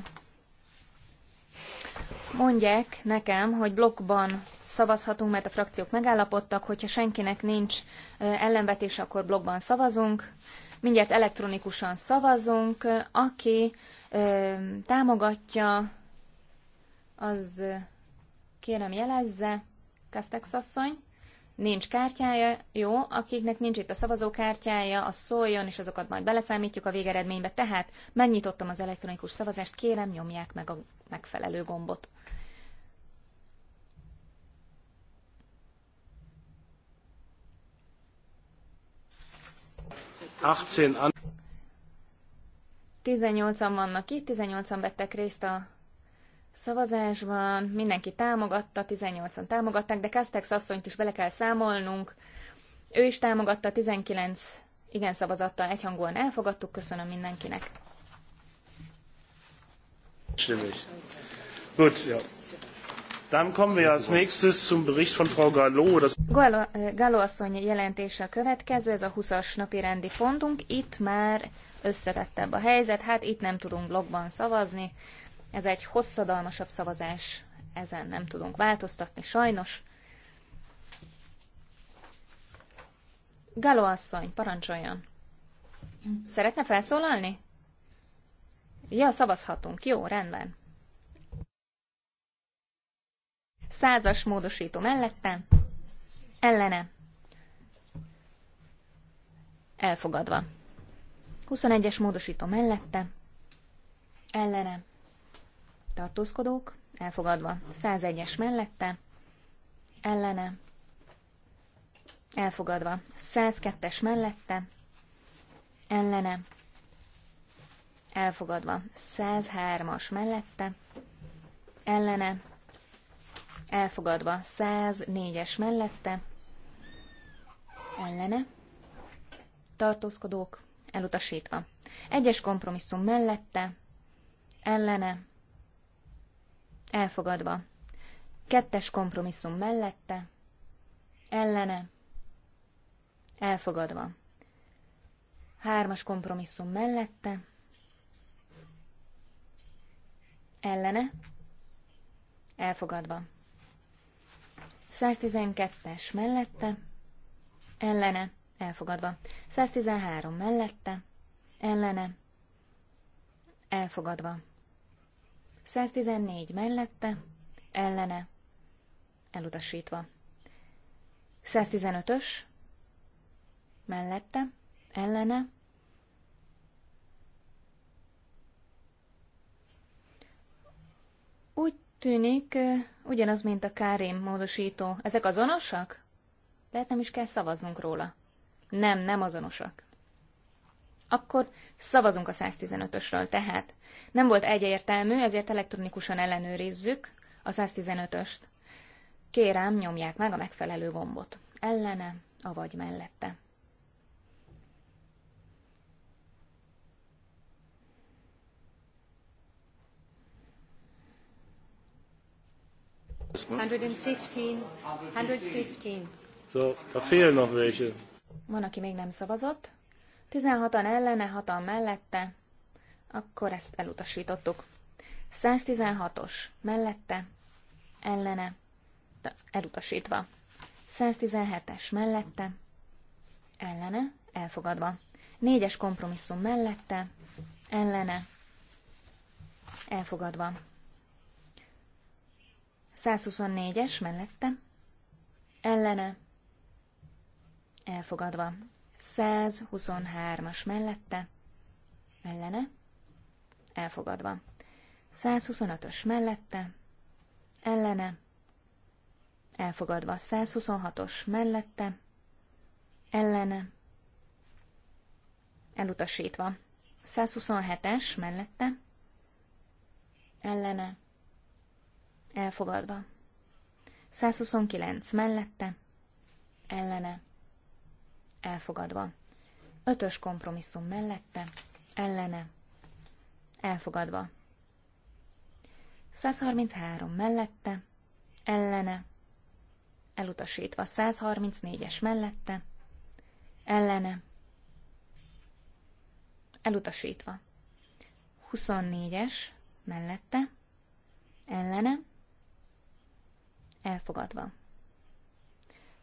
Mondják nekem, hogy blokkban szavazhatunk, mert a frakciók megállapodtak, hogyha senkinek nincs ellenvetés, akkor blokkban szavazunk. Mindjárt elektronikusan szavazunk. Aki ö, támogatja az kérem jelezze, Kastex asszony, nincs kártyája, jó, akiknek nincs itt a szavazókártyája, az szóljon, és azokat majd beleszámítjuk a végeredménybe, tehát megnyitottam az elektronikus szavazást, kérem nyomják meg a megfelelő gombot. an 18-an vannak itt, 18-an vettek részt a szavazás van, mindenki támogatta, 18-an támogatták, de Kastex asszonyt is bele kell számolnunk. Ő is támogatta, 19 igen szavazattal egyhangúan elfogadtuk, köszönöm mindenkinek. Gut, ja. Dann kommen wir als nächstes zum Bericht von Frau Gallo. Das Gallo, eh, Gallo asszony jelentése a következő, ez a 20-as napi rendi pontunk. Itt már összetettebb a helyzet, hát itt nem tudunk blogban szavazni, ez egy hosszadalmasabb szavazás, ezen nem tudunk változtatni sajnos. Galo asszony, parancsoljon. Szeretne felszólalni? Ja, szavazhatunk. Jó, rendben. Százas módosító mellettem. Ellene. Elfogadva. 21-es módosító mellette. Ellene tartózkodók, elfogadva. 101-es mellette, ellene, elfogadva. 102-es mellette, ellene, elfogadva. 103-as mellette, ellene, elfogadva. 104-es mellette, ellene, tartózkodók, elutasítva. Egyes kompromisszum mellette, ellene, Elfogadva. Kettes kompromisszum mellette. Ellene. Elfogadva. Hármas kompromisszum mellette. Ellene. Elfogadva. 112-es mellette. Ellene. Elfogadva. 113 mellette. Ellene. Elfogadva. 114 mellette, ellene, elutasítva. 115-ös, mellette, ellene, Úgy tűnik, ugyanaz, mint a Kárém módosító. Ezek azonosak? Lehet nem is kell szavaznunk róla. Nem, nem azonosak. Akkor szavazunk a 115-ösről tehát. Nem volt egyértelmű, ezért elektronikusan ellenőrizzük a 115-öst. Kérem, nyomják meg a megfelelő gombot. Ellene, avagy mellette. So, Van, aki még nem szavazott. 16-an ellene, 6-an mellette, akkor ezt elutasítottuk. 116-os mellette, ellene, elutasítva. 117-es mellette, ellene, elfogadva. 4-es kompromisszum mellette, ellene, elfogadva. 124-es mellette, ellene, elfogadva. 123-as mellette, ellene, elfogadva. 125-ös mellette, ellene, elfogadva. 126-os mellette, ellene, elutasítva. 127-es mellette, ellene, elfogadva. 129 mellette, ellene, elfogadva. Ötös kompromisszum mellette, ellene, elfogadva. 133 mellette, ellene, elutasítva. 134-es mellette, ellene, elutasítva. 24-es mellette, ellene, elfogadva.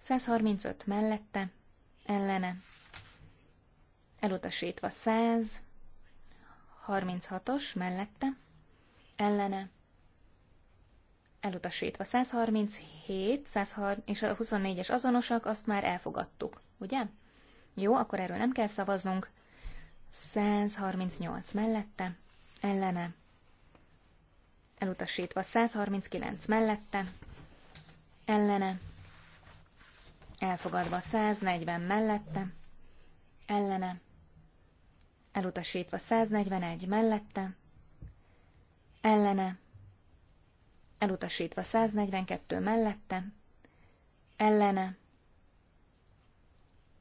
135 mellette, ellene elutasítva 100, 36-os mellette, ellene, elutasítva 137, 130, és a 24-es azonosak, azt már elfogadtuk, ugye? Jó, akkor erről nem kell szavaznunk. 138 mellette, ellene, elutasítva 139 mellette, ellene, elfogadva 140 mellette, ellene, elutasítva 141 mellette, ellene, elutasítva 142 mellette, ellene,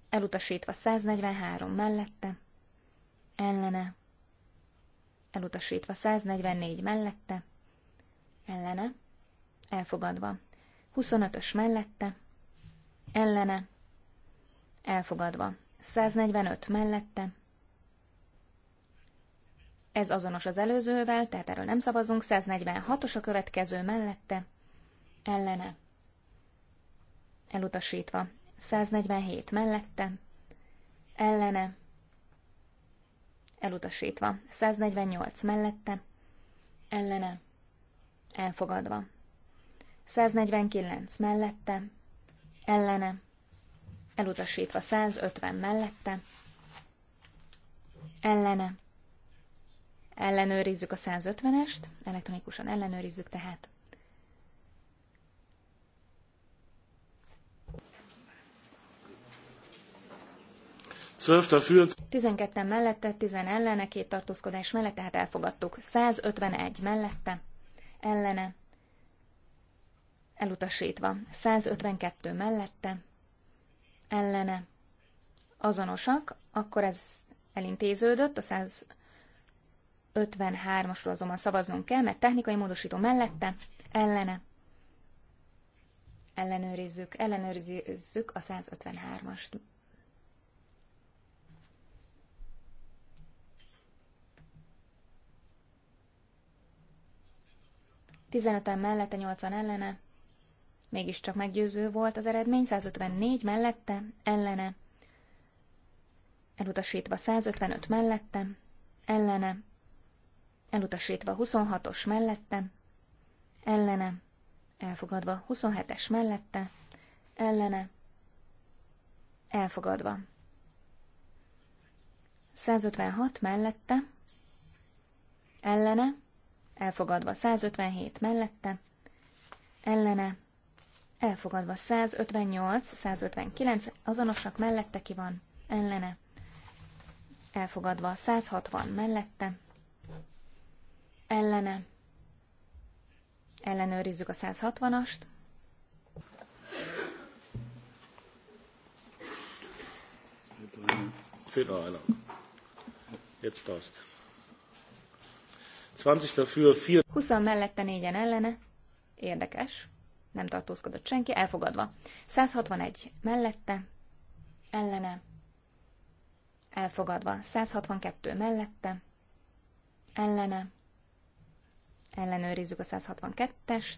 elutasítva 143 mellette, ellene, elutasítva 144 mellette, ellene, elfogadva, 25-ös mellette, ellene, elfogadva. 145 mellette. Ez azonos az előzővel, tehát erről nem szavazunk. 146-os a következő mellette, ellene, elutasítva. 147 mellette, ellene, elutasítva. 148 mellette, ellene, elfogadva. 149 mellette, ellene, elutasítva 150 mellette, ellene, ellenőrizzük a 150-est, elektronikusan ellenőrizzük tehát. Dafür. 12 mellette, 10 ellene, két tartózkodás mellett, tehát elfogadtuk. 151 mellette, ellene, elutasítva. 152 mellette, ellene, azonosak, akkor ez elintéződött, a 153-asról azonban szavaznunk kell, mert technikai módosító mellette, ellene, ellenőrizzük, ellenőrizzük a 153-ast. Tizenöten mellette, nyolcan ellene, Mégiscsak meggyőző volt az eredmény, 154 mellette, ellene. Elutasítva 155 mellette, ellene. Elutasítva 26-os mellette, ellene. Elfogadva 27-es mellette, ellene. Elfogadva. 156 mellette, ellene, elfogadva 157 mellette, ellene, Elfogadva 158, 159, azonosak mellette ki van, ellene. Elfogadva 160 mellette, ellene. Ellenőrizzük a 160-ast. Fehlerheilung. Jetzt passt. 20 dafür, 4. 20 mellette, 4 ellene. Érdekes nem tartózkodott senki, elfogadva. 161 mellette, ellene, elfogadva. 162 mellette, ellene, ellenőrizzük a 162-est.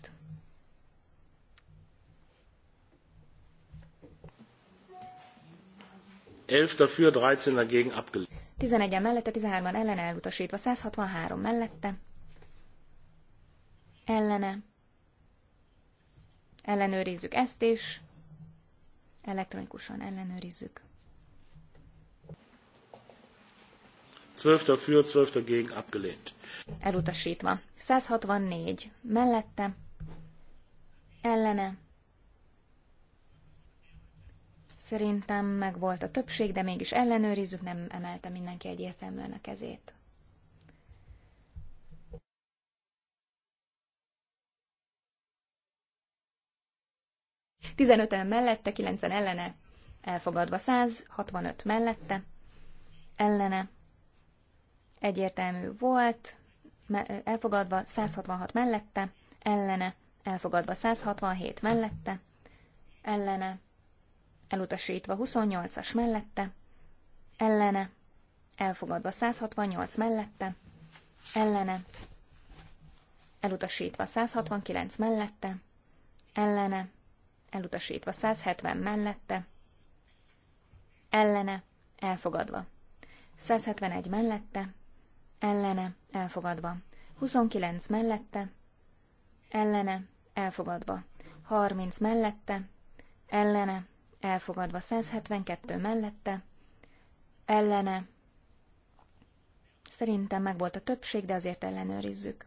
dafür, 13 dagegen abgelehnt. 11 mellette, 13-an ellen elutasítva, 163 mellette, ellene, Ellenőrizzük ezt is. Elektronikusan ellenőrizzük. 12 dafür, 12 dagegen abgelehnt. Elutasítva. 164. Mellette. Ellene. Szerintem meg volt a többség, de mégis ellenőrizzük, nem emelte mindenki egyértelműen a kezét. 15-en mellette, 9-en ellene, elfogadva 165 mellette, ellene, egyértelmű volt, elfogadva 166 mellette, ellene, elfogadva 167 mellette, ellene, elutasítva 28-as mellette, ellene, elfogadva 168 mellette, ellene, elutasítva 169 mellette, ellene, elutasítva. 170 mellette, ellene, elfogadva. 171 mellette, ellene, elfogadva. 29 mellette, ellene, elfogadva. 30 mellette, ellene, elfogadva. 172 mellette, ellene. Szerintem megvolt a többség, de azért ellenőrizzük.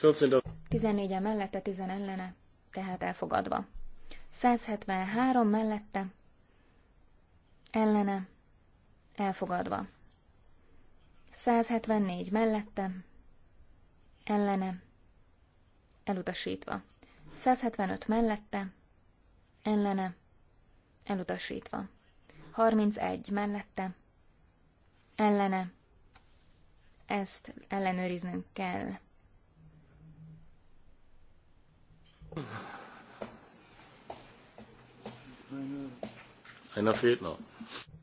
14 mellette, 10 ellene, tehát elfogadva. 173 mellette, ellene, elfogadva. 174 mellette, ellene, elutasítva. 175 mellette, ellene, elutasítva. 31 mellette, ellene, ezt ellenőriznünk kell.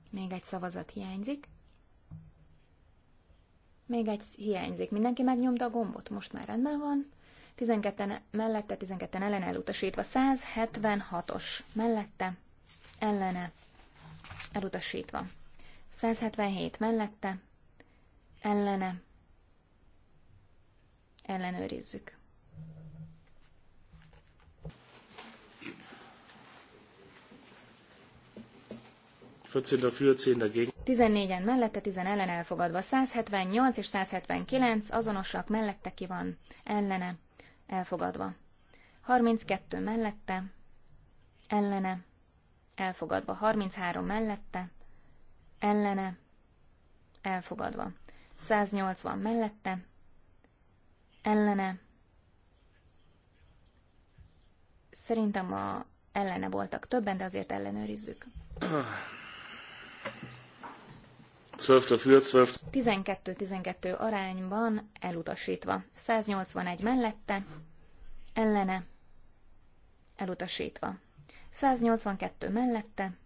Még egy szavazat hiányzik. Még egy hiányzik. Mindenki megnyomta a gombot. Most már rendben van. 12 mellette, 12 ellen elutasítva. 176-os mellette, ellene elutasítva. 177 mellette, ellene ellenőrizzük. 14 dafür, 10 dagegen. 14-en mellette, 10 ellen elfogadva. 178 és 179 azonosak mellette ki van, ellene, elfogadva. 32 mellette, ellene, elfogadva. 33 mellette, ellene, elfogadva. 180 mellette, ellene. Szerintem a ellene voltak többen, de azért ellenőrizzük. 12-12 arányban elutasítva. 181 mellette, ellene, elutasítva. 182 mellette,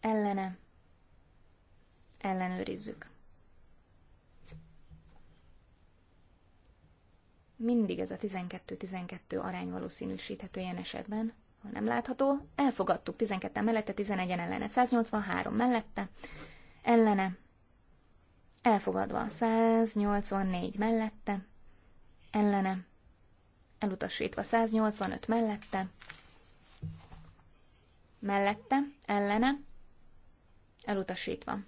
ellene, ellenőrizzük. Mindig ez a 12-12 arány valószínűsíthető ilyen esetben nem látható, elfogadtuk 12 mellette, 11-en ellene, 183 mellette, ellene, elfogadva, 184 mellette, ellene, elutasítva, 185 mellette, mellette, ellene, elutasítva.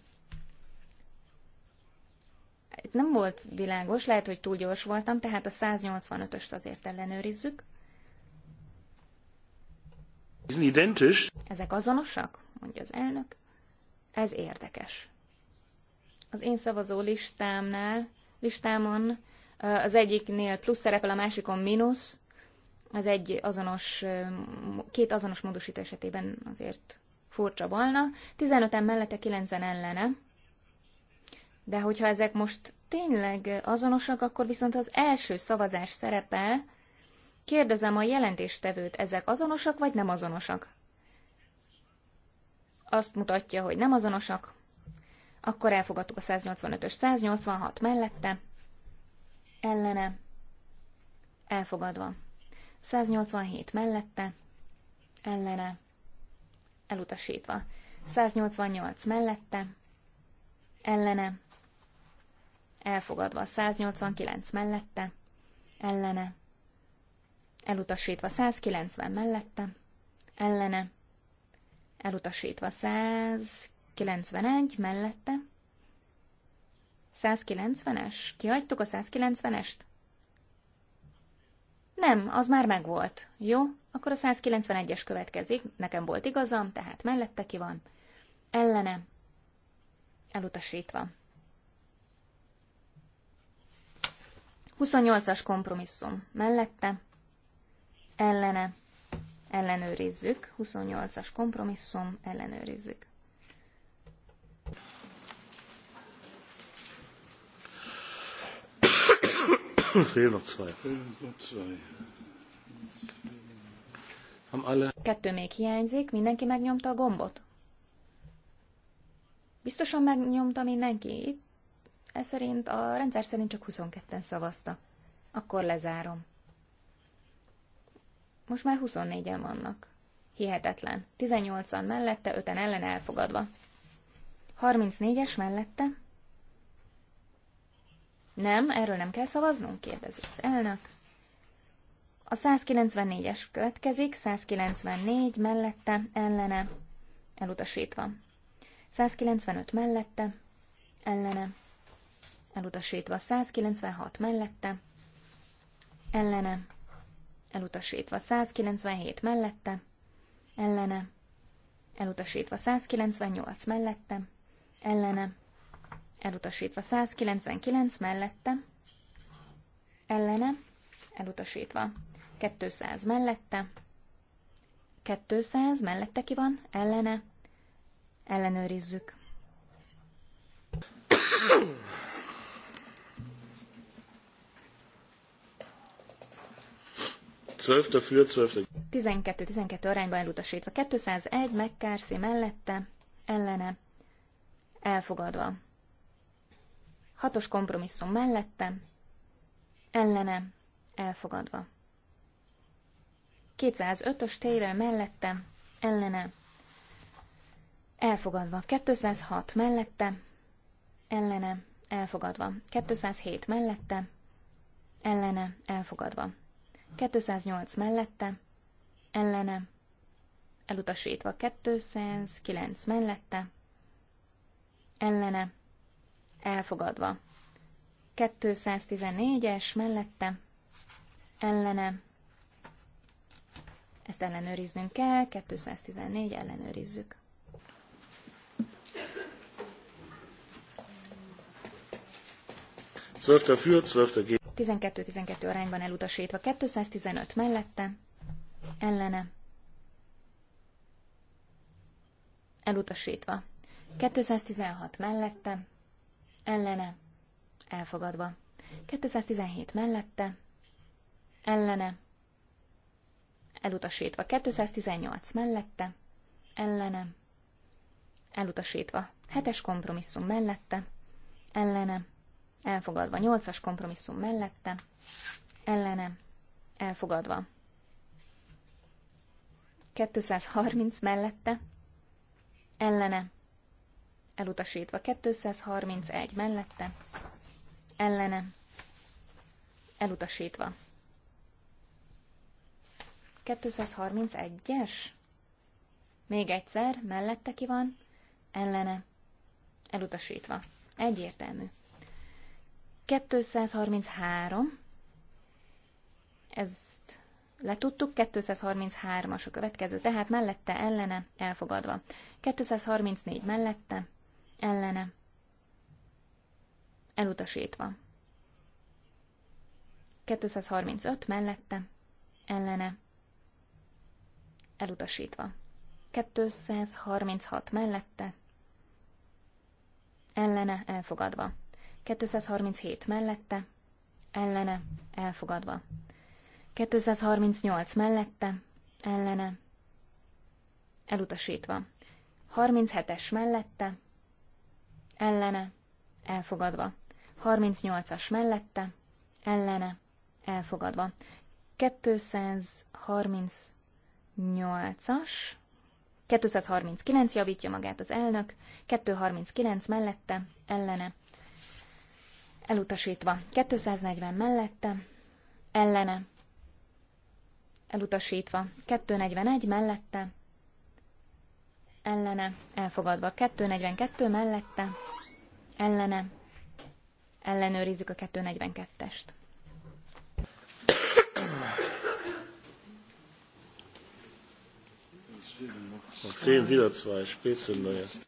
Itt nem volt világos, lehet, hogy túl gyors voltam, tehát a 185-öst azért ellenőrizzük. Ezek azonosak? mondja az elnök. Ez érdekes. Az én szavazó listámnál, listámon az egyiknél plusz szerepel, a másikon mínusz. Az egy azonos, két azonos módosító esetében azért furcsa volna. 15-en mellette, 9-en ellene. De hogyha ezek most tényleg azonosak, akkor viszont az első szavazás szerepel, Kérdezem a jelentéstevőt, ezek azonosak vagy nem azonosak? Azt mutatja, hogy nem azonosak. Akkor elfogadtuk a 185-ös 186 mellette. Ellene. Elfogadva. 187 mellette. Ellene. Elutasítva. 188 mellette. Ellene. Elfogadva. 189 mellette. Ellene elutasítva 190 mellette, ellene, elutasítva 191 mellette, 190-es? Kihagytuk a 190-est? Nem, az már megvolt. Jó, akkor a 191-es következik. Nekem volt igazam, tehát mellette ki van. Ellene. Elutasítva. 28-as kompromisszum. Mellette ellene, ellenőrizzük, 28-as kompromisszum, ellenőrizzük. Fél noch zwei. Kettő még hiányzik, mindenki megnyomta a gombot? Biztosan megnyomta mindenki? Ez szerint a rendszer szerint csak 22-en szavazta. Akkor lezárom. Most már 24-en vannak. Hihetetlen. 18-an mellette, 5-en ellen elfogadva. 34-es mellette? Nem, erről nem kell szavaznunk, kérdezi az elnök. A 194-es következik, 194 mellette, ellene, elutasítva. 195 mellette, ellene, elutasítva. 196 mellette, ellene, elutasítva 197 mellette, ellene, elutasítva 198 mellette, ellene, elutasítva 199 mellette, ellene, elutasítva 200 mellette, 200 mellette ki van, ellene, ellenőrizzük. 12 dafür, 12 12-12 arányban elutasítva. 201 megkárszé mellette, ellene, elfogadva. Hatos kompromisszum mellette, ellene, elfogadva. 205-ös Taylor mellette, ellene, elfogadva. 206 mellette, ellene, elfogadva. 207 mellette, ellene, elfogadva. 208 mellette, ellene, elutasítva 209 mellette, ellene, elfogadva. 214-es mellette, ellene, ezt ellenőriznünk kell, 214 ellenőrizzük. Zwölfter für, zwölfter 12-12 arányban elutasítva. 215 mellette, ellene, elutasítva. 216 mellette, ellene, elfogadva. 217 mellette, ellene, elutasítva. 218 mellette, ellene, elutasítva. 7-es kompromisszum mellette, ellene, elfogadva. Nyolcas kompromisszum mellette, ellene, elfogadva. 230 mellette, ellene, elutasítva. 231 mellette, ellene, elutasítva. 231-es? Még egyszer, mellette ki van, ellene, elutasítva. Egyértelmű. 233, ezt letudtuk, 233-as a következő, tehát mellette, ellene, elfogadva. 234 mellette, ellene, elutasítva. 235 mellette, ellene, elutasítva. 236 mellette, ellene, elfogadva. 237 mellette, ellene, elfogadva. 238 mellette, ellene, elutasítva. 37-es mellette, ellene, elfogadva. 38-as mellette, ellene, elfogadva. 238-as, 239 javítja magát az elnök, 239 mellette, ellene, elutasítva. 240 mellette, ellene, elutasítva. 241 mellette, ellene, elfogadva. 242 mellette, ellene, ellenőrizzük a 242-est.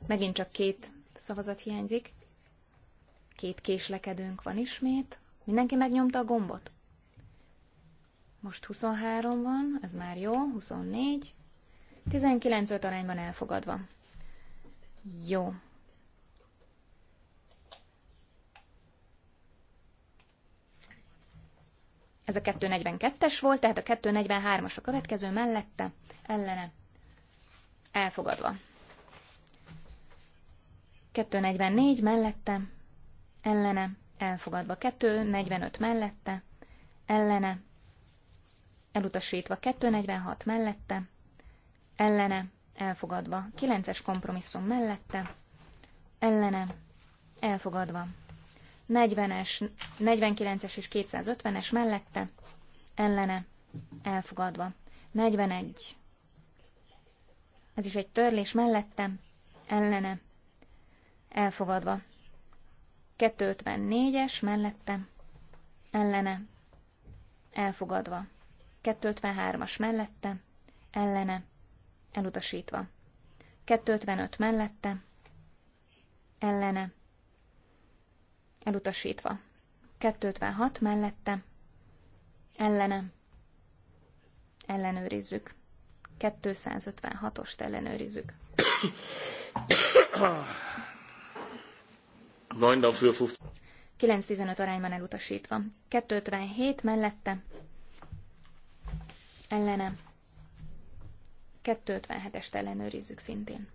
Megint csak két szavazat hiányzik. Két késlekedőnk van ismét. Mindenki megnyomta a gombot? Most 23 van, ez már jó, 24. 19-5 arányban elfogadva. Jó. Ez a 242-es volt, tehát a 243-as a következő mellette, ellene. Elfogadva. 244 mellette, ellene, elfogadva 45 mellette, ellene, elutasítva 246 mellette, ellene, elfogadva 9-es kompromisszum mellette, ellene, elfogadva 40-es, 49-es és 250-es mellette, ellene, elfogadva 41. Ez is egy törlés mellette, ellene, elfogadva 254-es mellette, ellene, elfogadva. 253-as mellette, ellene, elutasítva. 255 mellette, ellene, elutasítva. 256 mellette, ellene, ellenőrizzük. 256-ost ellenőrizzük. 9-15 arányban elutasítva. 257 mellette. Ellene. 257-est ellenőrizzük szintén.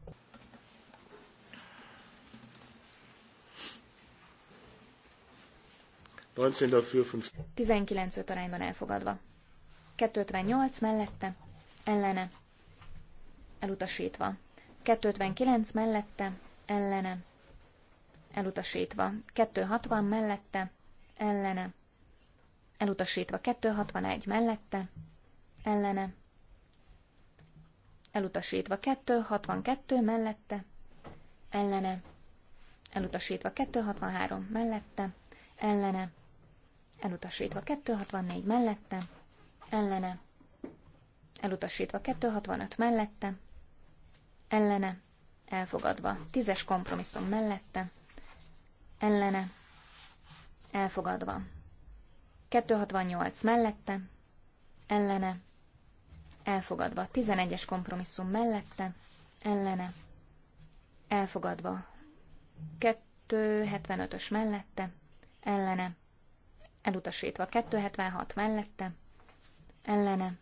Dafür, 19 5 arányban elfogadva. 258 mellette, ellene, elutasítva. 259 mellette, ellene, elutasítva. 260 mellette, ellene, elutasítva. 261 mellette, ellene, elutasítva. 262 mellette, ellene, elutasítva. 263 mellette, ellene, elutasítva. 264 mellette, ellene, elutasítva. 265 mellette, ellene, elfogadva. Tízes kompromisszum mellette, ellene, elfogadva. 268 mellette, ellene, elfogadva. 11-es kompromisszum mellette, ellene, elfogadva. 275-ös mellette, ellene, elutasítva. 276 mellette, ellene,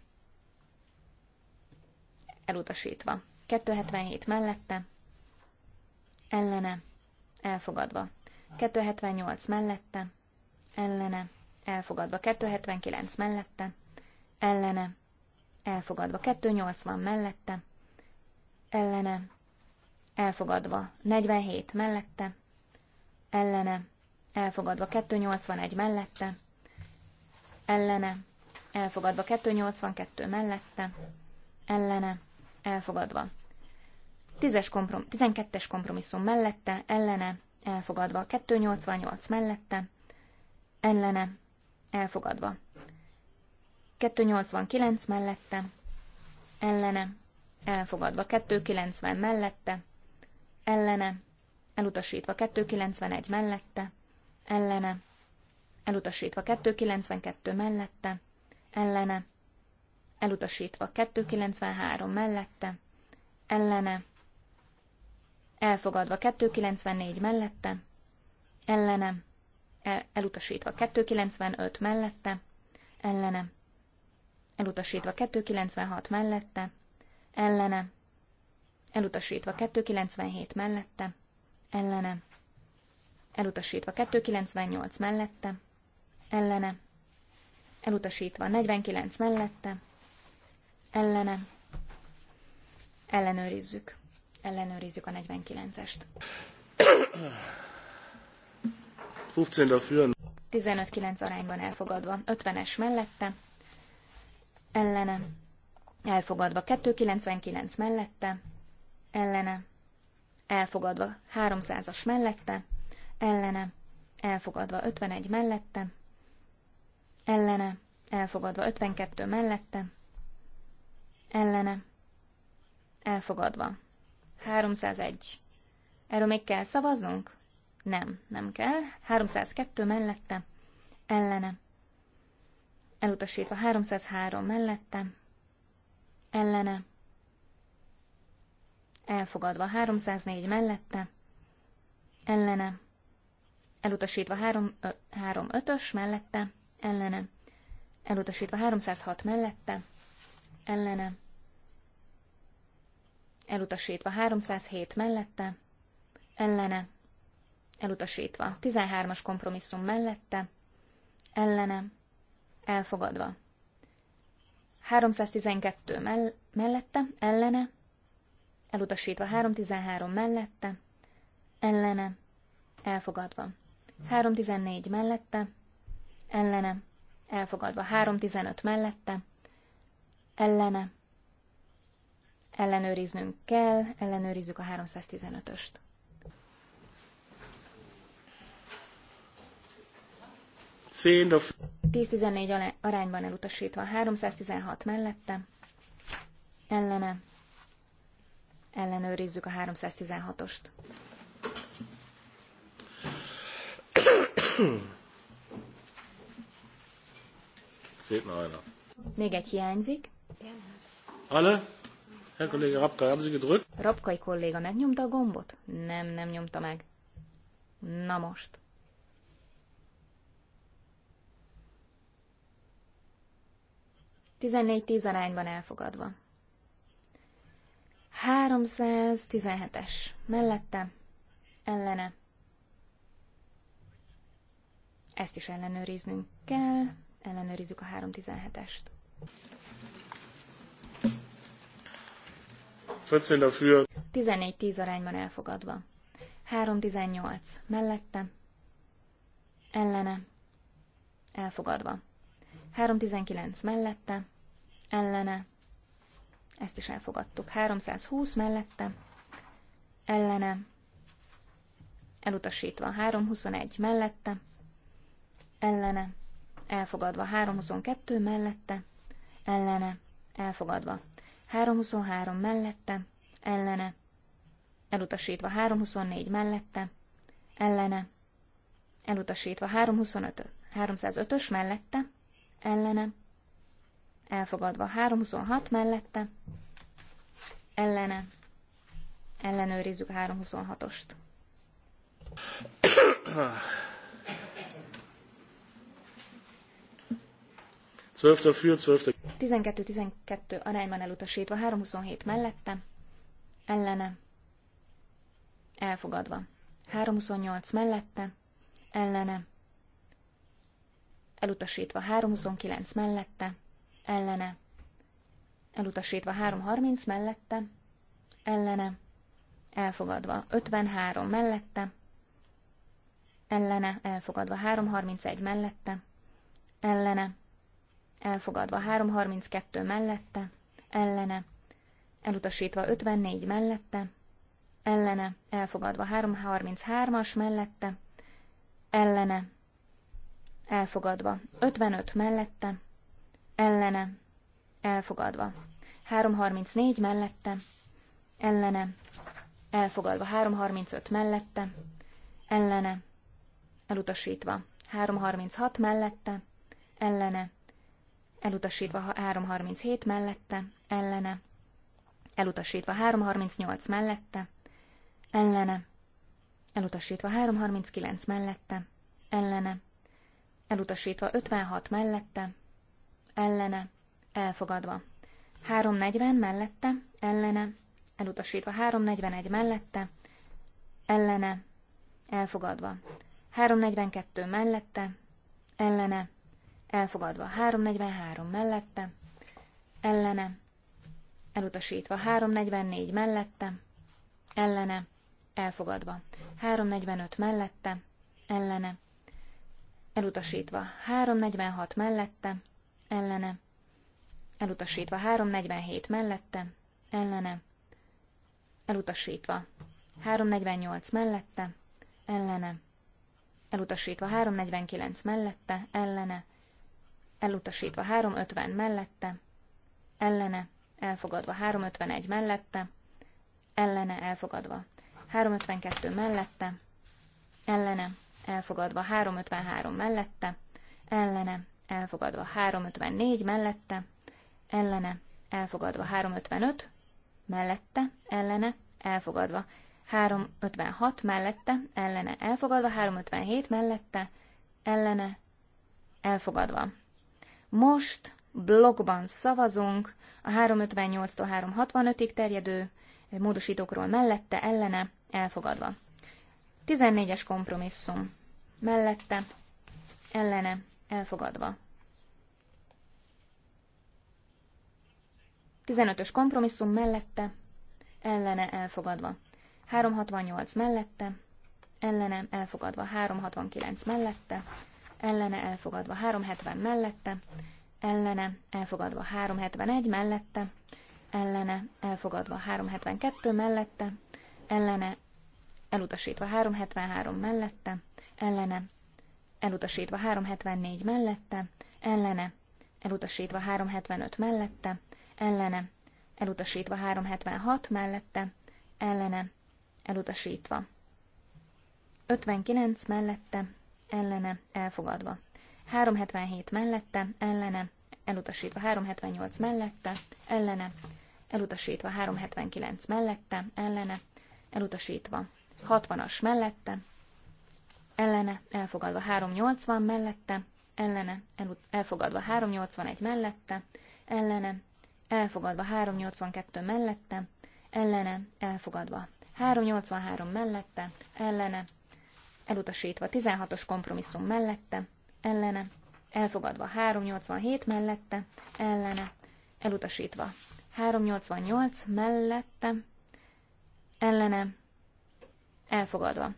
elutasítva. 277 mellette, ellene, elfogadva. 278 mellette, ellene, elfogadva. 279 mellette, ellene, elfogadva. 280 mellette, ellene, elfogadva. 47 mellette, ellene, elfogadva. 281 mellette, ellene, elfogadva 282 mellette, ellene, elfogadva. 10-es komprom- 12-es kompromisszum mellette, ellene, elfogadva. 288 mellette, ellene, elfogadva. 289 mellette, ellene, elfogadva. 290 mellette, ellene, elutasítva. 291 mellette, ellene, elutasítva. 292 mellette, ellene, elutasítva. 293 mellette, ellene, elfogadva 294 mellette, ellene, el, elutasítva 295 mellette, ellene, elutasítva 296 mellette, ellene, elutasítva 297 mellette, ellene, elutasítva 298 mellette, ellene, elutasítva 49 mellette, ellene, ellenőrizzük ellenőrizzük a 49-est. 15-9 arányban elfogadva, 50-es mellette, ellene, elfogadva, 299 mellette, ellene, elfogadva, 300-as mellette, ellene, elfogadva, 51 mellette, ellene, elfogadva, 52 mellette, ellene, elfogadva, 301. Erről még kell szavaznunk? Nem, nem kell. 302 mellette, ellene. Elutasítva 303 mellette, ellene. Elfogadva 304 mellette, ellene. Elutasítva 305. ös mellette, ellene. Elutasítva 306 mellette, ellene elutasítva 307 mellette, ellene, elutasítva 13-as kompromisszum mellette, ellene, elfogadva. 312 mell- mellette, ellene, elutasítva 313 mellette, ellene, elfogadva. 314 mellette, ellene, elfogadva 315 mellette, ellene, ellenőriznünk kell, ellenőrizzük a 315-öst. Of... 10-14 arányban elutasítva, a 316 mellette, ellene, ellenőrizzük a 316-ost. Szép Még egy hiányzik. Anna? Herr Kollege Rapka, haben Sie gedrückt? Rapkai kolléga megnyomta a gombot? Nem, nem nyomta meg. Na most. Tizennégy tíz arányban elfogadva. 317-es. Mellette. Ellene. Ezt is ellenőriznünk kell. Ellenőrizzük a 317-est. 14 dafür. 14-10 arányban elfogadva. 3-18 mellette. Ellene. Elfogadva. 3-19 mellette. Ellene. Ezt is elfogadtuk. 320 mellette. Ellene. Elutasítva. 321 mellette. Ellene. Elfogadva. 322 mellette. Ellene. Elfogadva. 323 mellette, ellene, elutasítva 324 mellette, ellene, elutasítva 325 305-ös mellette, ellene, elfogadva 326 mellette, ellene, ellenőrizzük 326-ost. 12 dafür, 12 12-12 arányban elutasítva, 327 mellette, ellene, elfogadva. 328 mellette, ellene, elutasítva 329 mellette, ellene, elutasítva 330 mellette, ellene, elfogadva 53 mellette, ellene, elfogadva 331 mellette, ellene, elfogadva 332 mellette, ellene, elutasítva 54 mellette, ellene, elfogadva 333-as mellette, ellene, elfogadva 55 mellette, ellene, elfogadva 334 mellette, ellene, elfogadva 335 mellette, ellene, elutasítva 336 mellette, ellene, elutasítva 337 mellette, ellene, elutasítva 338 mellette, ellene, elutasítva 339 mellette, ellene, elutasítva 56 mellette, ellene, elfogadva. 340 mellette, ellene, elutasítva 341 mellette, ellene, elfogadva. 342 mellette, ellene, elfogadva 343 mellette, ellene, elutasítva 344 mellette, ellene, elfogadva 345 mellette, ellene, elutasítva 346 mellette, ellene, elutasítva 347 mellette, ellene, elutasítva 348 mellette, ellene, elutasítva 349 mellette, ellene, elutasítva 350 mellette, ellene, elfogadva 351 mellette, ellene, elfogadva 352 mellette, ellene, elfogadva 353 mellette, ellene, elfogadva 354 mellette, ellene, elfogadva 355 mellette, ellene, elfogadva 356 mellette, ellene, elfogadva 357 mellette, ellene, elfogadva most blogban szavazunk a 358-tól 365-ig terjedő módosítókról mellette, ellene, elfogadva. 14-es kompromisszum mellette, ellene, elfogadva. 15-ös kompromisszum mellette, ellene, elfogadva. 368 mellette, ellene, elfogadva. 369 mellette, ellene elfogadva 370 mellette, ellene elfogadva 371 mellette, ellene elfogadva 372 mellette, ellene elutasítva 373 mellette, ellene elutasítva 374 mellette, ellene elutasítva 375 mellette, ellene elutasítva 376 mellette, ellene elutasítva 59 mellette, ellene, elfogadva. 377 mellette, ellene, elutasítva. 378 mellette, ellene, elutasítva. 379 mellette, ellene, elutasítva. 60-as mellette, ellene, elfogadva. 380 mellette, ellene, elfogadva. 381 mellette, ellene, elfogadva. 382 mellette, ellene, elfogadva. 383 mellette, ellene, elutasítva 16-os kompromisszum mellette, ellene, elfogadva 387 mellette, ellene, elutasítva 388 mellette, ellene, elfogadva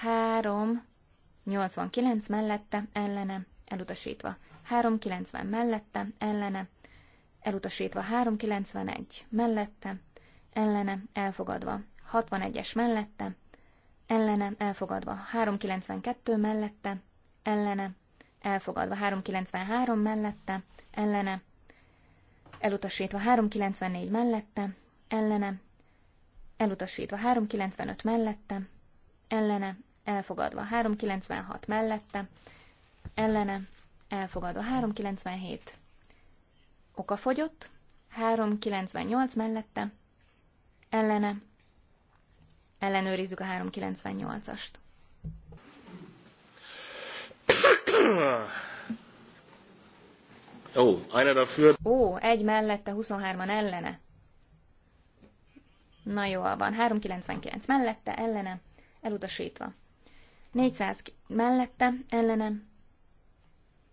389 mellette, ellene, elutasítva 390 mellette, ellene, elutasítva 391 mellette, ellene, elfogadva 61-es mellette, ellene, elfogadva. 392 mellette, ellene, elfogadva. 393 mellette, ellene, elutasítva. 394 mellette, ellene, elutasítva. 395 mellette, ellene, elfogadva. 396 mellette, ellene, elfogadva. 397 okafogyott, 398 mellette, ellene, ellenőrizzük a 398-ast. Ó, oh, einer dafür. Ó, egy mellette, 23-an ellene. Na jó, van, 399 mellette, ellene, elutasítva. 400 mellette, ellene,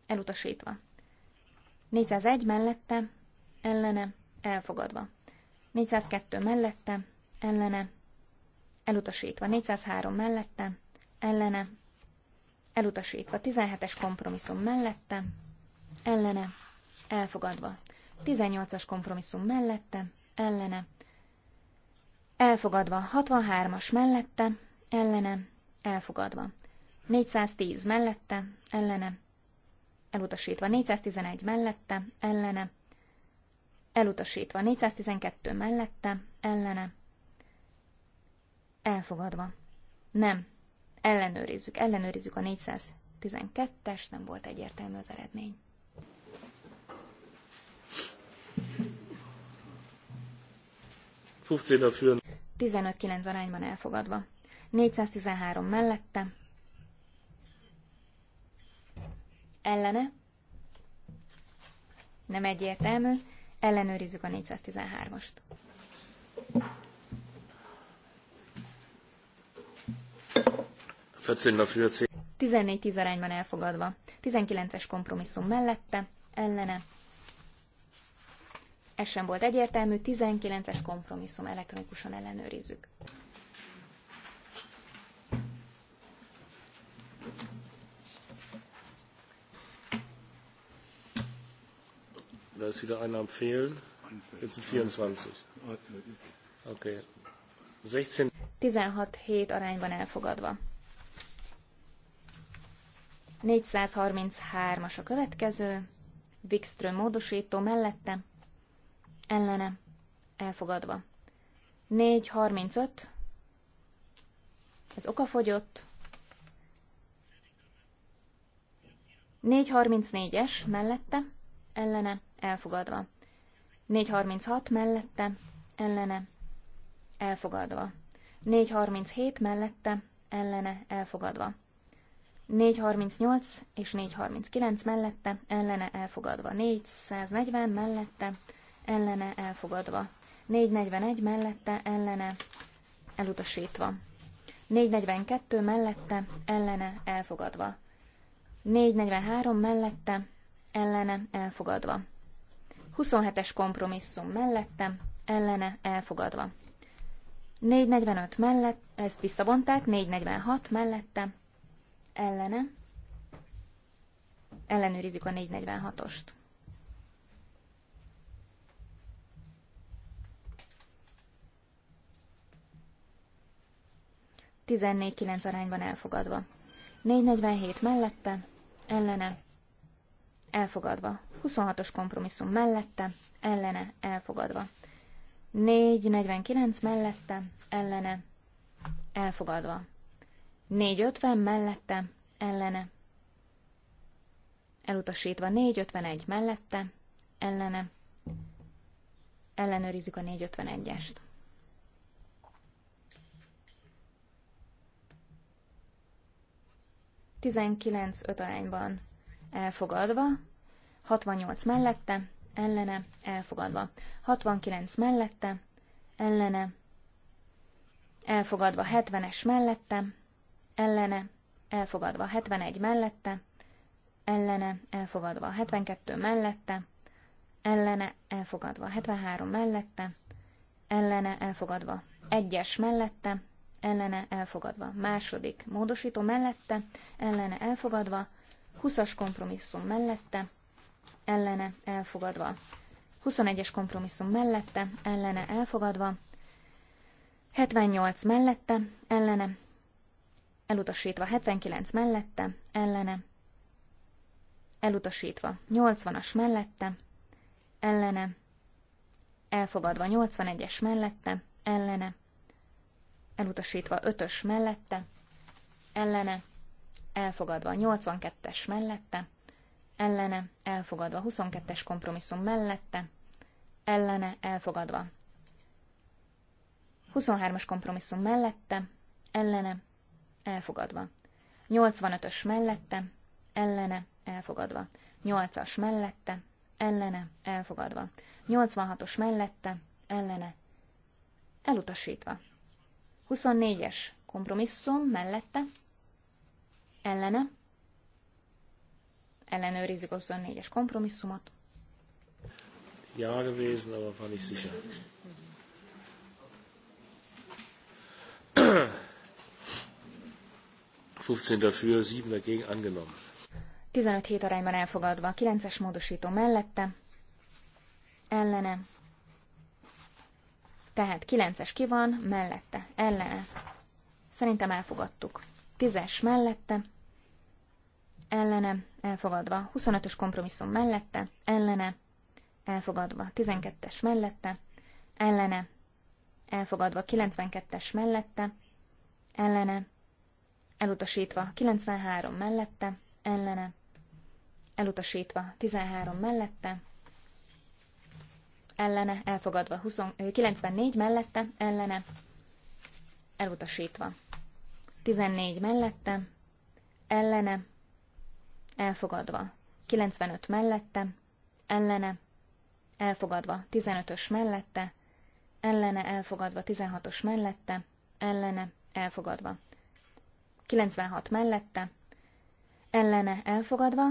elutasítva. 401 mellette, ellene, elfogadva. 402 mellette, ellene, elutasítva 403 mellette, ellene, elutasítva 17-es kompromisszum mellette, ellene, elfogadva 18-as kompromisszum mellette, ellene, elfogadva 63-as mellette, ellene, elfogadva 410 mellette, ellene, elutasítva 411 mellette, ellene, elutasítva 412 mellette, ellene, Elfogadva. Nem. Ellenőrizzük, ellenőrizzük a 412-es, nem volt egyértelmű az eredmény. a 15-9 arányban elfogadva. 413 mellette. Ellene. Nem egyértelmű. Ellenőrizzük a 413-ast. 14-10 arányban elfogadva. 19-es kompromisszum mellette, ellene. Ez sem volt egyértelmű, 19-es kompromisszum elektronikusan ellenőrizzük. Da ist wieder einer am Fehlen. Jetzt sind 24. Okay. 16. 16 7 arányban elfogadva. 433-as a következő, Wikström módosító mellette, ellene, elfogadva. 435, ez okafogyott. 434-es mellette, ellene, elfogadva. 436 mellette, ellene, elfogadva. 437 mellette, ellene elfogadva. 438 és 439 mellette, ellene elfogadva. 440 mellette, ellene elfogadva. 441 mellette, ellene elutasítva. 442 mellette, ellene elfogadva. 443 mellette, ellene elfogadva. 27-es kompromisszum mellette, ellene elfogadva. 445 mellett, ezt visszavonták, 446 mellette, ellene, ellenőrizzük a 446-ost. Tizennégy kilenc arányban elfogadva. 447 mellette, ellene, elfogadva. 26-os kompromisszum mellette, ellene, elfogadva. 449 mellette, ellene, elfogadva. 450 mellette, ellene, elutasítva. 451 mellette, ellene, ellenőrizzük a 451-est. Tizenkilenc öt arányban elfogadva, 68 mellette, ellene, elfogadva. 69 mellette, ellene, elfogadva. 70-es mellette, ellene, elfogadva. 71 mellette, ellene, elfogadva. 72 mellette, ellene, elfogadva. 73 mellette, ellene, elfogadva. 1-es mellette, ellene, elfogadva. Második módosító mellette, ellene, elfogadva. 20-as kompromisszum mellette, ellene elfogadva. 21-es kompromisszum mellette, ellene elfogadva. 78 mellette, ellene. Elutasítva 79 mellette, ellene. Elutasítva 80-as mellette, ellene. Elfogadva 81-es mellette, ellene. Elutasítva 5-ös mellette, ellene. Elfogadva 82-es mellette, ellene, elfogadva. 22-es kompromisszum mellette, ellene, elfogadva. 23-as kompromisszum mellette, ellene, elfogadva. 85-ös mellette, ellene, elfogadva. 8-as mellette, ellene, elfogadva. 86-os mellette, ellene, elutasítva. 24-es kompromisszum mellette, ellene, Ellenőrizzük a 24-es kompromisszumot. Ja gewesen, van war nicht sicher. dafür, 7 dagegen angenommen. 15 hét arányban elfogadva, 9-es módosító mellette, ellene, tehát 9-es ki van, mellette, ellene. Szerintem elfogadtuk. 10-es mellette, ellene, elfogadva. 25-ös kompromisszum mellette, ellene, elfogadva. 12-es mellette, ellene, elfogadva. 92-es mellette, ellene, elutasítva. 93 mellette, ellene, elutasítva. 13 mellette, ellene, elfogadva. 20, 94 mellette, ellene, elutasítva. 14 mellette, ellene, elfogadva. 95 mellette, ellene, elfogadva. 15-ös mellette, ellene, elfogadva. 16-os mellette, ellene, elfogadva. 96 mellette, ellene, elfogadva.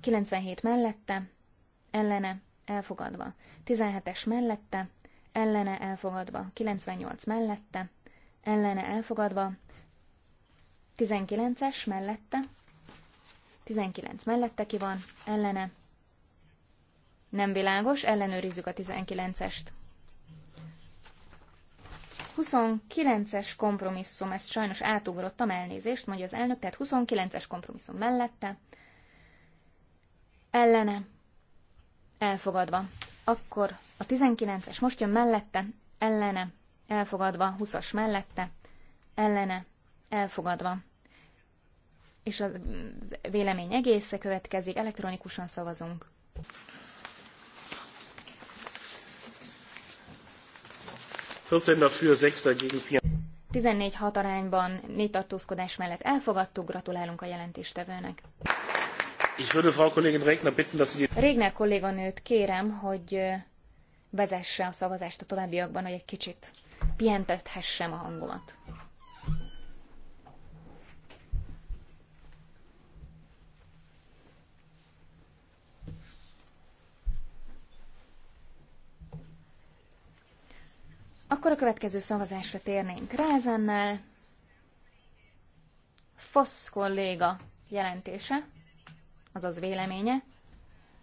97 mellette, ellene, elfogadva. 17-es mellette, ellene, elfogadva. 98 mellette, ellene, elfogadva. 19-es mellette, 19 mellette ki van, ellene. Nem világos, ellenőrizzük a 19-est. 29-es kompromisszum, ezt sajnos átugrottam, elnézést, mondja az elnök, tehát 29-es kompromisszum mellette, ellene, elfogadva. Akkor a 19-es most jön mellette, ellene, elfogadva, 20-as mellette, ellene, elfogadva és a vélemény egésze következik, elektronikusan szavazunk. Dafür, 6 dagegen, 4. 14-6 arányban négy tartózkodás mellett elfogadtuk, gratulálunk a jelentéstevőnek. Ich würde Frau Kollegin Regner bitten, dass Sie... Regner kolléganőt kérem, hogy vezesse a szavazást a továbbiakban, hogy egy kicsit pihentetethessem a hangomat. Akkor a következő szavazásra térnénk Rázennel. Fosz kolléga jelentése, azaz véleménye.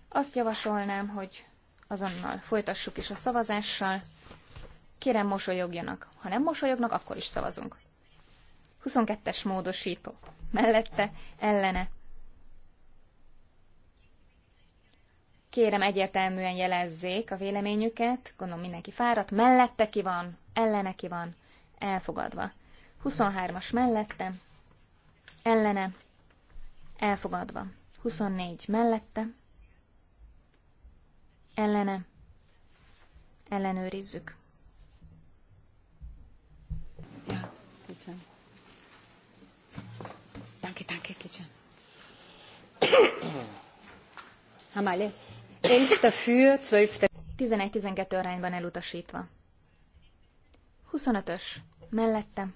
Azt javasolnám, hogy azonnal folytassuk is a szavazással. Kérem, mosolyogjanak. Ha nem mosolyognak, akkor is szavazunk. 22-es módosító. Mellette, ellene, Kérem egyértelműen jelezzék a véleményüket, gondolom mindenki fáradt, mellette ki van, ellene ki van, elfogadva. 23-as mellette, ellene, elfogadva. 24 mellette, ellene, ellenőrizzük. Ja, kicsim. Tanki, tanki, kicsim. Hamale. 11 dafür, 12 11-12 arányban elutasítva. 25-ös. Mellette.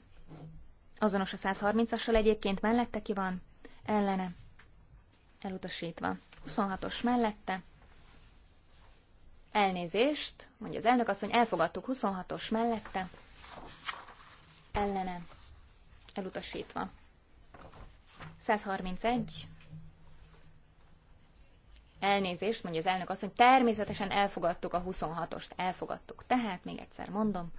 Azonos a 130-assal egyébként mellette ki van? Ellene. Elutasítva. 26-os mellette. Elnézést, mondja az elnök asszony, elfogadtuk 26-os mellette. Ellene. Elutasítva. 131. Elnézést, mondja az elnök azt, hogy természetesen elfogadtuk a 26-ost, elfogadtuk. Tehát még egyszer mondom.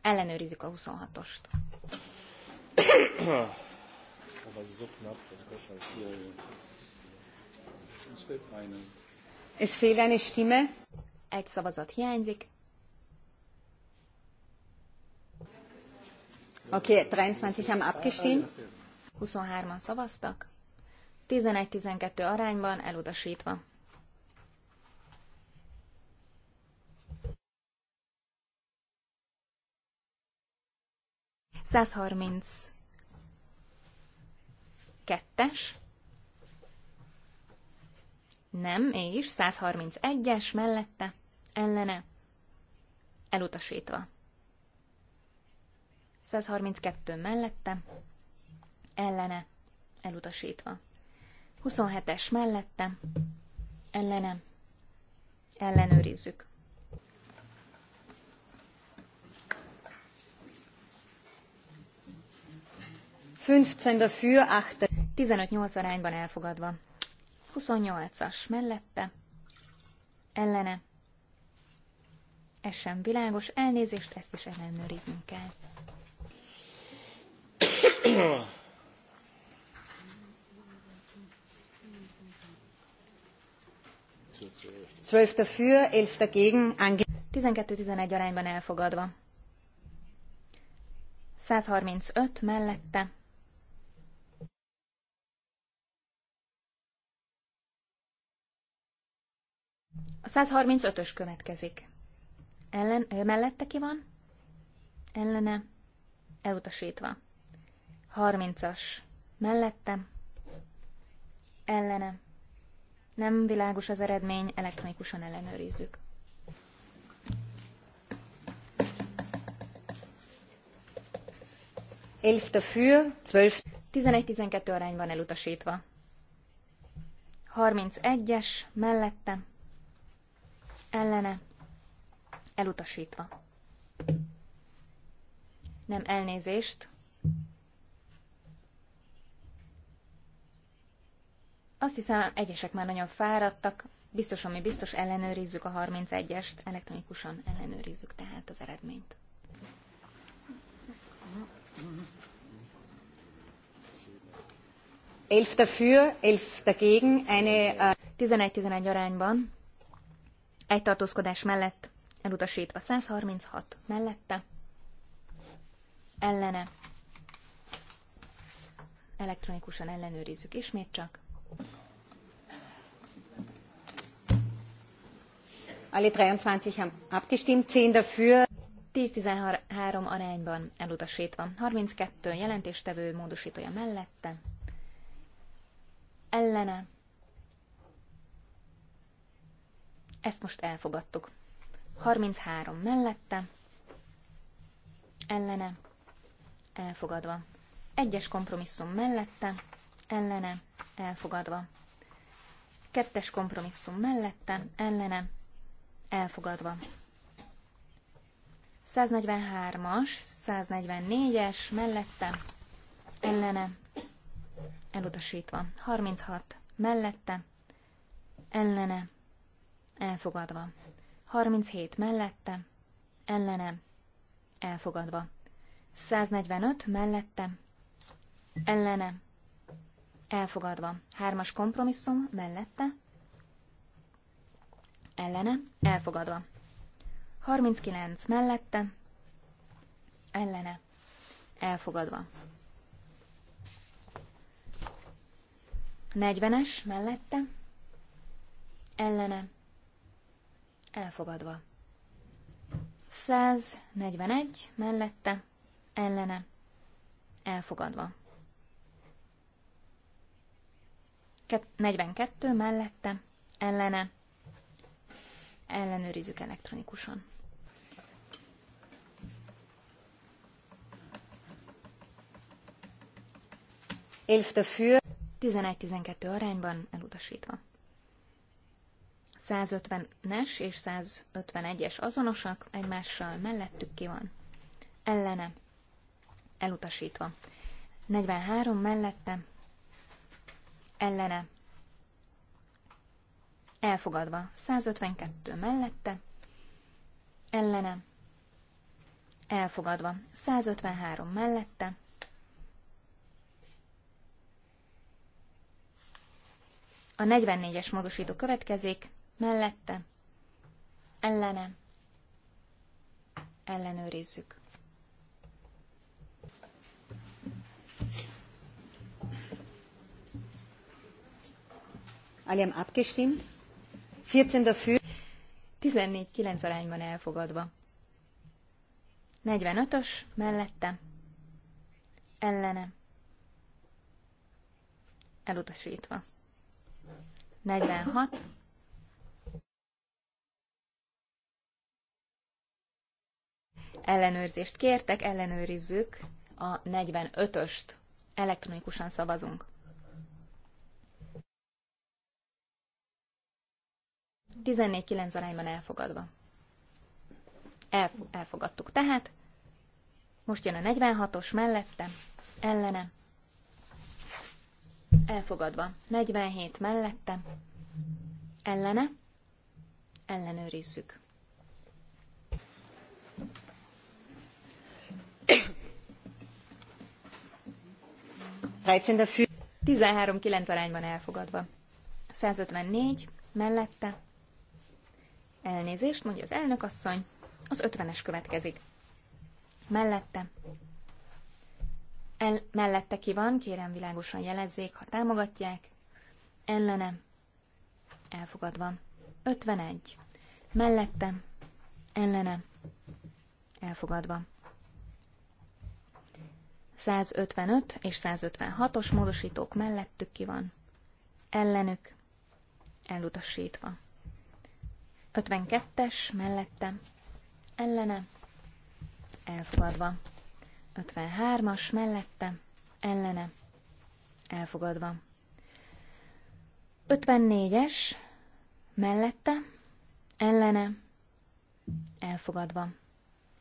Ellenőrizzük a 26-ost. Ez fehlt eine Egy szavazat hiányzik. Okay, 23 haben abgestimmt. 23-an szavaztak. 11-12 arányban elutasítva. Százharminc kettes, nem, és 131-es mellette, ellene, elutasítva. 132 mellette, ellene, elutasítva. 27-es mellette, ellene, ellenőrizzük. Dafür, 15-8 arányban elfogadva. 28-as mellette, ellene. Ez sem világos, elnézést, ezt is ellenőriznünk kell. Zwölf dafür, elf dagegen, angenommen. 12-11 arányban elfogadva. 135 mellette. A 135-ös következik. Ellen, ő mellette ki van? Ellene, elutasítva. Harmincas, Mellettem. Ellenem. Nem világos az eredmény, elektronikusan ellenőrizzük. Elf dafür, 12. 11-12 arányban elutasítva. 31-es, mellette, ellene, elutasítva. Nem elnézést, Azt hiszem, egyesek már nagyon fáradtak, biztos, ami biztos, ellenőrizzük a 31-est, elektronikusan ellenőrizzük tehát az eredményt. Elf dafür, elf dagegen, eine... 11-11 äh, arányban, egy tartózkodás mellett, elutasítva 136 mellette, ellene, elektronikusan ellenőrizzük ismét csak, Alle 23 haben abgestimmt, 10 dafür. 10-13 arányban elutasítva. 32 jelentéstevő módosítója mellette. Ellene. Ezt most elfogadtuk. 33 mellette. Ellene. Elfogadva. Egyes kompromisszum mellette ellene, elfogadva. Kettes kompromisszum mellette, ellene, elfogadva. 143-as, 144-es, mellette, ellene, elutasítva. 36 mellette, ellene, elfogadva. 37 mellette, ellene, elfogadva. 145 mellette, ellene, elfogadva. Hármas kompromisszum mellette, ellene, elfogadva. 39 mellette, ellene, elfogadva. 40-es mellette, ellene, elfogadva. 141 mellette, ellene, elfogadva. 42 mellette, ellene, ellenőrizzük elektronikusan. Elf dafür. 11-12 arányban elutasítva. 150-es és 151-es azonosak, egymással mellettük ki van. Ellene. Elutasítva. 43 mellette, ellene. Elfogadva. 152 mellette, ellene. Elfogadva. 153 mellette. A 44-es módosító következik, mellette, ellene. Ellenőrizzük. Alem haben 14 dafür. 14-9 arányban elfogadva. 45-ös mellette. Ellene. Elutasítva. 46. Ellenőrzést kértek, ellenőrizzük a 45-öst. Elektronikusan szavazunk. 14-9 arányban elfogadva. Elf- elfogadtuk tehát. Most jön a 46-os mellette, ellene. Elfogadva. 47 mellette, ellene. Ellenőrizzük. Dafür. 13-9 arányban elfogadva. 154 mellette, Elnézést, mondja az elnök asszony. Az ötvenes következik. Mellette. El, mellette ki van, kérem világosan jelezzék, ha támogatják. Ellene. Elfogadva. 51. Mellette. Ellene. Elfogadva. 155 és 156-os módosítók mellettük ki van. Ellenük. Elutasítva. 52-es mellette, ellene, elfogadva. 53-as mellette, ellene, elfogadva. 54-es mellette, ellene, elfogadva.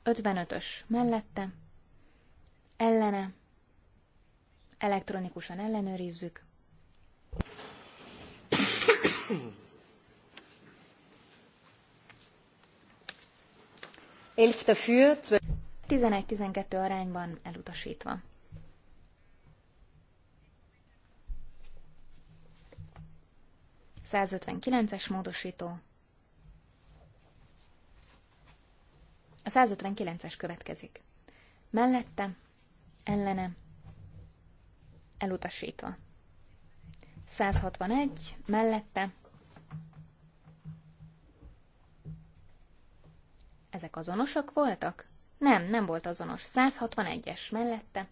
55-ös mellette, ellene, elektronikusan ellenőrizzük. 11-12 arányban elutasítva. es módosító. A 159-es következik. Mellette, ellene, elutasítva. 161, mellette, Ezek azonosak voltak? Nem, nem volt azonos. 161-es mellette.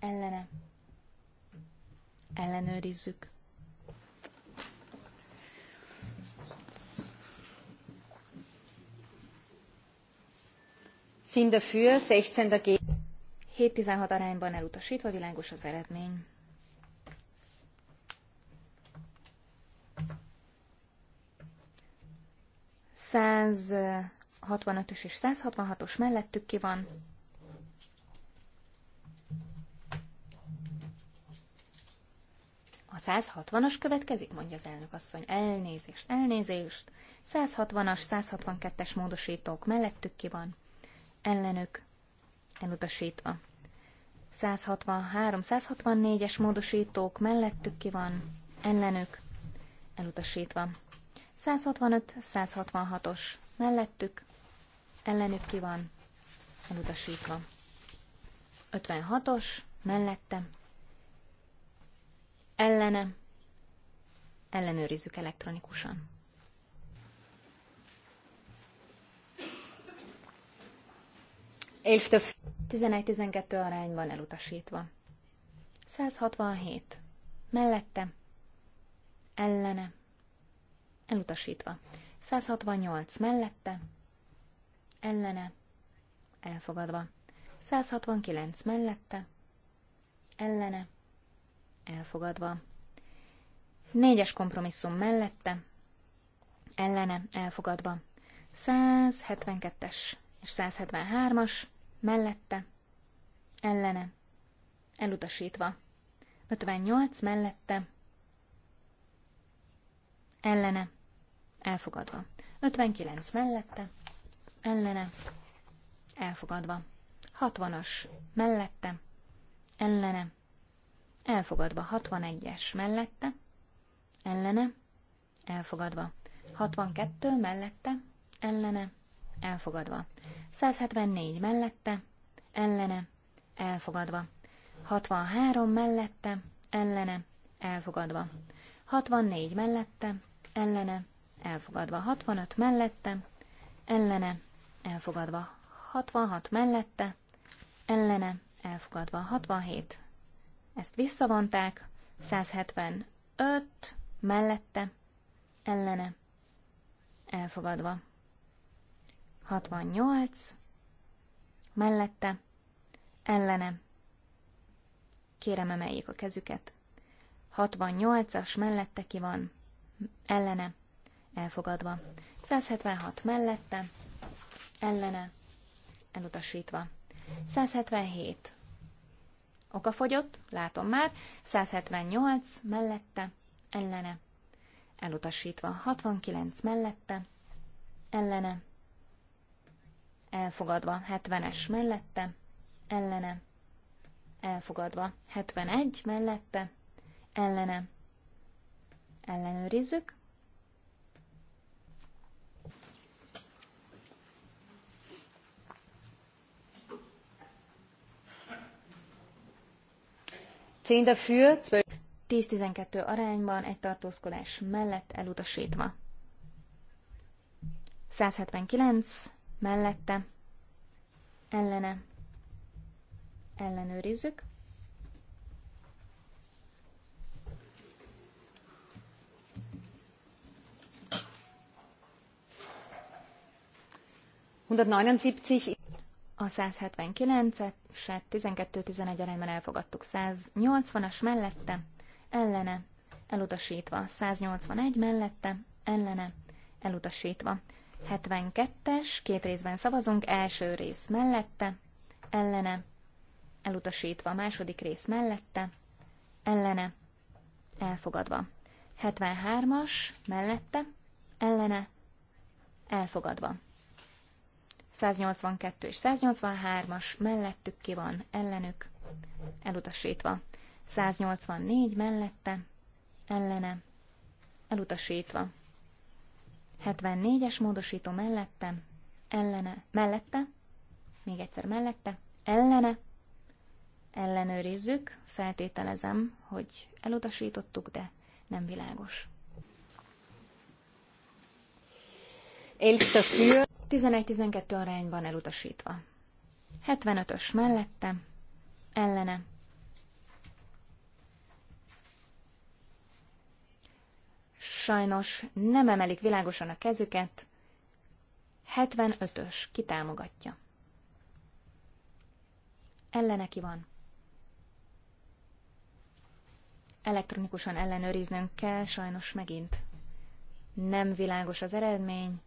Ellene. Ellenőrizzük. Sind dafür, 16 dagegen. arányban elutasítva világos az eredmény. 165-ös és 166-os mellettük ki van. A 160-as következik, mondja az elnök asszony. Elnézést, elnézést. 160-as, 162-es módosítók mellettük ki van. Ellenük elutasítva. 163, 164-es módosítók mellettük ki van. Ellenük elutasítva. 165-166-os mellettük, ellenük ki van, elutasítva. 56-os mellette, ellene, ellenőrizzük elektronikusan. És 11-12 arányban elutasítva. 167. Mellette. Ellene elutasítva. 168 mellette, ellene, elfogadva. 169 mellette, ellene, elfogadva. Négyes kompromisszum mellette, ellene, elfogadva. 172-es és 173-as mellette, ellene, elutasítva. 58 mellette, ellene, Elfogadva. 59 mellette. Ellene. Elfogadva. 60-as mellette. Ellene. Elfogadva. 61-es mellette. Ellene. Elfogadva. 62 mellette. Ellene. Elfogadva. 174 mellette. Ellene. Elfogadva. 63 mellette. Ellene. Elfogadva. 64 mellette. Ellene elfogadva 65 mellette, ellene, elfogadva 66 mellette, ellene, elfogadva 67. Ezt visszavonták, 175 mellette, ellene, elfogadva 68 mellette, ellene. Kérem, emeljék a kezüket. 68-as mellette ki van, ellene, elfogadva. 176 mellette, ellene, elutasítva. 177 okafogyott, látom már, 178 mellette, ellene, elutasítva. 69 mellette, ellene, elfogadva. 70-es mellette, ellene, elfogadva. 71 mellette, ellene, ellenőrizzük, 10 dafür, 10-12 arányban egy tartózkodás mellett elutasítva. 179 mellette ellene ellenőrizzük. Hundertneunundsiebzig a 179-et 12-11 arányban elfogadtuk. 180-as mellette, ellene, elutasítva. 181 mellette, ellene, elutasítva. 72-es, két részben szavazunk, első rész mellette, ellene, elutasítva. Második rész mellette, ellene, elfogadva. 73-as, mellette, ellene, elfogadva. 182 és 183-as mellettük ki van, ellenük, elutasítva. 184 mellette, ellene, elutasítva. 74-es módosító mellette, ellene, mellette, még egyszer mellette, ellene, ellenőrizzük, feltételezem, hogy elutasítottuk, de nem világos. Eltafür. 11-12 arányban elutasítva. 75-ös mellette, ellene. Sajnos nem emelik világosan a kezüket. 75-ös kitámogatja. Ellene ki van. Elektronikusan ellenőriznünk kell, sajnos megint. Nem világos az eredmény.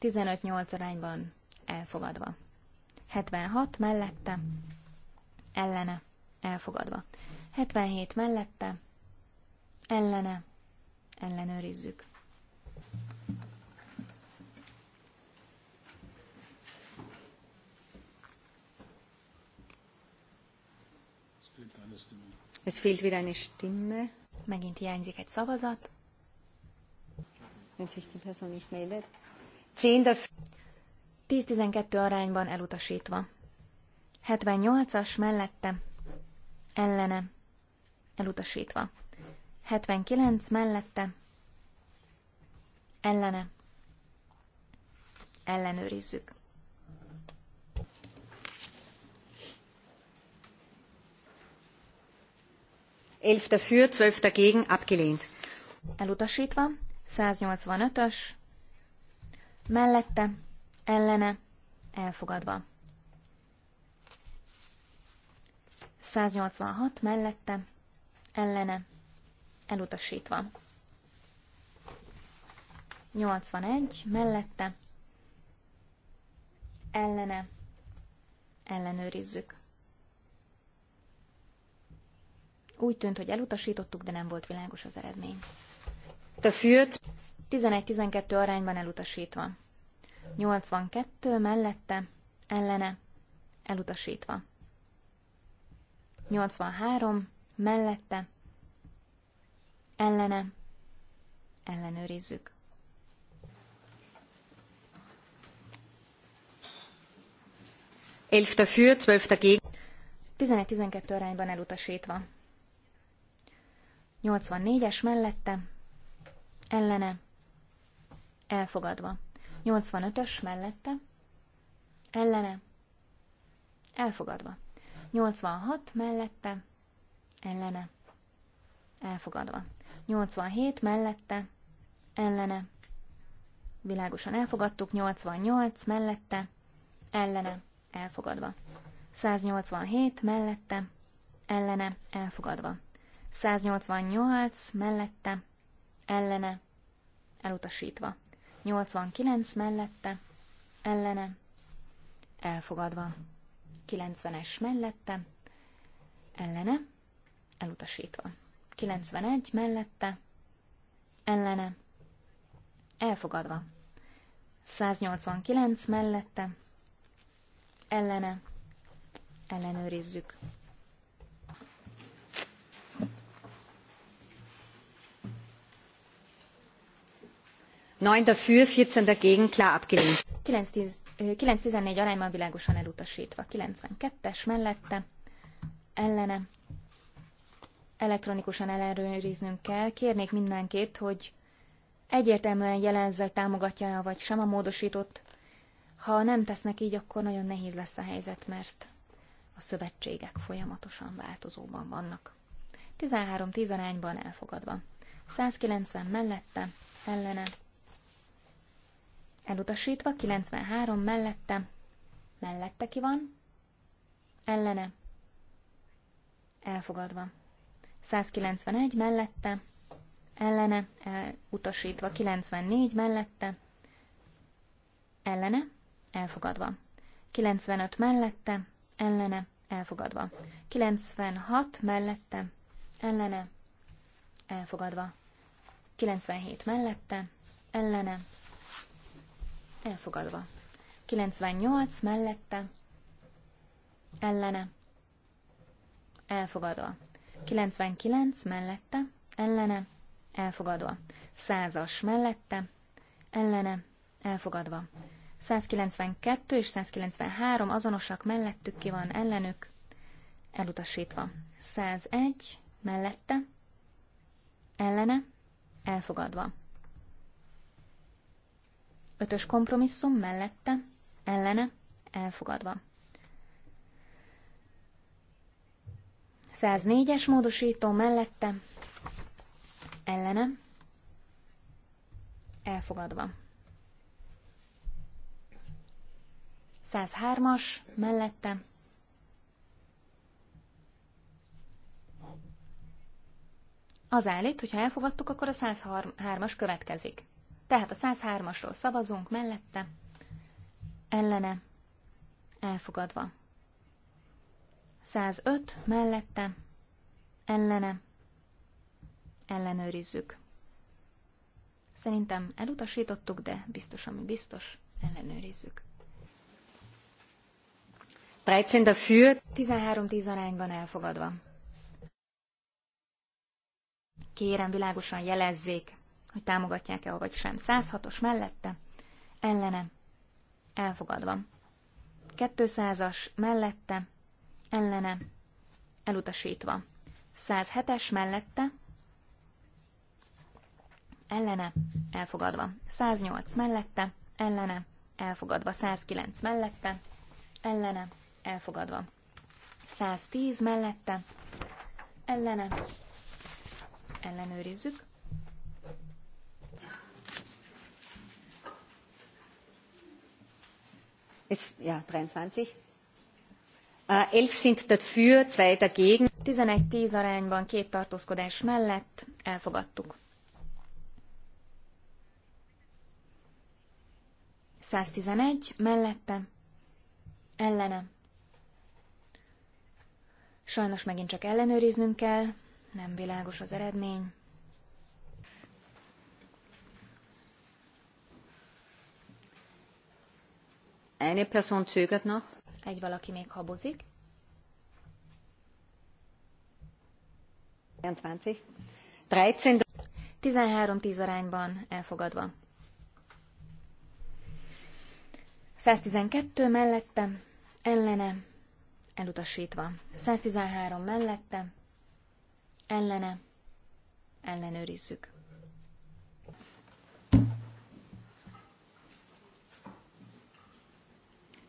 15-8 arányban elfogadva. 76 mellette, ellene, elfogadva. 77 mellette, ellene, ellenőrizzük. Ez fehlt és eine Megint hiányzik egy szavazat. Wenn sich die Person nicht meldet. 10-12 arányban elutasítva. 78-as mellette, ellene, elutasítva. 79 mellette, ellene, ellenőrizzük. Elf dafür, zwölf dagegen, abgelehnt. Elutasítva, 185-ös, mellette, ellene, elfogadva. 186 mellette, ellene, elutasítva. 81 mellette, ellene, ellenőrizzük. Úgy tűnt, hogy elutasítottuk, de nem volt világos az eredmény. Dafür 11-12 arányban elutasítva. 82 mellette, ellene, elutasítva. 83 mellette, ellene, ellenőrizzük. Elfte für, zwölfte gegen. 11-12 arányban elutasítva. 84-es mellette, ellene, Elfogadva. 85-ös mellette. Ellene. Elfogadva. 86 mellette. Ellene. Elfogadva. 87 mellette. Ellene. Világosan elfogadtuk. 88 mellette. Ellene. Elfogadva. 187 mellette. Ellene. Elfogadva. 188 mellette. Ellene. Elutasítva. 89 mellette, ellene, elfogadva. 90-es mellette, ellene, elutasítva. 91 mellette, ellene, elfogadva. 189 mellette, ellene, ellenőrizzük. 9 dafür, 14 dagegen, klar abgelehnt. 9-14 arányban világosan elutasítva. 92-es mellette, ellene. Elektronikusan ellenőriznünk kell. Kérnék mindenkit, hogy egyértelműen jelezze, hogy támogatja-e vagy sem a módosított. Ha nem tesznek így, akkor nagyon nehéz lesz a helyzet, mert a szövetségek folyamatosan változóban vannak. 13-10 arányban elfogadva. 190 mellette, ellene Elutasítva 93 mellette. Mellette ki van? Ellene. Elfogadva. 191 mellette. Ellene. Elutasítva 94 mellette. Ellene. Elfogadva. 95 mellette. Ellene. Elfogadva. 96 mellette. Ellene. Elfogadva. 97 mellette. Ellene Elfogadva. 98 mellette. Ellene. Elfogadva. 99 mellette. Ellene. Elfogadva. 100-as mellette. Ellene. Elfogadva. 192 és 193 azonosak mellettük ki van ellenük. Elutasítva. 101 mellette. Ellene. Elfogadva. Ötös kompromisszum mellette, ellene, elfogadva. 104-es módosító mellette, ellene, elfogadva. 103-as mellette, Az állít, hogy ha elfogadtuk, akkor a 103-as következik. Tehát a 103-asról szavazunk mellette, ellene, elfogadva. 105 mellette, ellene, ellenőrizzük. Szerintem elutasítottuk, de biztos, ami biztos, ellenőrizzük. 13 13-10 arányban elfogadva. Kérem, világosan jelezzék, hogy támogatják-e, vagy sem. 106-os mellette, ellene, elfogadva. 200-as mellette, ellene, elutasítva. 107-es mellette, ellene, elfogadva. 108 mellette, ellene, elfogadva. 109 mellette, ellene, elfogadva. 110 mellette, ellene, ellenőrizzük. Es, ja, 11 äh, sind dafür, 2 dagegen. 11-10 arányban két tartózkodás mellett elfogadtuk. 111 mellette, ellene. Sajnos megint csak ellenőriznünk kell, nem világos az eredmény. Eine Person zögert noch. Egy valaki még habozik. 23. 13-10 arányban elfogadva. 112 mellette, ellene, elutasítva. 113 mellette, ellene, ellenőrizzük.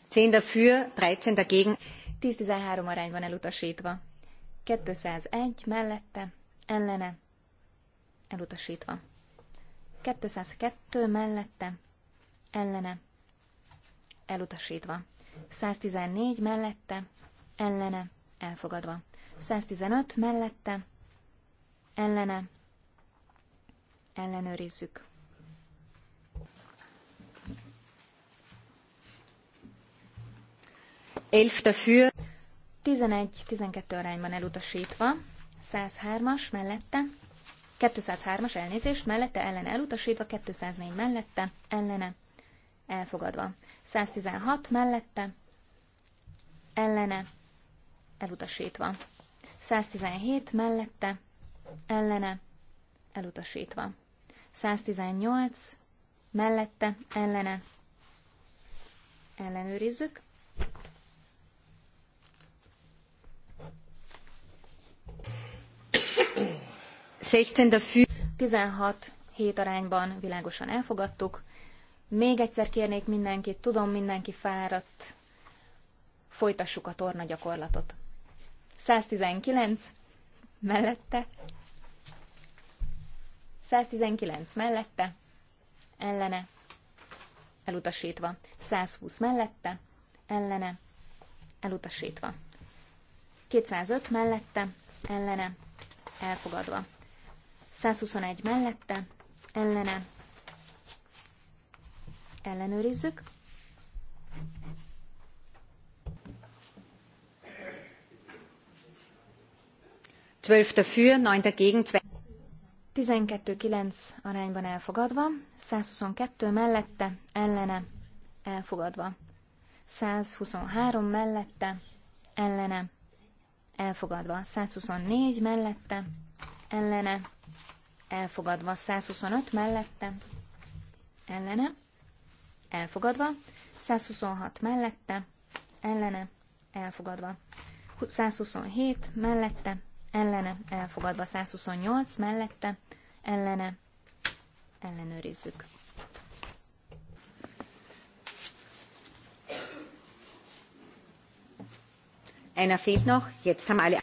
10 dafür, 13 dagegen. 10-13 arányban elutasítva. 201 mellette, ellene, elutasítva. 202 mellette, ellene, elutasítva. 114 mellette, ellene, elfogadva. 115 mellette, ellene, ellenőrizzük. 11 12 arányban elutasítva. 103-as mellette. 203-as elnézést mellette ellene elutasítva, 204 mellette ellene elfogadva. 116 mellette ellene elutasítva. 117 mellette ellene elutasítva. 118 mellette ellene ellenőrizzük. 16 hét arányban világosan elfogadtuk. Még egyszer kérnék mindenkit, tudom, mindenki fáradt, folytassuk a torna gyakorlatot. 119 mellette, 119 mellette, ellene, elutasítva, 120 mellette, ellene, elutasítva, 205 mellette, ellene, elfogadva. 121 mellette, ellene, ellenőrizzük. Tizenkettő kilenc 9 2. arányban elfogadva, 122 mellette, ellene, elfogadva. 123 mellette, ellene, elfogadva. 124 mellette, ellene, elfogadva. 125 mellette, ellene, elfogadva. 126 mellette, ellene, elfogadva. 127 mellette, ellene, elfogadva. 128 mellette, ellene, ellenőrizzük.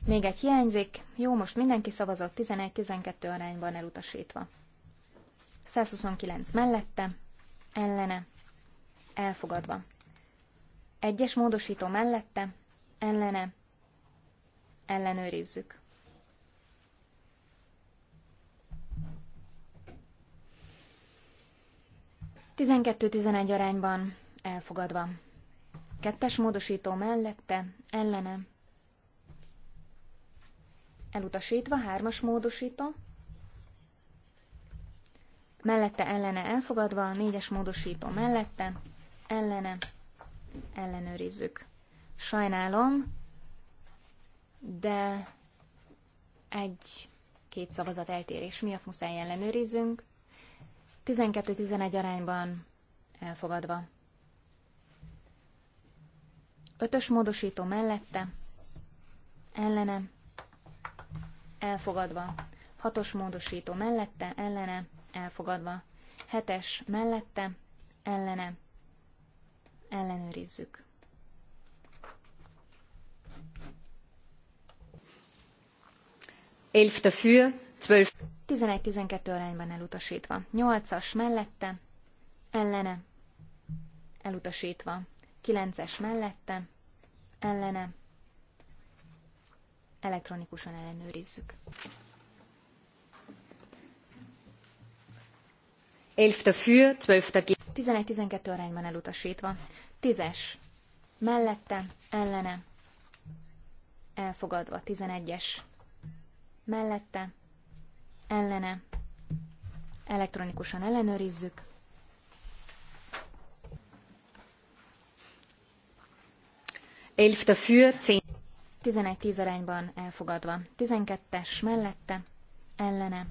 Még egy hiányzik. Jó, most mindenki szavazott 11-12 arányban elutasítva. 129 mellette, ellene, elfogadva. Egyes módosító mellette, ellene, ellenőrizzük. Tizenkettő-tizenegy arányban elfogadva. Kettes módosító mellette, ellene. Elutasítva, hármas módosító. Mellette, ellene elfogadva, négyes módosító mellette, ellene. Ellenőrizzük. Sajnálom, de egy-két szavazat eltérés miatt muszáj ellenőrizzünk. 12-11 arányban elfogadva. Ötös módosító mellette, ellene, elfogadva. Hatos módosító mellette, ellene, elfogadva. Hetes mellette, ellene, ellenőrizzük. Elf dafür, 12. 11-12 arányban elutasítva. 8-as mellette, ellene, elutasítva. 9-es mellette, ellene, elektronikusan ellenőrizzük. Elfte Dafür, 11-12 arányban elutasítva. 10-es mellette, ellene, elfogadva. 11-es mellette, ellene, elektronikusan ellenőrizzük. 12-es. 11 dafür, 10. 11-10 arányban elfogadva. 12-es mellette, ellene,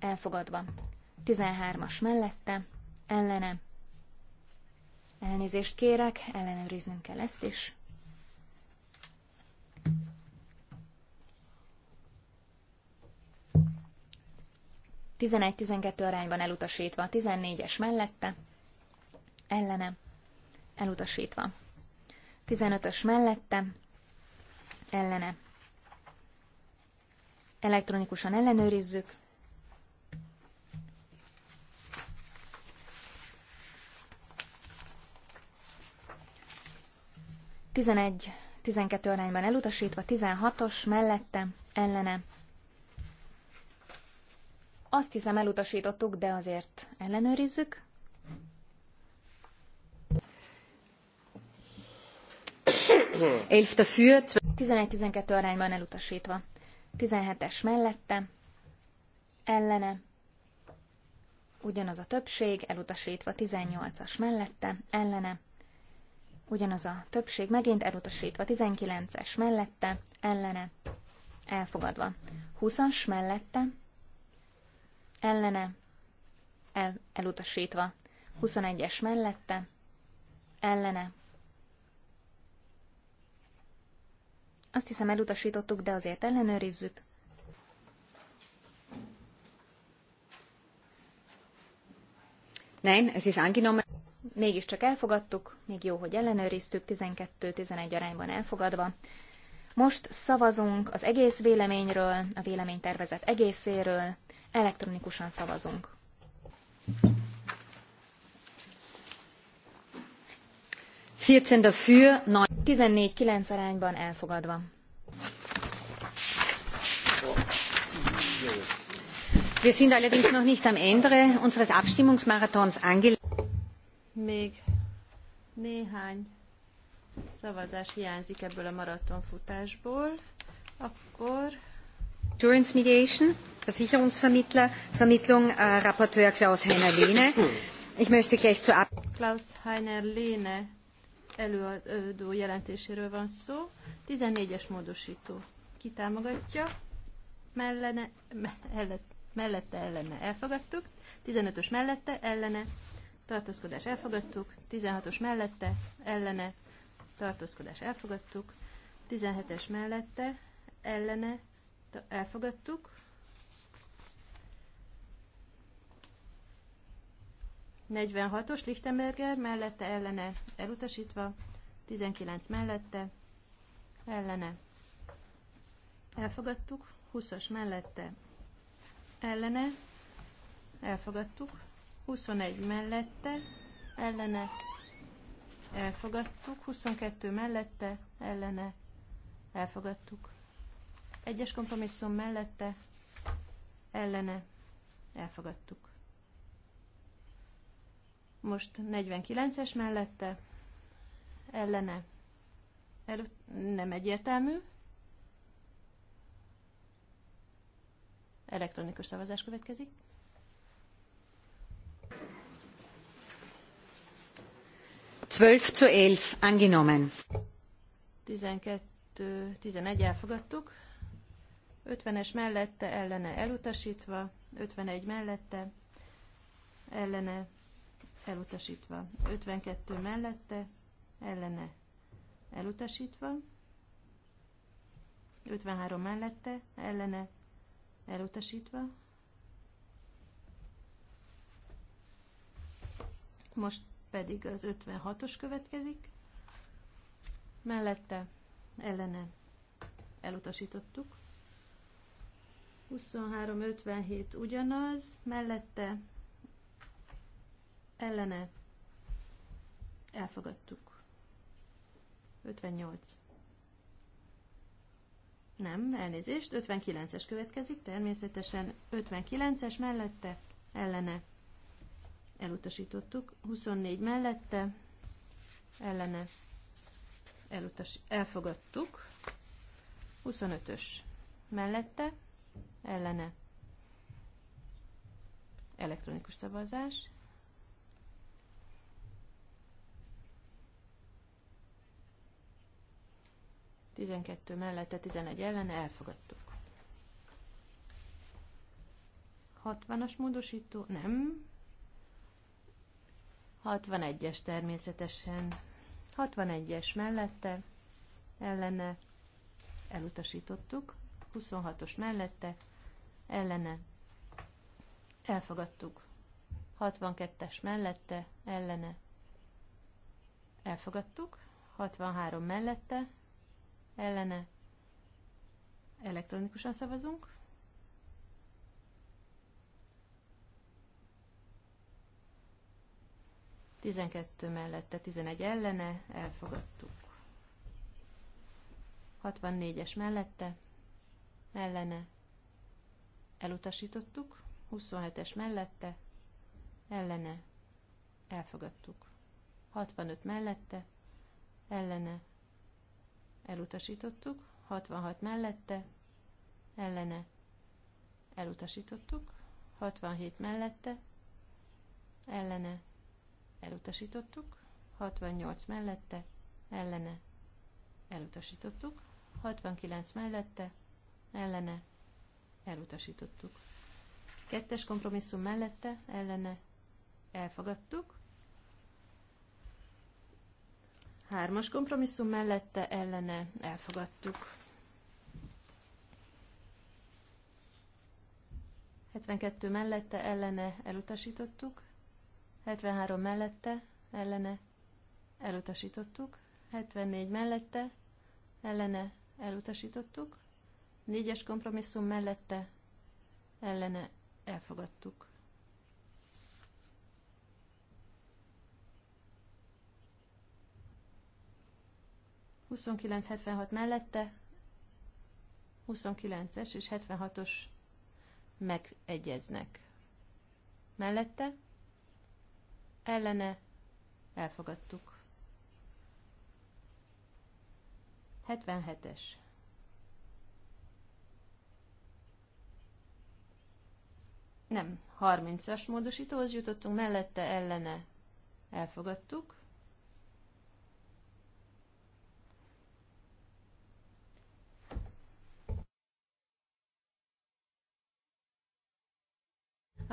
elfogadva. 13-as mellette, ellene. Elnézést kérek, ellenőriznünk kell ezt is. Tizenegy-tizenkettő arányban elutasítva, 14-es mellette, ellene, elutasítva. 15-ös mellette, ellene. Elektronikusan ellenőrizzük. Tizenegy, tizenkettő arányban elutasítva, tizenhatos mellette, ellene. Azt hiszem elutasítottuk, de azért ellenőrizzük. 11 dafür. 11-12 arányban elutasítva. 17-es mellette, ellene, ugyanaz a többség, elutasítva 18-as mellette, ellene, ugyanaz a többség, megint elutasítva 19-es mellette, ellene, elfogadva. 20-as mellette, ellene, el, elutasítva. 21-es mellette, ellene, Azt hiszem elutasítottuk, de azért ellenőrizzük. Nein, es ist angenommen. Mégiscsak elfogadtuk, még jó, hogy ellenőriztük, 12-11 arányban elfogadva. Most szavazunk az egész véleményről, a véleménytervezet egészéről, elektronikusan szavazunk. 14 dafür, 14-9 arányban elfogadva. Wir sind allerdings noch nicht am Ende unseres Abstimmungsmarathons angelangt. Még néhány szavazás ebből a maratonfutásból. Akkor Insurance Mediation, Versicherungsvermittler, Vermittlung, äh, Rapporteur Klaus-Heiner Lehne. Ich möchte gleich zur Ab Klaus-Heiner Lehne előadó jelentéséről van szó. 14-es módosító. Ki támogatja? Mellene, mellett, mellette ellene elfogadtuk. 15-ös mellette ellene tartózkodás elfogadtuk. 16-os mellette ellene tartózkodás elfogadtuk. 17-es mellette ellene elfogadtuk. 46-os Lichtenberger mellette ellene elutasítva, 19 mellette ellene elfogadtuk, 20-as mellette ellene elfogadtuk, 21 mellette ellene elfogadtuk, 22 mellette ellene elfogadtuk, egyes kompromisszum mellette ellene elfogadtuk. Most 49-es mellette ellene Erő, nem egyértelmű. Elektronikus szavazás következik. Zwölf zu elf angenommen. 12-11 elfogadtuk. 50-es mellette ellene elutasítva, 51 mellette ellene elutasítva. 52 mellette, ellene, elutasítva. 53 mellette, ellene, elutasítva. Most pedig az 56-os következik. Mellette, ellene, elutasítottuk. 23-57 ugyanaz, mellette ellene elfogadtuk. 58. Nem, elnézést, 59-es következik, természetesen 59-es mellette, ellene elutasítottuk, 24 mellette, ellene elutas, elfogadtuk, 25-ös mellette, ellene elektronikus szavazás, 12 mellette, 11 ellen elfogadtuk. 60-as módosító? Nem. 61-es természetesen. 61-es mellette, ellene, elutasítottuk. 26-os mellette, ellene, elfogadtuk. 62-es mellette, ellene, elfogadtuk. 63 mellette, ellene elektronikusan szavazunk. Tizenkettő mellette, tizenegy ellene, elfogadtuk. 64-es mellette, ellene, elutasítottuk. 27-es mellette, ellene, elfogadtuk. 65 mellette, ellene, elutasítottuk, 66 mellette, ellene, elutasítottuk, 67 mellette, ellene, elutasítottuk, 68 mellette, ellene, elutasítottuk, 69 mellette, ellene, elutasítottuk. Kettes kompromisszum mellette, ellene, elfogadtuk, Hármas kompromisszum mellette ellene elfogadtuk. 72 mellette ellene elutasítottuk. 73 mellette ellene elutasítottuk. 74 mellette ellene elutasítottuk. 4-es kompromisszum mellette ellene elfogadtuk. 29-76 mellette 29-es és 76-os megegyeznek. Mellette ellene elfogadtuk. 77-es. Nem, 30-as módosítóhoz jutottunk, mellette ellene elfogadtuk.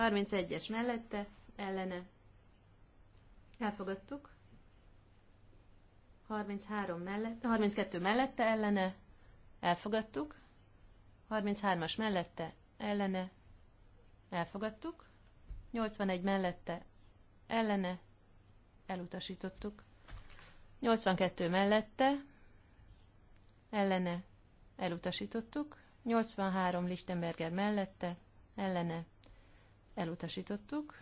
31-es mellette, ellene. Elfogadtuk. 33 mellette, 32 mellette, ellene. Elfogadtuk. 33-as mellette, ellene. Elfogadtuk. 81 mellette, ellene. Elutasítottuk. 82 mellette, ellene. Elutasítottuk. 83 Lichtenberger mellette, ellene elutasítottuk,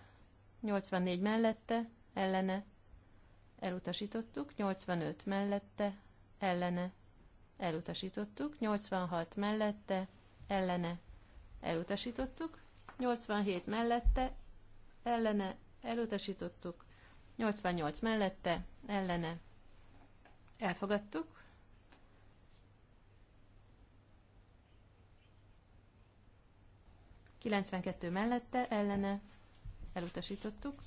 84 mellette, ellene, elutasítottuk, 85 mellette, ellene, elutasítottuk, 86 mellette, ellene, elutasítottuk, 87 mellette, ellene, elutasítottuk, 88 mellette, ellene, elfogadtuk, 92 mellette, ellene, elutasítottuk.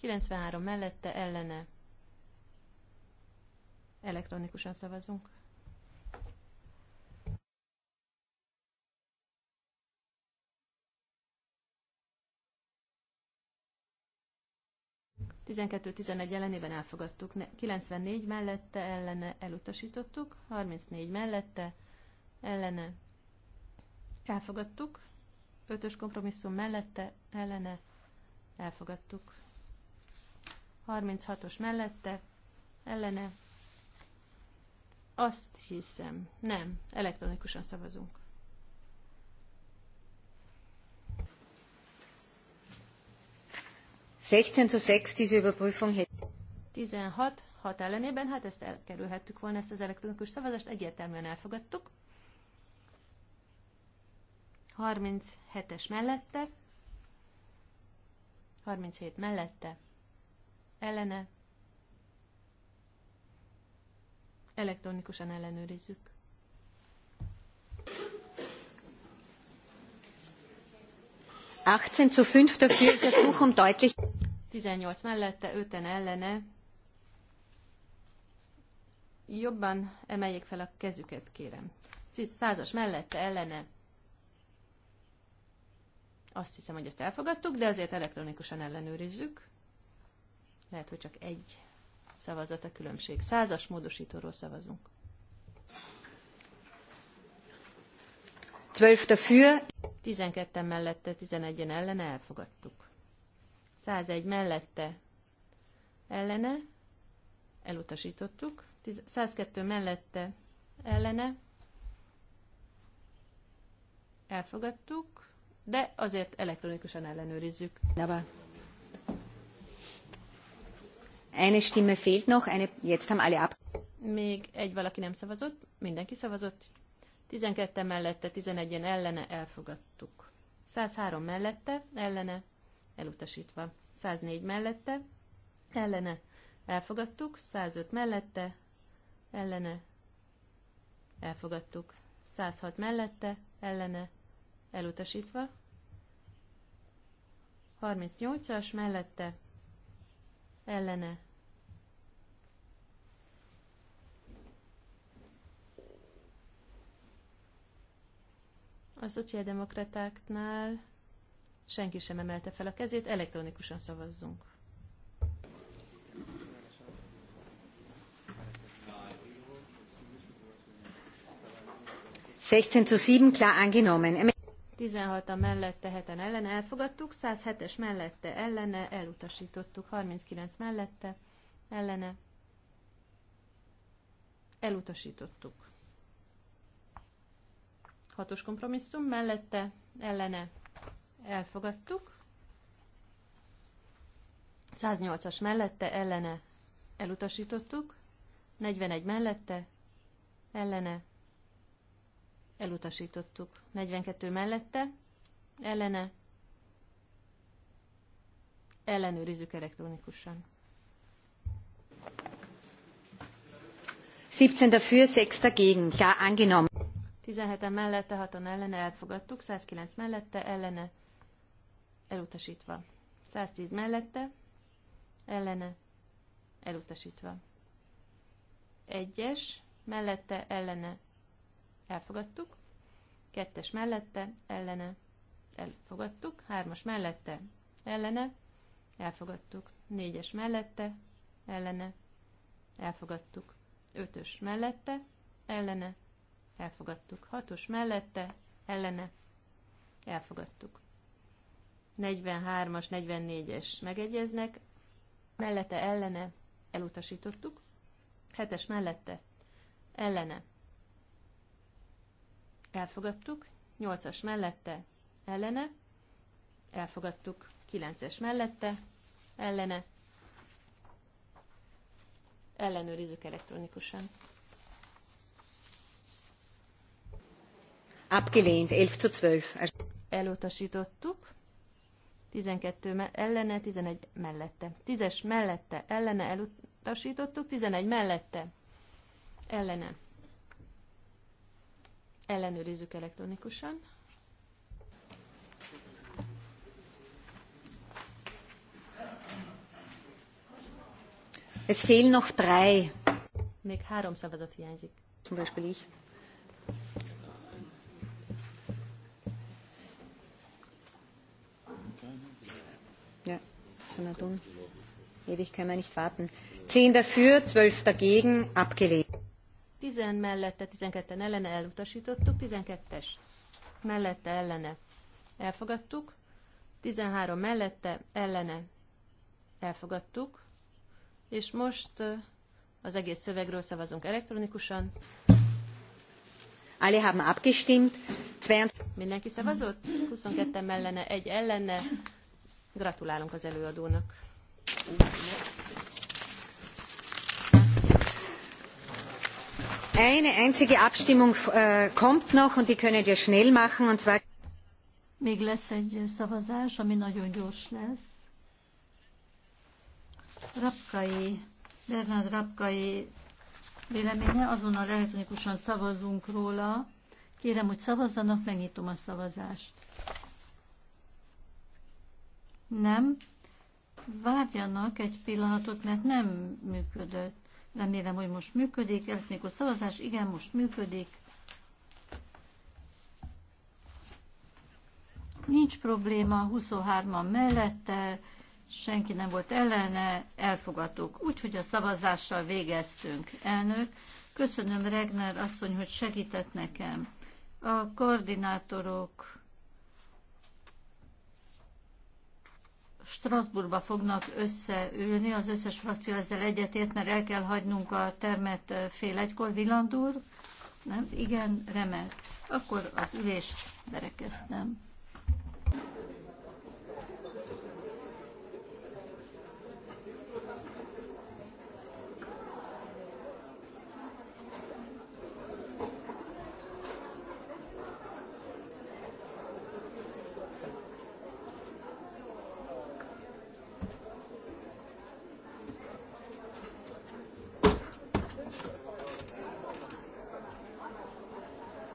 93 mellette, ellene, elektronikusan szavazunk. Tizenkettő tizenegy ellenében elfogadtuk, 94 mellette ellene elutasítottuk, 34 mellette ellene elfogadtuk, Ötös kompromisszum mellette, ellene elfogadtuk. 36-os mellette, ellene. Azt hiszem, nem, elektronikusan szavazunk. zu 6 Überprüfung 16 hat ellenében, hát ezt elkerülhettük volna, ezt az elektronikus szavazást, egyértelműen elfogadtuk. 37-es mellette, 37 mellette, ellene, elektronikusan ellenőrizzük. zu 5 dafür versuchen um deutlich. 18 mellette, 5-en ellene. Jobban emeljék fel a kezüket, kérem. Százas mellette, ellene azt hiszem, hogy ezt elfogadtuk, de azért elektronikusan ellenőrizzük. Lehet, hogy csak egy szavazat a különbség. Százas módosítóról szavazunk. 12 mellette, 11 ellene elfogadtuk. 101 mellette ellene elutasítottuk. 102 mellette ellene elfogadtuk de azért elektronikusan ellenőrizzük. Nava. Eine Stimme fehlt noch, eine, jetzt haben alle ab. Még egy valaki nem szavazott, mindenki szavazott. 12 mellette, 11-en ellene elfogadtuk. 103 mellette, ellene, elutasítva. 104 mellette, ellene, elfogadtuk. 105 mellette, ellene, elfogadtuk. 106 mellette, ellene, elutasítva. 38-as mellette ellene A szociáldemokratáknál senki sem emelte fel a kezét, elektronikusan szavazzunk. sechzehn zu sieben klar angenommen. 16 a mellette, heten ellene elfogadtuk, 107-es mellette ellene elutasítottuk, 39 mellette ellene elutasítottuk. Hatos kompromisszum mellette ellene elfogadtuk, 108-as mellette ellene elutasítottuk, 41 mellette ellene elutasítottuk. 42 mellette, ellene, ellenőrizzük elektronikusan. 17 dafür, 6 dagegen, klar angenommen. 17 mellette, 6-an ellene elfogadtuk, 109 mellette, ellene elutasítva. 110 mellette, ellene elutasítva. 1-es, mellette, ellene elfogadtuk, kettes mellette, ellene, elfogadtuk, hármas mellette, ellene, elfogadtuk, négyes mellette, ellene, elfogadtuk, ötös mellette, ellene, elfogadtuk, hatos mellette, ellene, elfogadtuk. 43-as, 44-es megegyeznek, mellette, ellene, elutasítottuk, hetes mellette, ellene, elfogadtuk, 8-as mellette, ellene, elfogadtuk, 9-es mellette, ellene, ellenőrizzük elektronikusan. Abgelehnt, 11-12. Elutasítottuk. 12 ellene, 11 mellette. 10-es mellette, ellene elutasítottuk, 11 mellette, ellene Ellenőrizzük elektronikusan. Es fehlen noch drei. Még három szavazat hiányzik. Zum Beispiel ich. Ja, soll man tun. Ewig können wir nicht warten. Zehn dafür, zwölf dagegen, abgelehnt. 10 mellette, 12 ellene elutasítottuk, 12-es mellette ellene elfogadtuk, 13 mellette ellene elfogadtuk, és most uh, az egész szövegről szavazunk elektronikusan. Alle haben abgestimmt. Mindenki szavazott? 22 mellene, egy ellene. Gratulálunk az előadónak. Eine einzige Abstimmung äh, kommt noch, und die können wir schnell machen, und zwar... Még lesz egy szavazás, ami nagyon gyors lesz. Rapkai, Bernard Rapkai véleménye, azonnal elektronikusan szavazunk róla. Kérem, hogy szavazzanak, megnyitom a szavazást. Nem. Várjanak egy pillanatot, mert nem működött. Remélem, hogy most működik. Elektronikus szavazás, igen, most működik. Nincs probléma, 23-an mellette, senki nem volt ellene, elfogadtuk. Úgyhogy a szavazással végeztünk. Elnök, köszönöm Regner asszony, hogy segített nekem. A koordinátorok Strasbourgba fognak összeülni, az összes frakció ezzel egyetért, mert el kell hagynunk a termet fél egykor, vilandúr, Nem? Igen, remek. Akkor az ülést berekeztem.